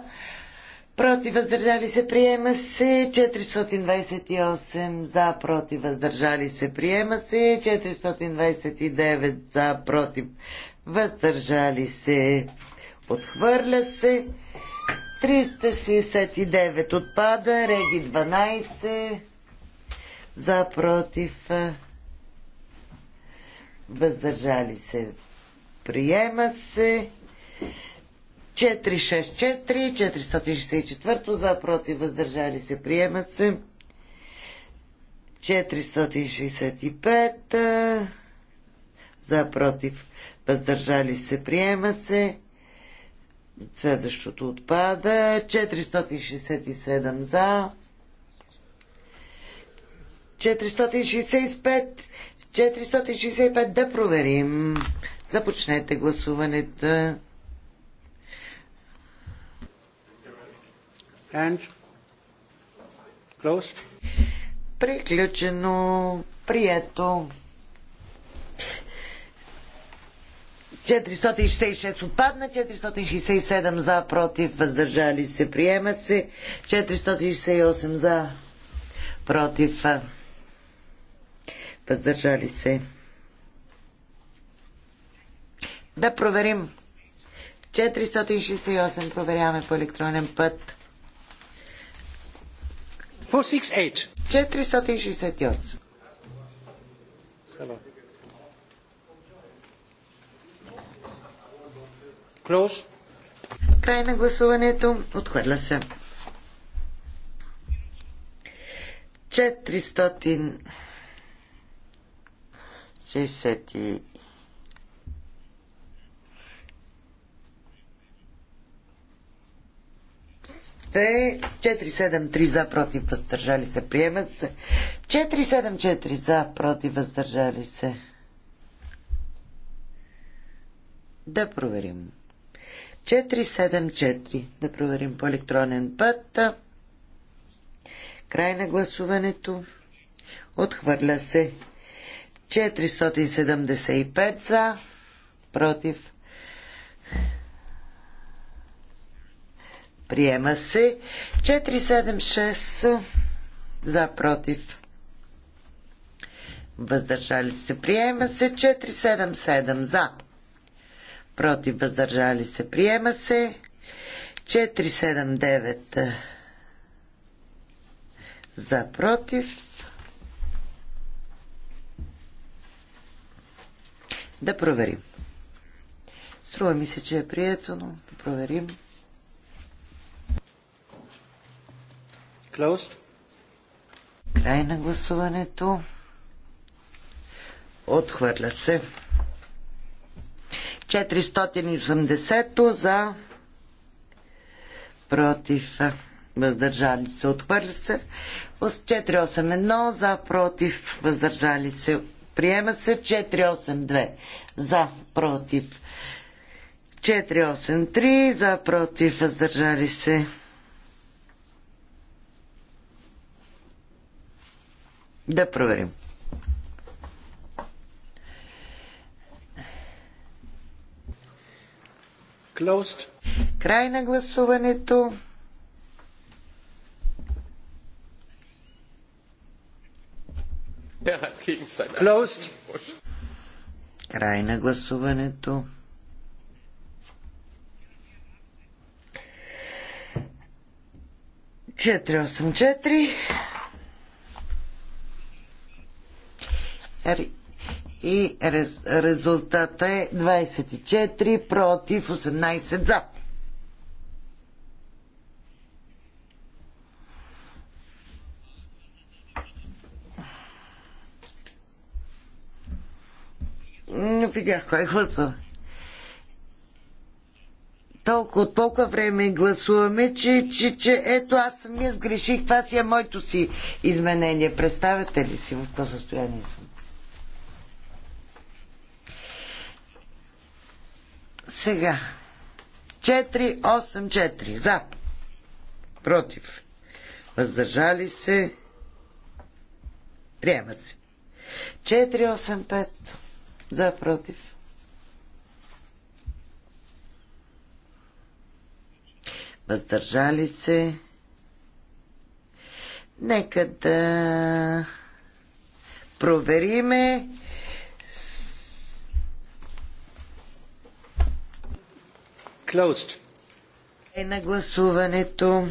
против, въздържали се, приема се. 428 за, против, въздържали се, приема се. 429 за, против, въздържали се, отхвърля се. 369 отпада, Реги 12, за, против, въздържали се, приема се. 464, 464, за, против, въздържали се, приема се. 465, за, против, въздържали се, приема се. Следващото отпада. 467 за. 465. 465 да проверим. Започнете гласуването. And close. Приключено. Прието. 466 отпадна, 467 за, против, въздържали се, приема се, 468 за, против, въздържали се. Да проверим. 468 проверяваме по електронен път. 468. 468. Close. Край на гласуването. Отхвърля се. 460 те 473 за против въздържали се. Приемат се. 4 за против въздържали се. Да проверим. 474. Да проверим по електронен път. Край на гласуването. Отхвърля се. 475 за. Против. Приема се. 476 за. Против. Въздържали се. Приема се. 477 за против, въздържали се, приема се. 479 за против. Да проверим. Струва ми се, че е прието, но да проверим. Closed. Край на гласуването. Отхвърля се. 480 за против въздържали се отхвърля се 481 за против въздържали се приема се 482 за против 483 за против въздържали се да проверим Край на гласуването. Closed. Край на гласуването. Четири осем четири и рез, резултата е 24 против 18 за. Не видях кой гласува. Толкова, толкова време гласуваме, че, че, че ето аз самия сгреших. Това си е моето си изменение. Представете ли си в какво състояние съм? сега. 4-8-4. За. Против. Въздържали се. Приема се. 4-8-5. За. Против. Въздържали се. Нека да провериме. closed. Е на гласуването.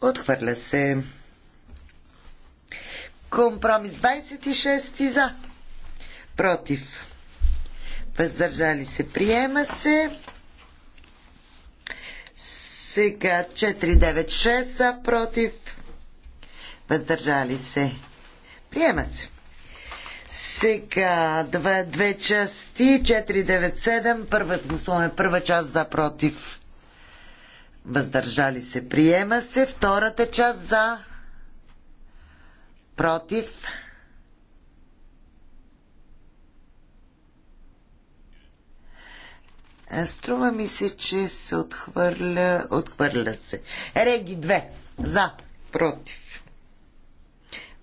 Отхвърля се. Компромис 26 за. Против. Въздържали се. Приема се. Сега 496 за. Против въздържали се. Приема се. Сега, две, две части, 497, първа, гласуваме първа част за против. Въздържали се, приема се. Втората част за против. Е, струва ми се, че се отхвърля. Отхвърля се. Реги 2. За. Против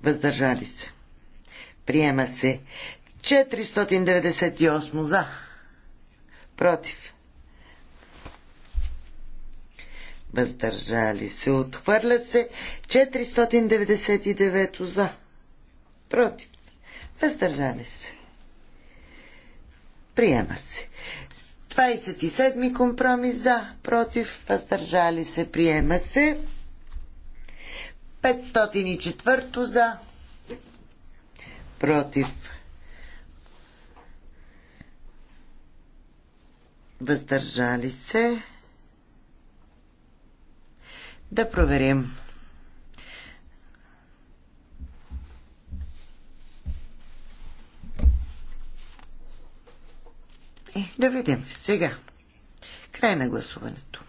въздържали се. Приема се 498 за, против, въздържали се. Отхвърля се 499 за, против, въздържали се. Приема се. 27 компромис за, против, въздържали се, приема се. 504 за. Против. Въздържали се. Да проверим. Е, да видим сега. Край на гласуването.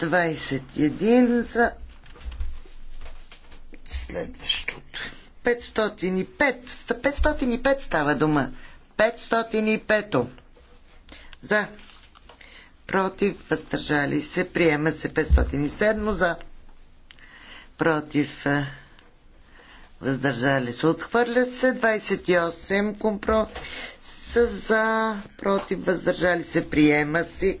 21 за следващото. 505. 505 става дума. 505 за против, въздържали се, приема се 507 за против, въздържали се, отхвърля се 28 компро С за против, въздържали се, приема си.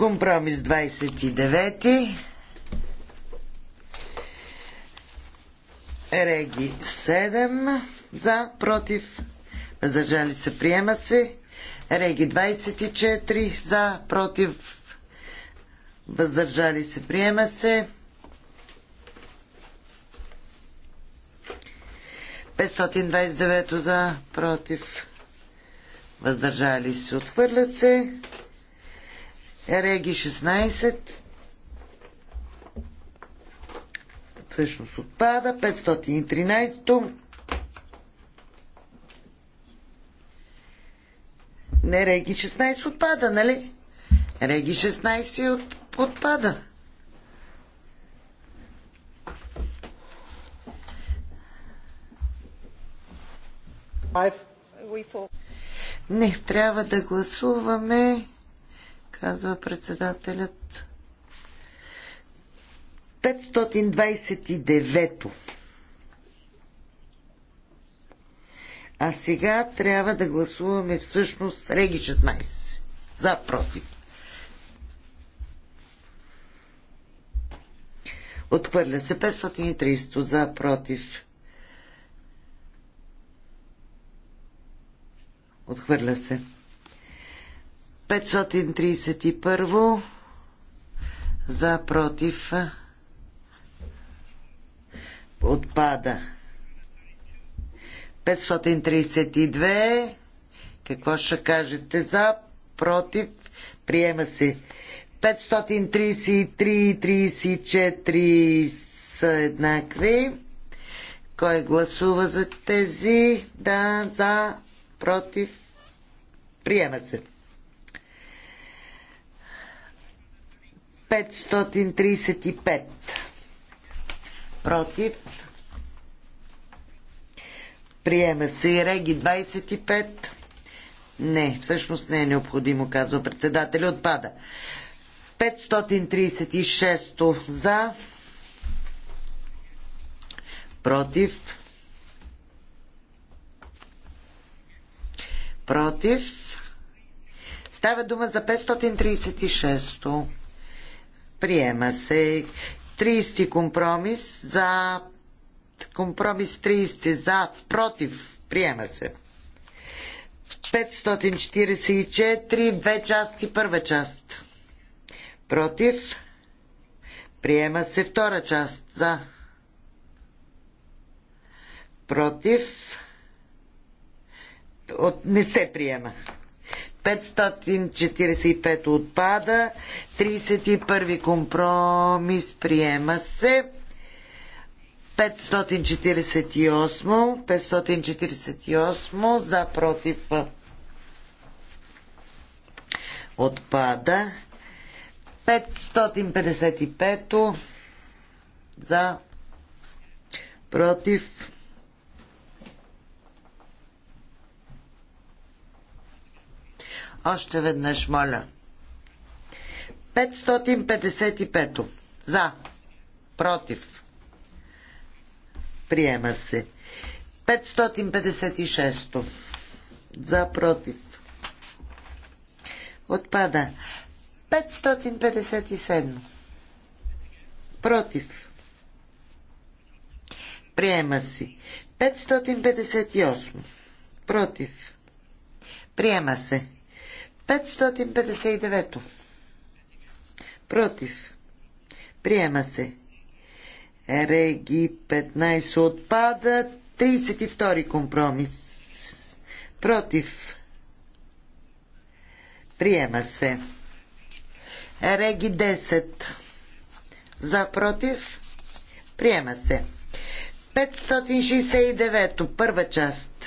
Компромис 29. Реги 7. За, против, въздържали се, приема се. Реги 24. За, против, въздържали се, приема се. 529 за, против, въздържали се, отхвърля се. Реги 16 всъщност отпада. 513 Не, Реги 16 отпада, нали? Реги 16 от, отпада. Не, трябва да гласуваме казва председателят. 529-то. А сега трябва да гласуваме всъщност Реги 16. За, против. Отхвърля се 530 за, против. Отхвърля се. 531 за против отпада. 532 какво ще кажете за против приема се. 533 и 34 са еднакви. Кой гласува за тези? Да, за, против. Приема се. 535 против приема се и Реги 25 не, всъщност не е необходимо, казва председателя. Отпада. 536 за. Против. Против. Става дума за 536. Приема се 30 компромис за компромис 30 за против. Приема се. 544 две части първа част. Против. Приема се втора част за против. От... Не се приема. 545 отпада. 31 компромис приема се. 548. 548 за против отпада. 555 за против Още веднъж, моля. 555. За. Против. Приема се. 556. За. Против. Отпада. 557. Против. Приема си. 558. Против. Приема се. 559. Против. Приема се. Реги 15 отпада. 32 компромис. Против. Приема се. Реги 10. За против. Приема се. 569. Първа част.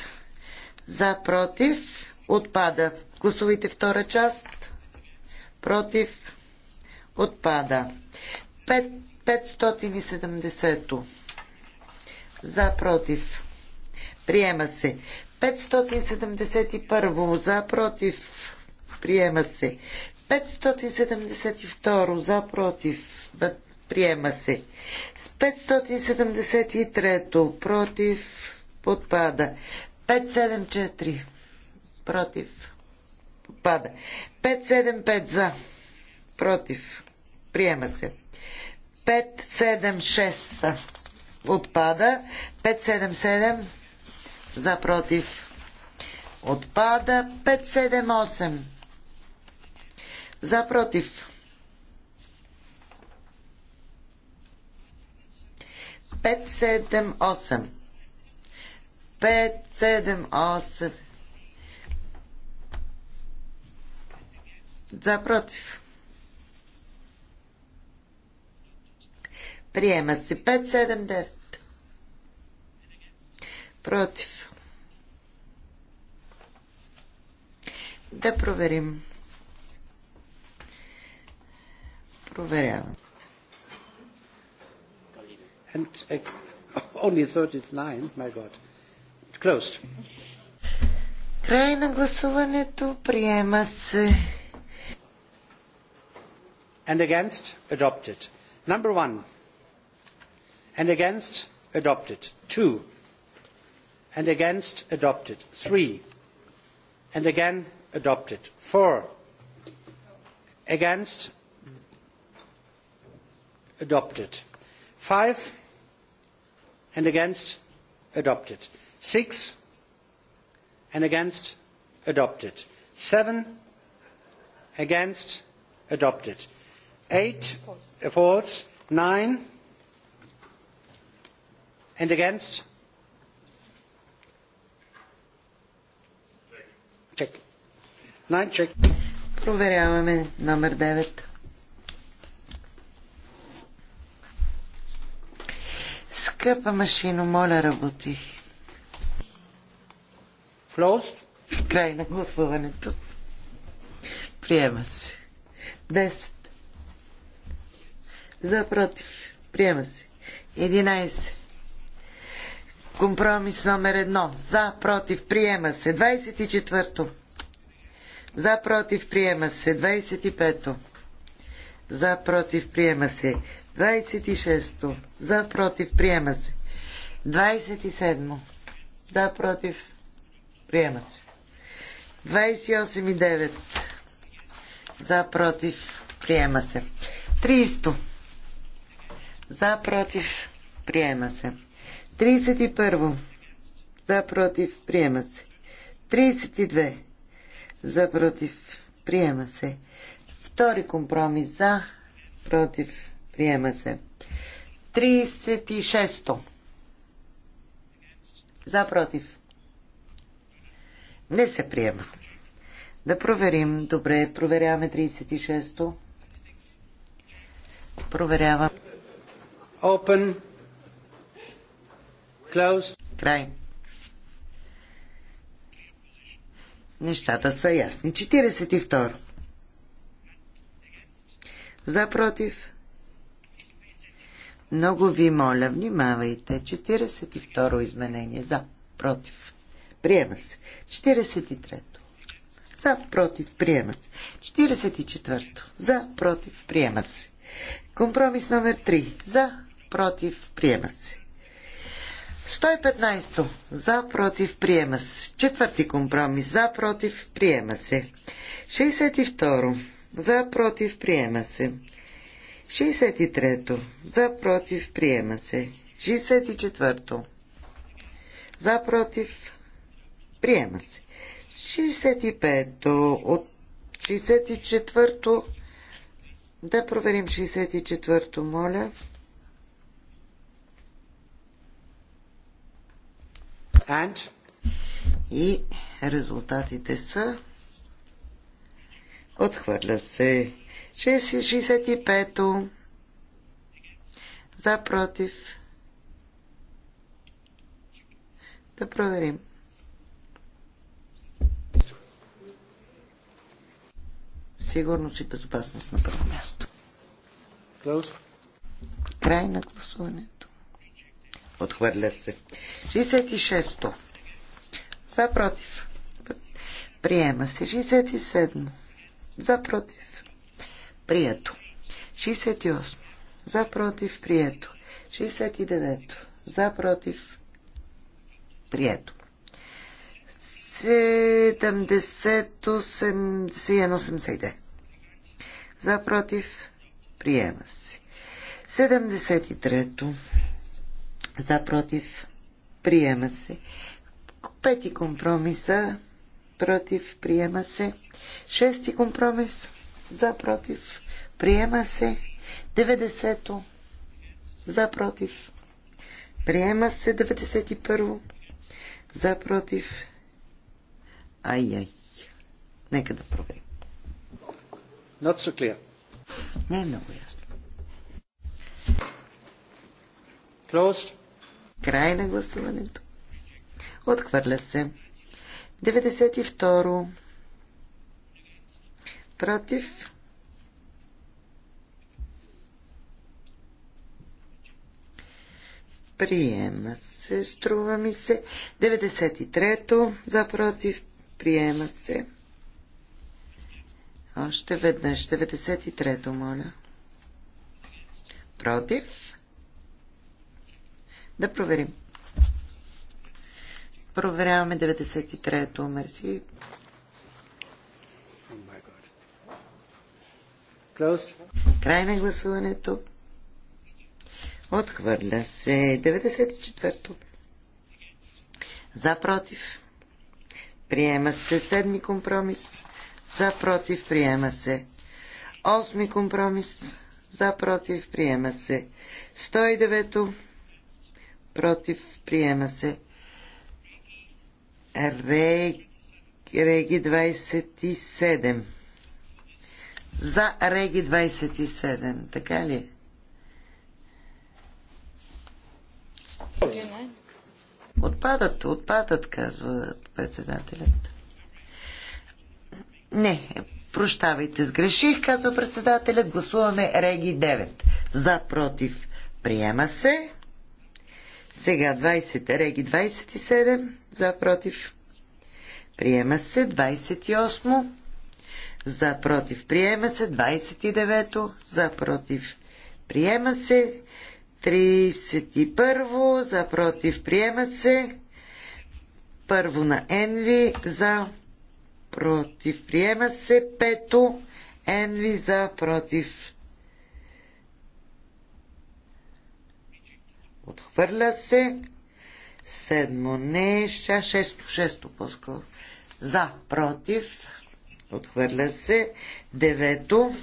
За против. Отпада. Гласувайте втора част. Против. Отпада. 570-то. За, против. Приема се. 571 за, против. Приема се. 572 за, против. Приема се. С 573 против. Подпада. 574 против отпада. 575 за. Против. Приема се. 576 отпада. 577 за против. Отпада. 578 за против. 578 578 За против. Приема се 579. Против. Да проверим. Проверявам. And uh, only 39, my God. Closed. Край на гласуването приема се and against adopted number one and against adopted two and against adopted three and again adopted four against adopted five and against adopted six and against adopted seven against adopted eight false nine and against check nine check проверяваме номер 9 скъпа машино моля работи closed край на гласуването приема се 10 за против. Приема се. 11. Компромис номер 1. За против. Приема се. 24. За против. Приема се. 25. За против. Приема се. 26. За против. Приема се. 27. За против. Приема се. 28 и 9. За против. Приема се. 300. За, против, приема се. 31. За, против, приема се. 32. За, против, приема се. Втори компромис. За, против, приема се. 36. За, против. Не се приема. Да проверим. Добре, проверяваме 36-то. Проверявам. Open. Closed. Край. Нещата са ясни. 42. За против. Много ви моля, внимавайте. 42 изменение. За против. Приема се. 43 За против. Приема се. 44 За против. Приема се. Компромис номер 3. За против, приема се. 115. За, против, приема се. Четвърти компромис. За, против, приема се. 62. За, против, приема се. 63. За, против, приема се. 64. За, против, приема се. 65. От 64. Да проверим 64, моля. И резултатите са отхвърля се 65-то за против да проверим сигурност и безопасност на първо място. Close. Край на гласуването. Отхвърля се. 66-то. За против. Приема се. 67 За против. Прието. 68 За против. Прието. 69 За против. Прието. 70-81-82. За против. Приема се. 73-то за против приема се. Пети компромиса против приема се. Шести компромис за против приема се. 90 за против приема се. 91 първо за против ай-ай. Нека да проверим. Not so clear. Не е много ясно. Closed. Край на гласуването. Отхвърля се. 92. Против. Приема се, струва ми се. 93-то, за против, приема се. Още веднъж, 93-то, моля. Против. Да проверим. Проверяваме 93-то. Мерси. Край на гласуването. Отхвърля се 94-то. За против. Приема се седми компромис. За против приема се. Осми компромис. За против приема се. 109-то против, приема се. Реги 27. За Реги 27, така ли? Отпадат, отпадат, казва председателят. Не, прощавайте, сгреших, казва председателят. Гласуваме Реги 9. За, против, приема се. Сега 20, Реги 27, за, против. Приема се 28, за, против. Приема се 29, за, против. Приема се 31, за, против. Приема се първо на Енви, за, против. Приема се пето, Енви, за, против. Отхвърля се. Седмо не. Ша, шесто, шесто по-скоро. За, против. Отхвърля се. Девето.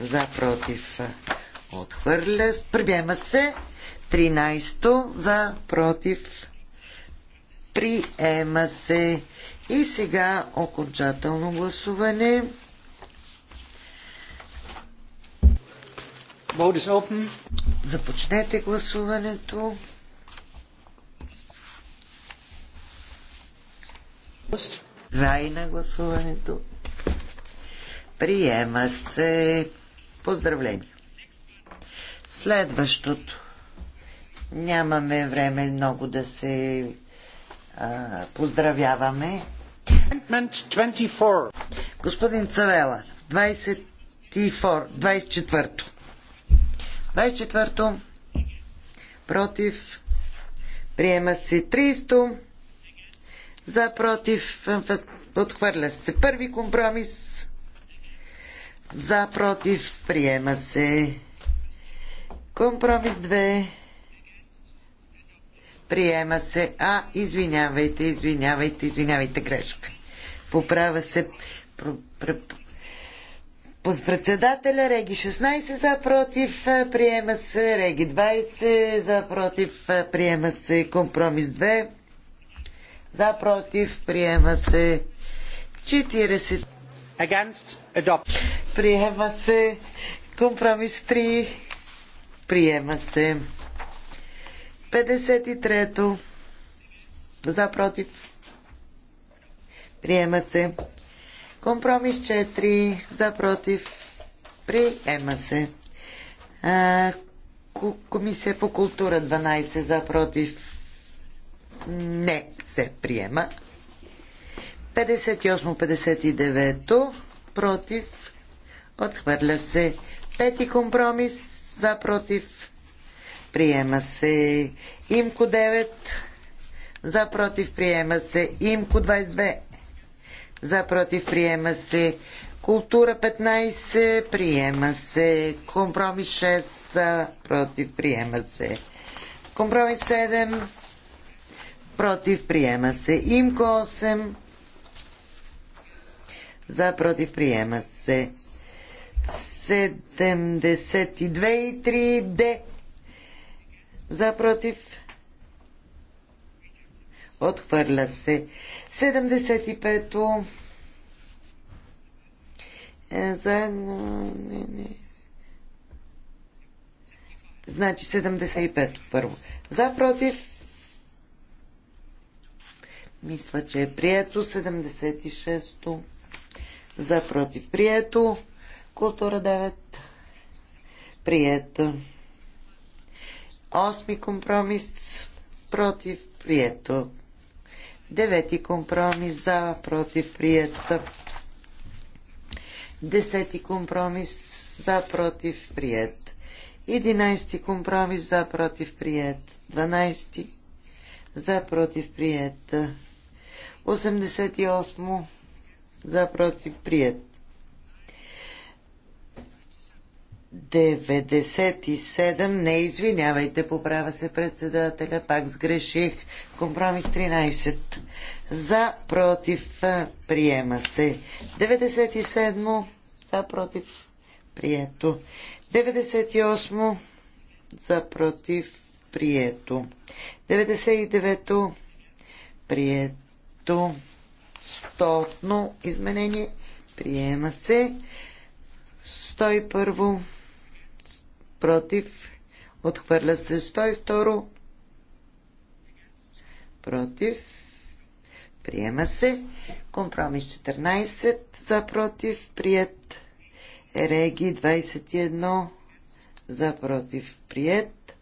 За, против. Отхвърля. Приема се. Тринайсто. За, против. Приема се. И сега окончателно гласуване. Vote is open. Започнете гласуването. Рай на гласуването. Приема се. Поздравление. Следващото. Нямаме време много да се а, поздравяваме. Господин Цавела, 24, 24-то. 24-то. Против. Приема се 300. За против. Отхвърля се първи компромис. За против. Приема се. Компромис 2. Приема се. А, извинявайте, извинявайте, извинявайте, грешка. Поправя се председателя. Реги 16 е, е, за против, приема се. Реги 20 за против, приема се. Компромис 2 за против, приема се. 40. Against, adopt. Приема се. Компромис 3. Приема се. 53-то. За против. Приема се. Компромис 4 за против приема се. Комисия по култура 12 за против не се приема. 58-59 против отхвърля се. Пети компромис за против приема се. Имко 9 за против приема се. Имко 22 за против приема се. Култура 15 приема се. Компромис 6 против приема се. Компромис 7 против приема се. Имко 8 за против приема се. 72 и 3 Д за против Отхвърля се. 75-то. Е, заедно. Не, не. Значи 75-то първо. За, против. Мисля, че е прието. 76-то. За, против. Прието. Култура 9. Прието. Осми компромис. Против. Прието. Девети компромис за, против, прият. Десети компромис за, против, прият. Единайсти компромис за, против, прият. Дванайсти за, против, прият. 88 за, против, прият. 97, не извинявайте, поправя се председателя, пак сгреших. Компромис 13. За, против, приема се. 97, за, против, прието. 98, за, против, прието. 99, прието. Стотно изменение, приема се. 101 против, отхвърля се 102, против, приема се, компромис 14, за против, прият, реги 21, за против, прият,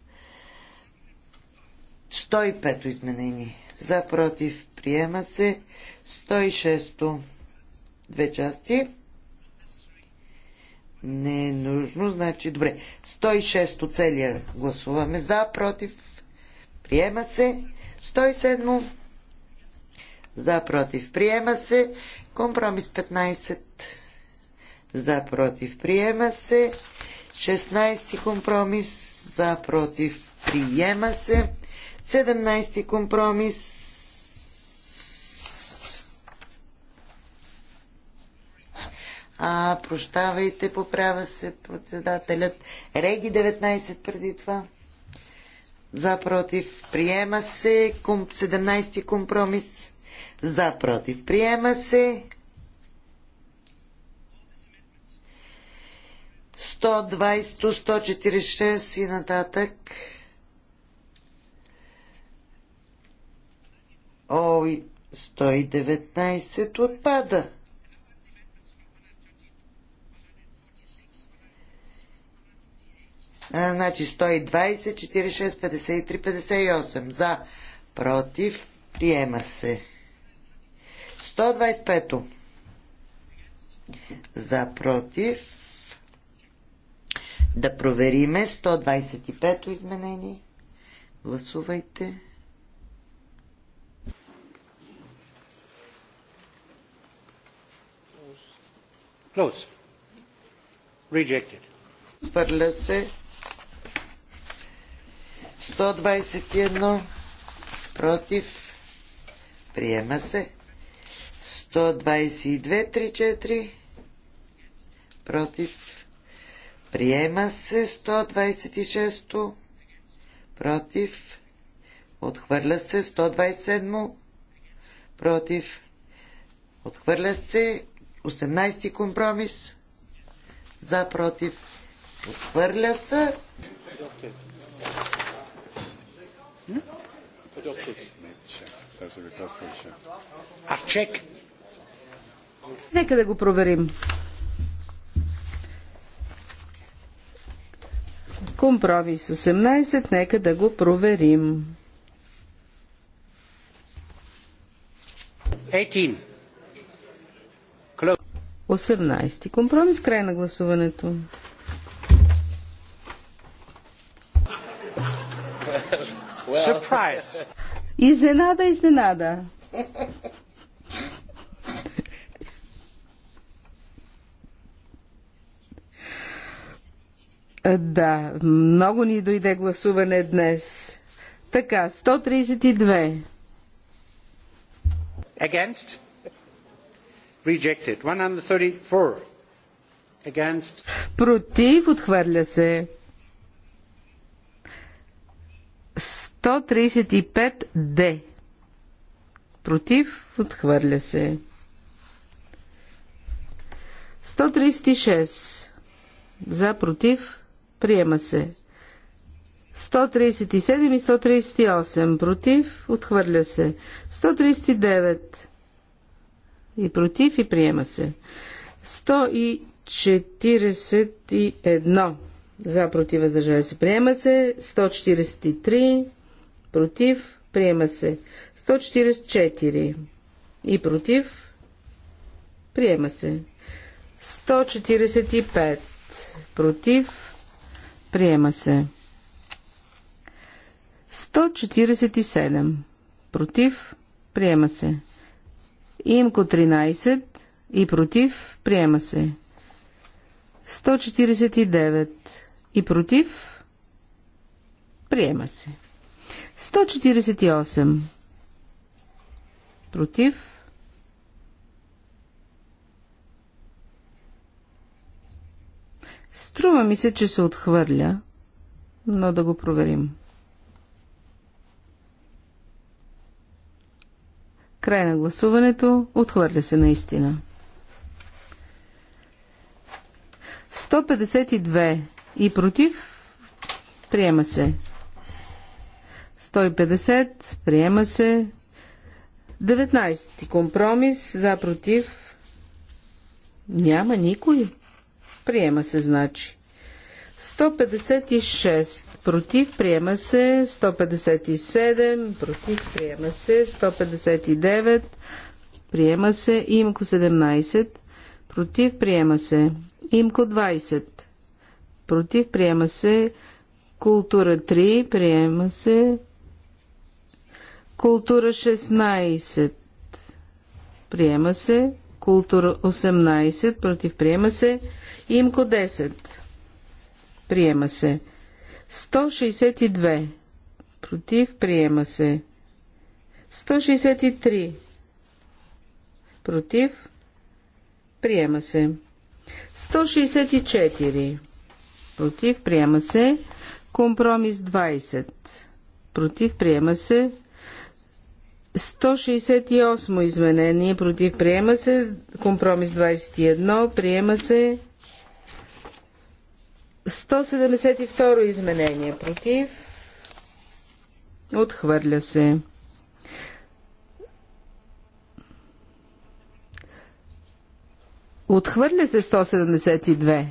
105 изменение, за против, приема се, 106 две части, не е нужно, значи добре. 106 то целия гласуваме за, против, приема се. 107 за, против, приема се. Компромис 15 за, против, приема се. 16 компромис за, против, приема се. 17 компромис А, прощавайте, поправя се председателят. Реги 19 преди това. За, против, приема се. 17-ти компромис. За, против, приема се. 120-146 и нататък. Ой, 119 отпада. Значи 120, 46, 53, 58. За, против, приема се. 125. За, против. Да провериме 125 изменение. Гласувайте. Close. Rejected. Хвърля се. 121 против. Приема се. 122, 34, против. Приема се 126 Против. Отхвърля се 127 Против. Отхвърля се 18 компромис. За против. Отхвърля се. Adopted. There's a request for a check. Нека да го проверим. Компромис 18, нека да го проверим. 18. 18. Компромис край на гласуването. well. Surprise. Изненада, изненада. Да, много ни дойде гласуване днес. Така, 132. Against? Rejected. 134. Against? Против, отхвърля се. 135 Д. Против, отхвърля се. 136. За, против, приема се. 137 и 138. Против, отхвърля се. 139. И против, и приема се. 141. За, против, въздържали се. Приема се. 143. Против. Приема се. 144. И против. Приема се. 145. Против. Приема се. 147. Против. Приема се. Имко 13. И против. Приема се. 149 и против. Приема се. 148. Против. Струва ми се, че се отхвърля, но да го проверим. Край на гласуването отхвърля се наистина. 152 и против. Приема се. 150. Приема се. 19. Компромис. За против. Няма никой. Приема се, значи. 156 против, приема се. 157 против, приема се. 159 приема се. Имко 17 против, приема се. Имко 20 против, приема се. Култура 3, приема се. Култура 16, приема се. Култура 18, против, приема се. Имко 10, приема се. 162, против, приема се. 163, против, приема се. 164, против, приема се. Компромис 20, против, приема се. 168 изменение, против, приема се. Компромис 21, приема се. 172 изменение, против, отхвърля се. Отхвърля се 172.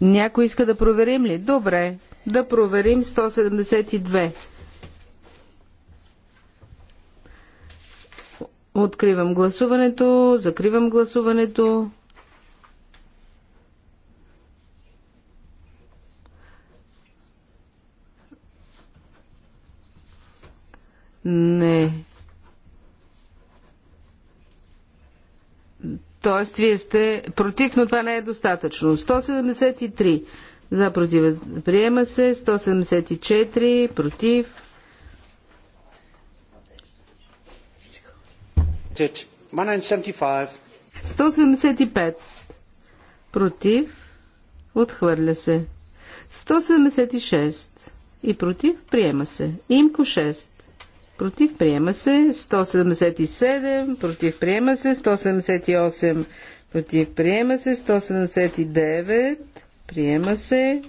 Някой иска да проверим ли? Добре, да проверим 172. Откривам гласуването, закривам гласуването. Не. Тоест, вие сте против, но това не е достатъчно. 173 за против. Приема се. 174 против. rejected. 175. 175. Против. Отхвърля се. 176. И против. Приема се. Имко 6 против, приема се 177, против, приема се 178, против, приема се 179, приема се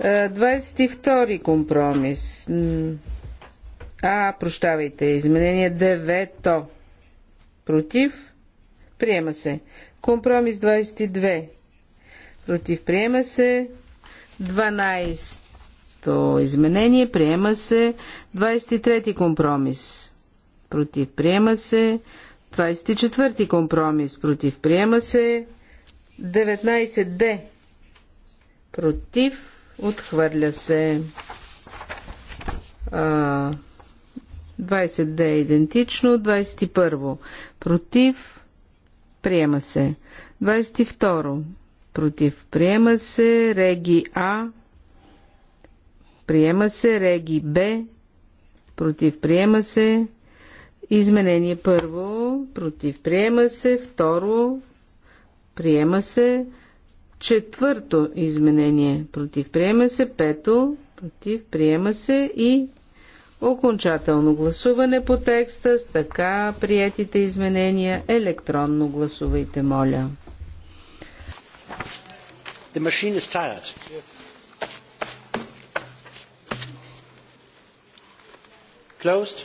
22 компромис. А, прощавайте, изменение 9 Против, приема се. Компромис 22. Против, приема се 12 то изменение. Приема се. 23 компромис. Против. Приема се. 24 компромис. Против. Приема се. 19 Д. Против. Отхвърля се. 20 Д е идентично. 21. Против. Приема се. 22. Против. Приема се. Реги А Приема се. Реги Б. Против. Приема се. Изменение първо. Против. Приема се. Второ. Приема се. Четвърто изменение. Против. Приема се. Пето. Против. Приема се. И окончателно гласуване по текста с така приятите изменения. Електронно гласувайте, моля. The machine is tired. Closed.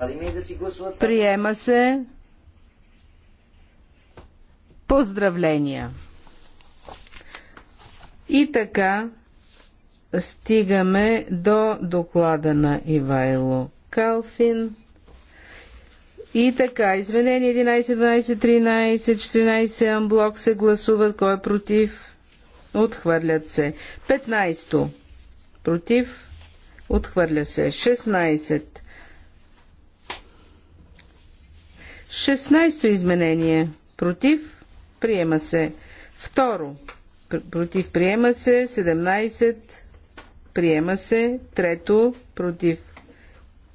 Oh, Приема се. Поздравления. И така стигаме до доклада на Ивайло Калфин. И така, извинение 11, 12, 13, 14 Блок се гласуват. Кой е против? Отхвърлят се. 15. Против. Отхвърля се. 16. 16 изменение. Против. Приема се. Второ. Против приема се. 17. Приема се. Трето. Против.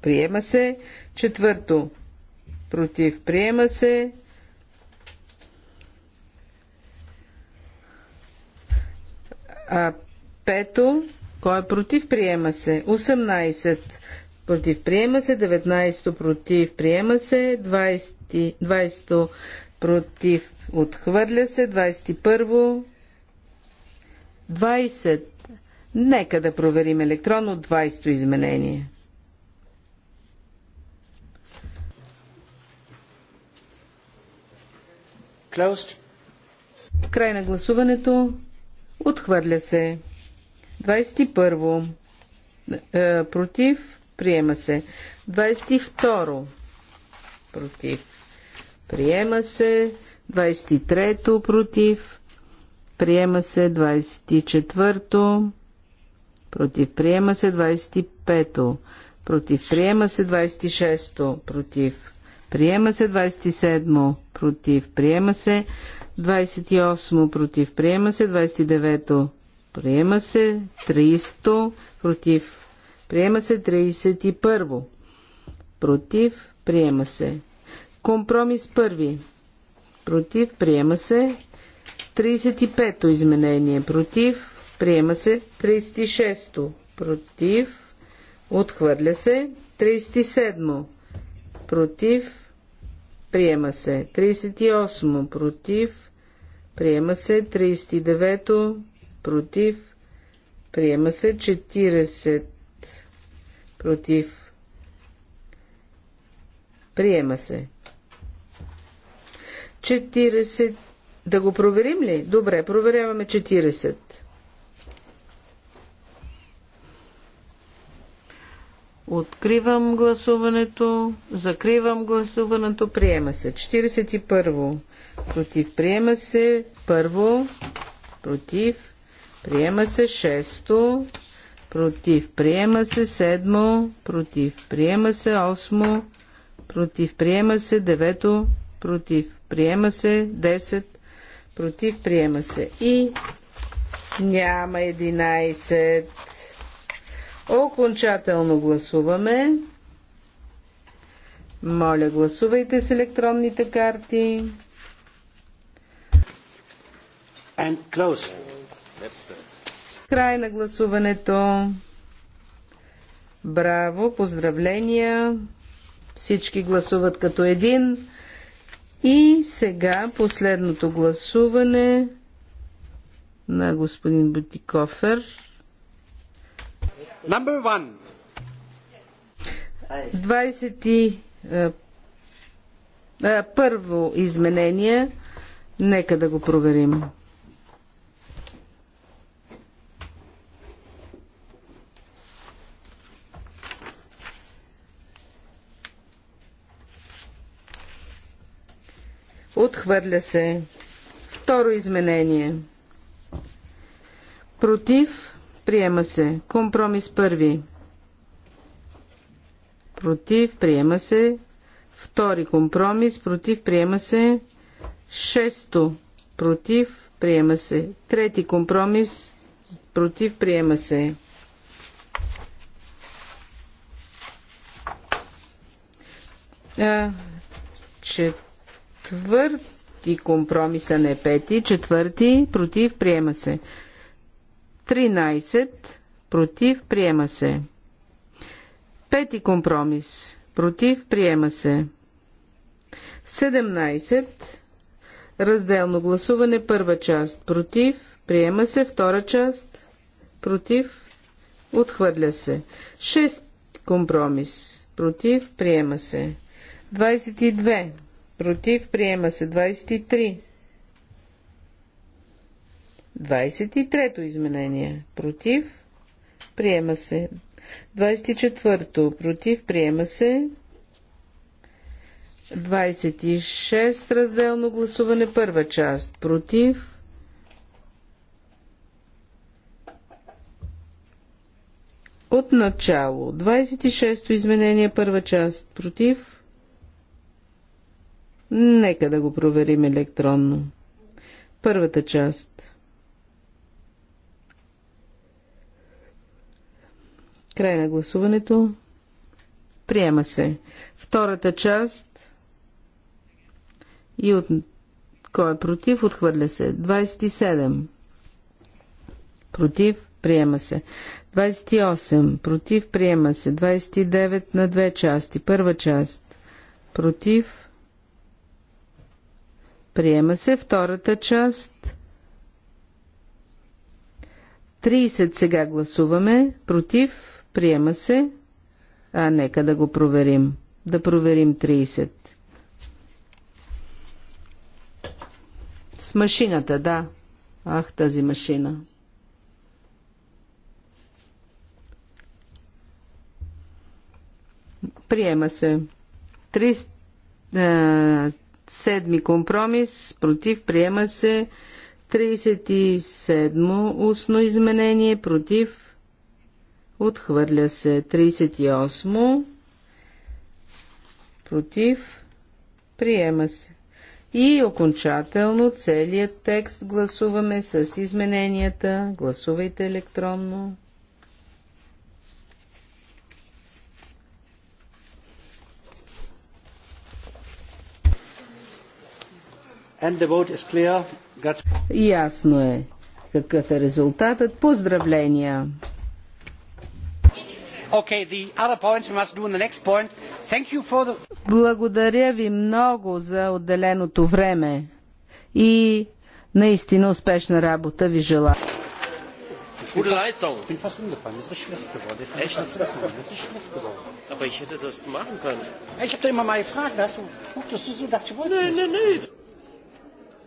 Приема се. Четвърто. Против приема се. Пето, кой е против, приема се. 18 против, приема се. 19 против, приема се. 20, 20 против, отхвърля се. 21 20. Нека да проверим електронно 20-то изменение. Closed. Край на гласуването. Отхвърля се. 21. Е, против. Приема се. 22. Против. Приема се. 23. Против. Приема се. 24. Против. Приема се. 25. Против. Приема се. 26. Против. Приема се 27. Против. Приема се 28 против приема се, 29 приема се, 300 против приема се, 31 против приема се. Компромис първи против приема се, 35-то изменение против приема се, 36-то против отхвърля се, 37 против приема се, 38 против Приема се 39-то. Против. Приема се 40. Против. Приема се. 40. Да го проверим ли? Добре, проверяваме 40. Откривам гласуването, закривам гласуването, приема се. 41 против, приема се първо, против, приема се шесто, против, приема се седмо, против, приема се осмо, против, приема се девето, против, приема се 10, против, приема се и няма 11. Окончателно гласуваме. Моля, гласувайте с електронните карти and close. Край на гласуването. Браво, поздравления. Всички гласуват като един. И сега последното гласуване на господин Бутикофер. Number one. 20 първо изменение. Нека да го проверим. Отхвърля се. Второ изменение. Против. Приема се. Компромис първи. Против. Приема се. Втори компромис. Против. Приема се. Шесто. Против. Приема се. Трети компромис. Против. Приема се. Чет четвърти компромиса а не е пети. Четвърти против приема се. 13 против приема се. Пети компромис против приема се. 17 разделно гласуване първа част против приема се втора част против отхвърля се. 6 компромис против приема се. 22 Против. Приема се. 23. 23-то изменение. Против. Приема се. 24-то. Против. Приема се. 26 разделно гласуване. Първа част. Против. От начало. 26-то изменение. Първа част. Против. Нека да го проверим електронно. Първата част. Край на гласуването. Приема се. Втората част. И от кой е против? Отхвърля се. 27. Против? Приема се. 28. Против? Приема се. 29 на две части. Първа част. Против? Приема се втората част. 30 сега гласуваме. Против. Приема се. А, нека да го проверим. Да проверим 30. С машината, да. Ах, тази машина. Приема се. 30. Седми компромис, против, приема се. 37 устно изменение, против, отхвърля се. 38 против, приема се. И окончателно целият текст гласуваме с измененията. Гласувайте електронно. And the vote is clear. Ясно е какъв е резултатът. Поздравления! Okay, the other points we must do in the next point. Thank you for the... Благодаря ви много за отделеното време и наистина успешна работа ви желая. Gute Leistung. Ich bin fast umgefallen. Das ist schlecht geworden. Das ist Echt? Das ist schlecht geworden. Aber ich hätte das machen können. Ich habe da immer mal gefragt. Da hast du, guck, das ist so, dachte ich, wolltest Nein, nein, nein.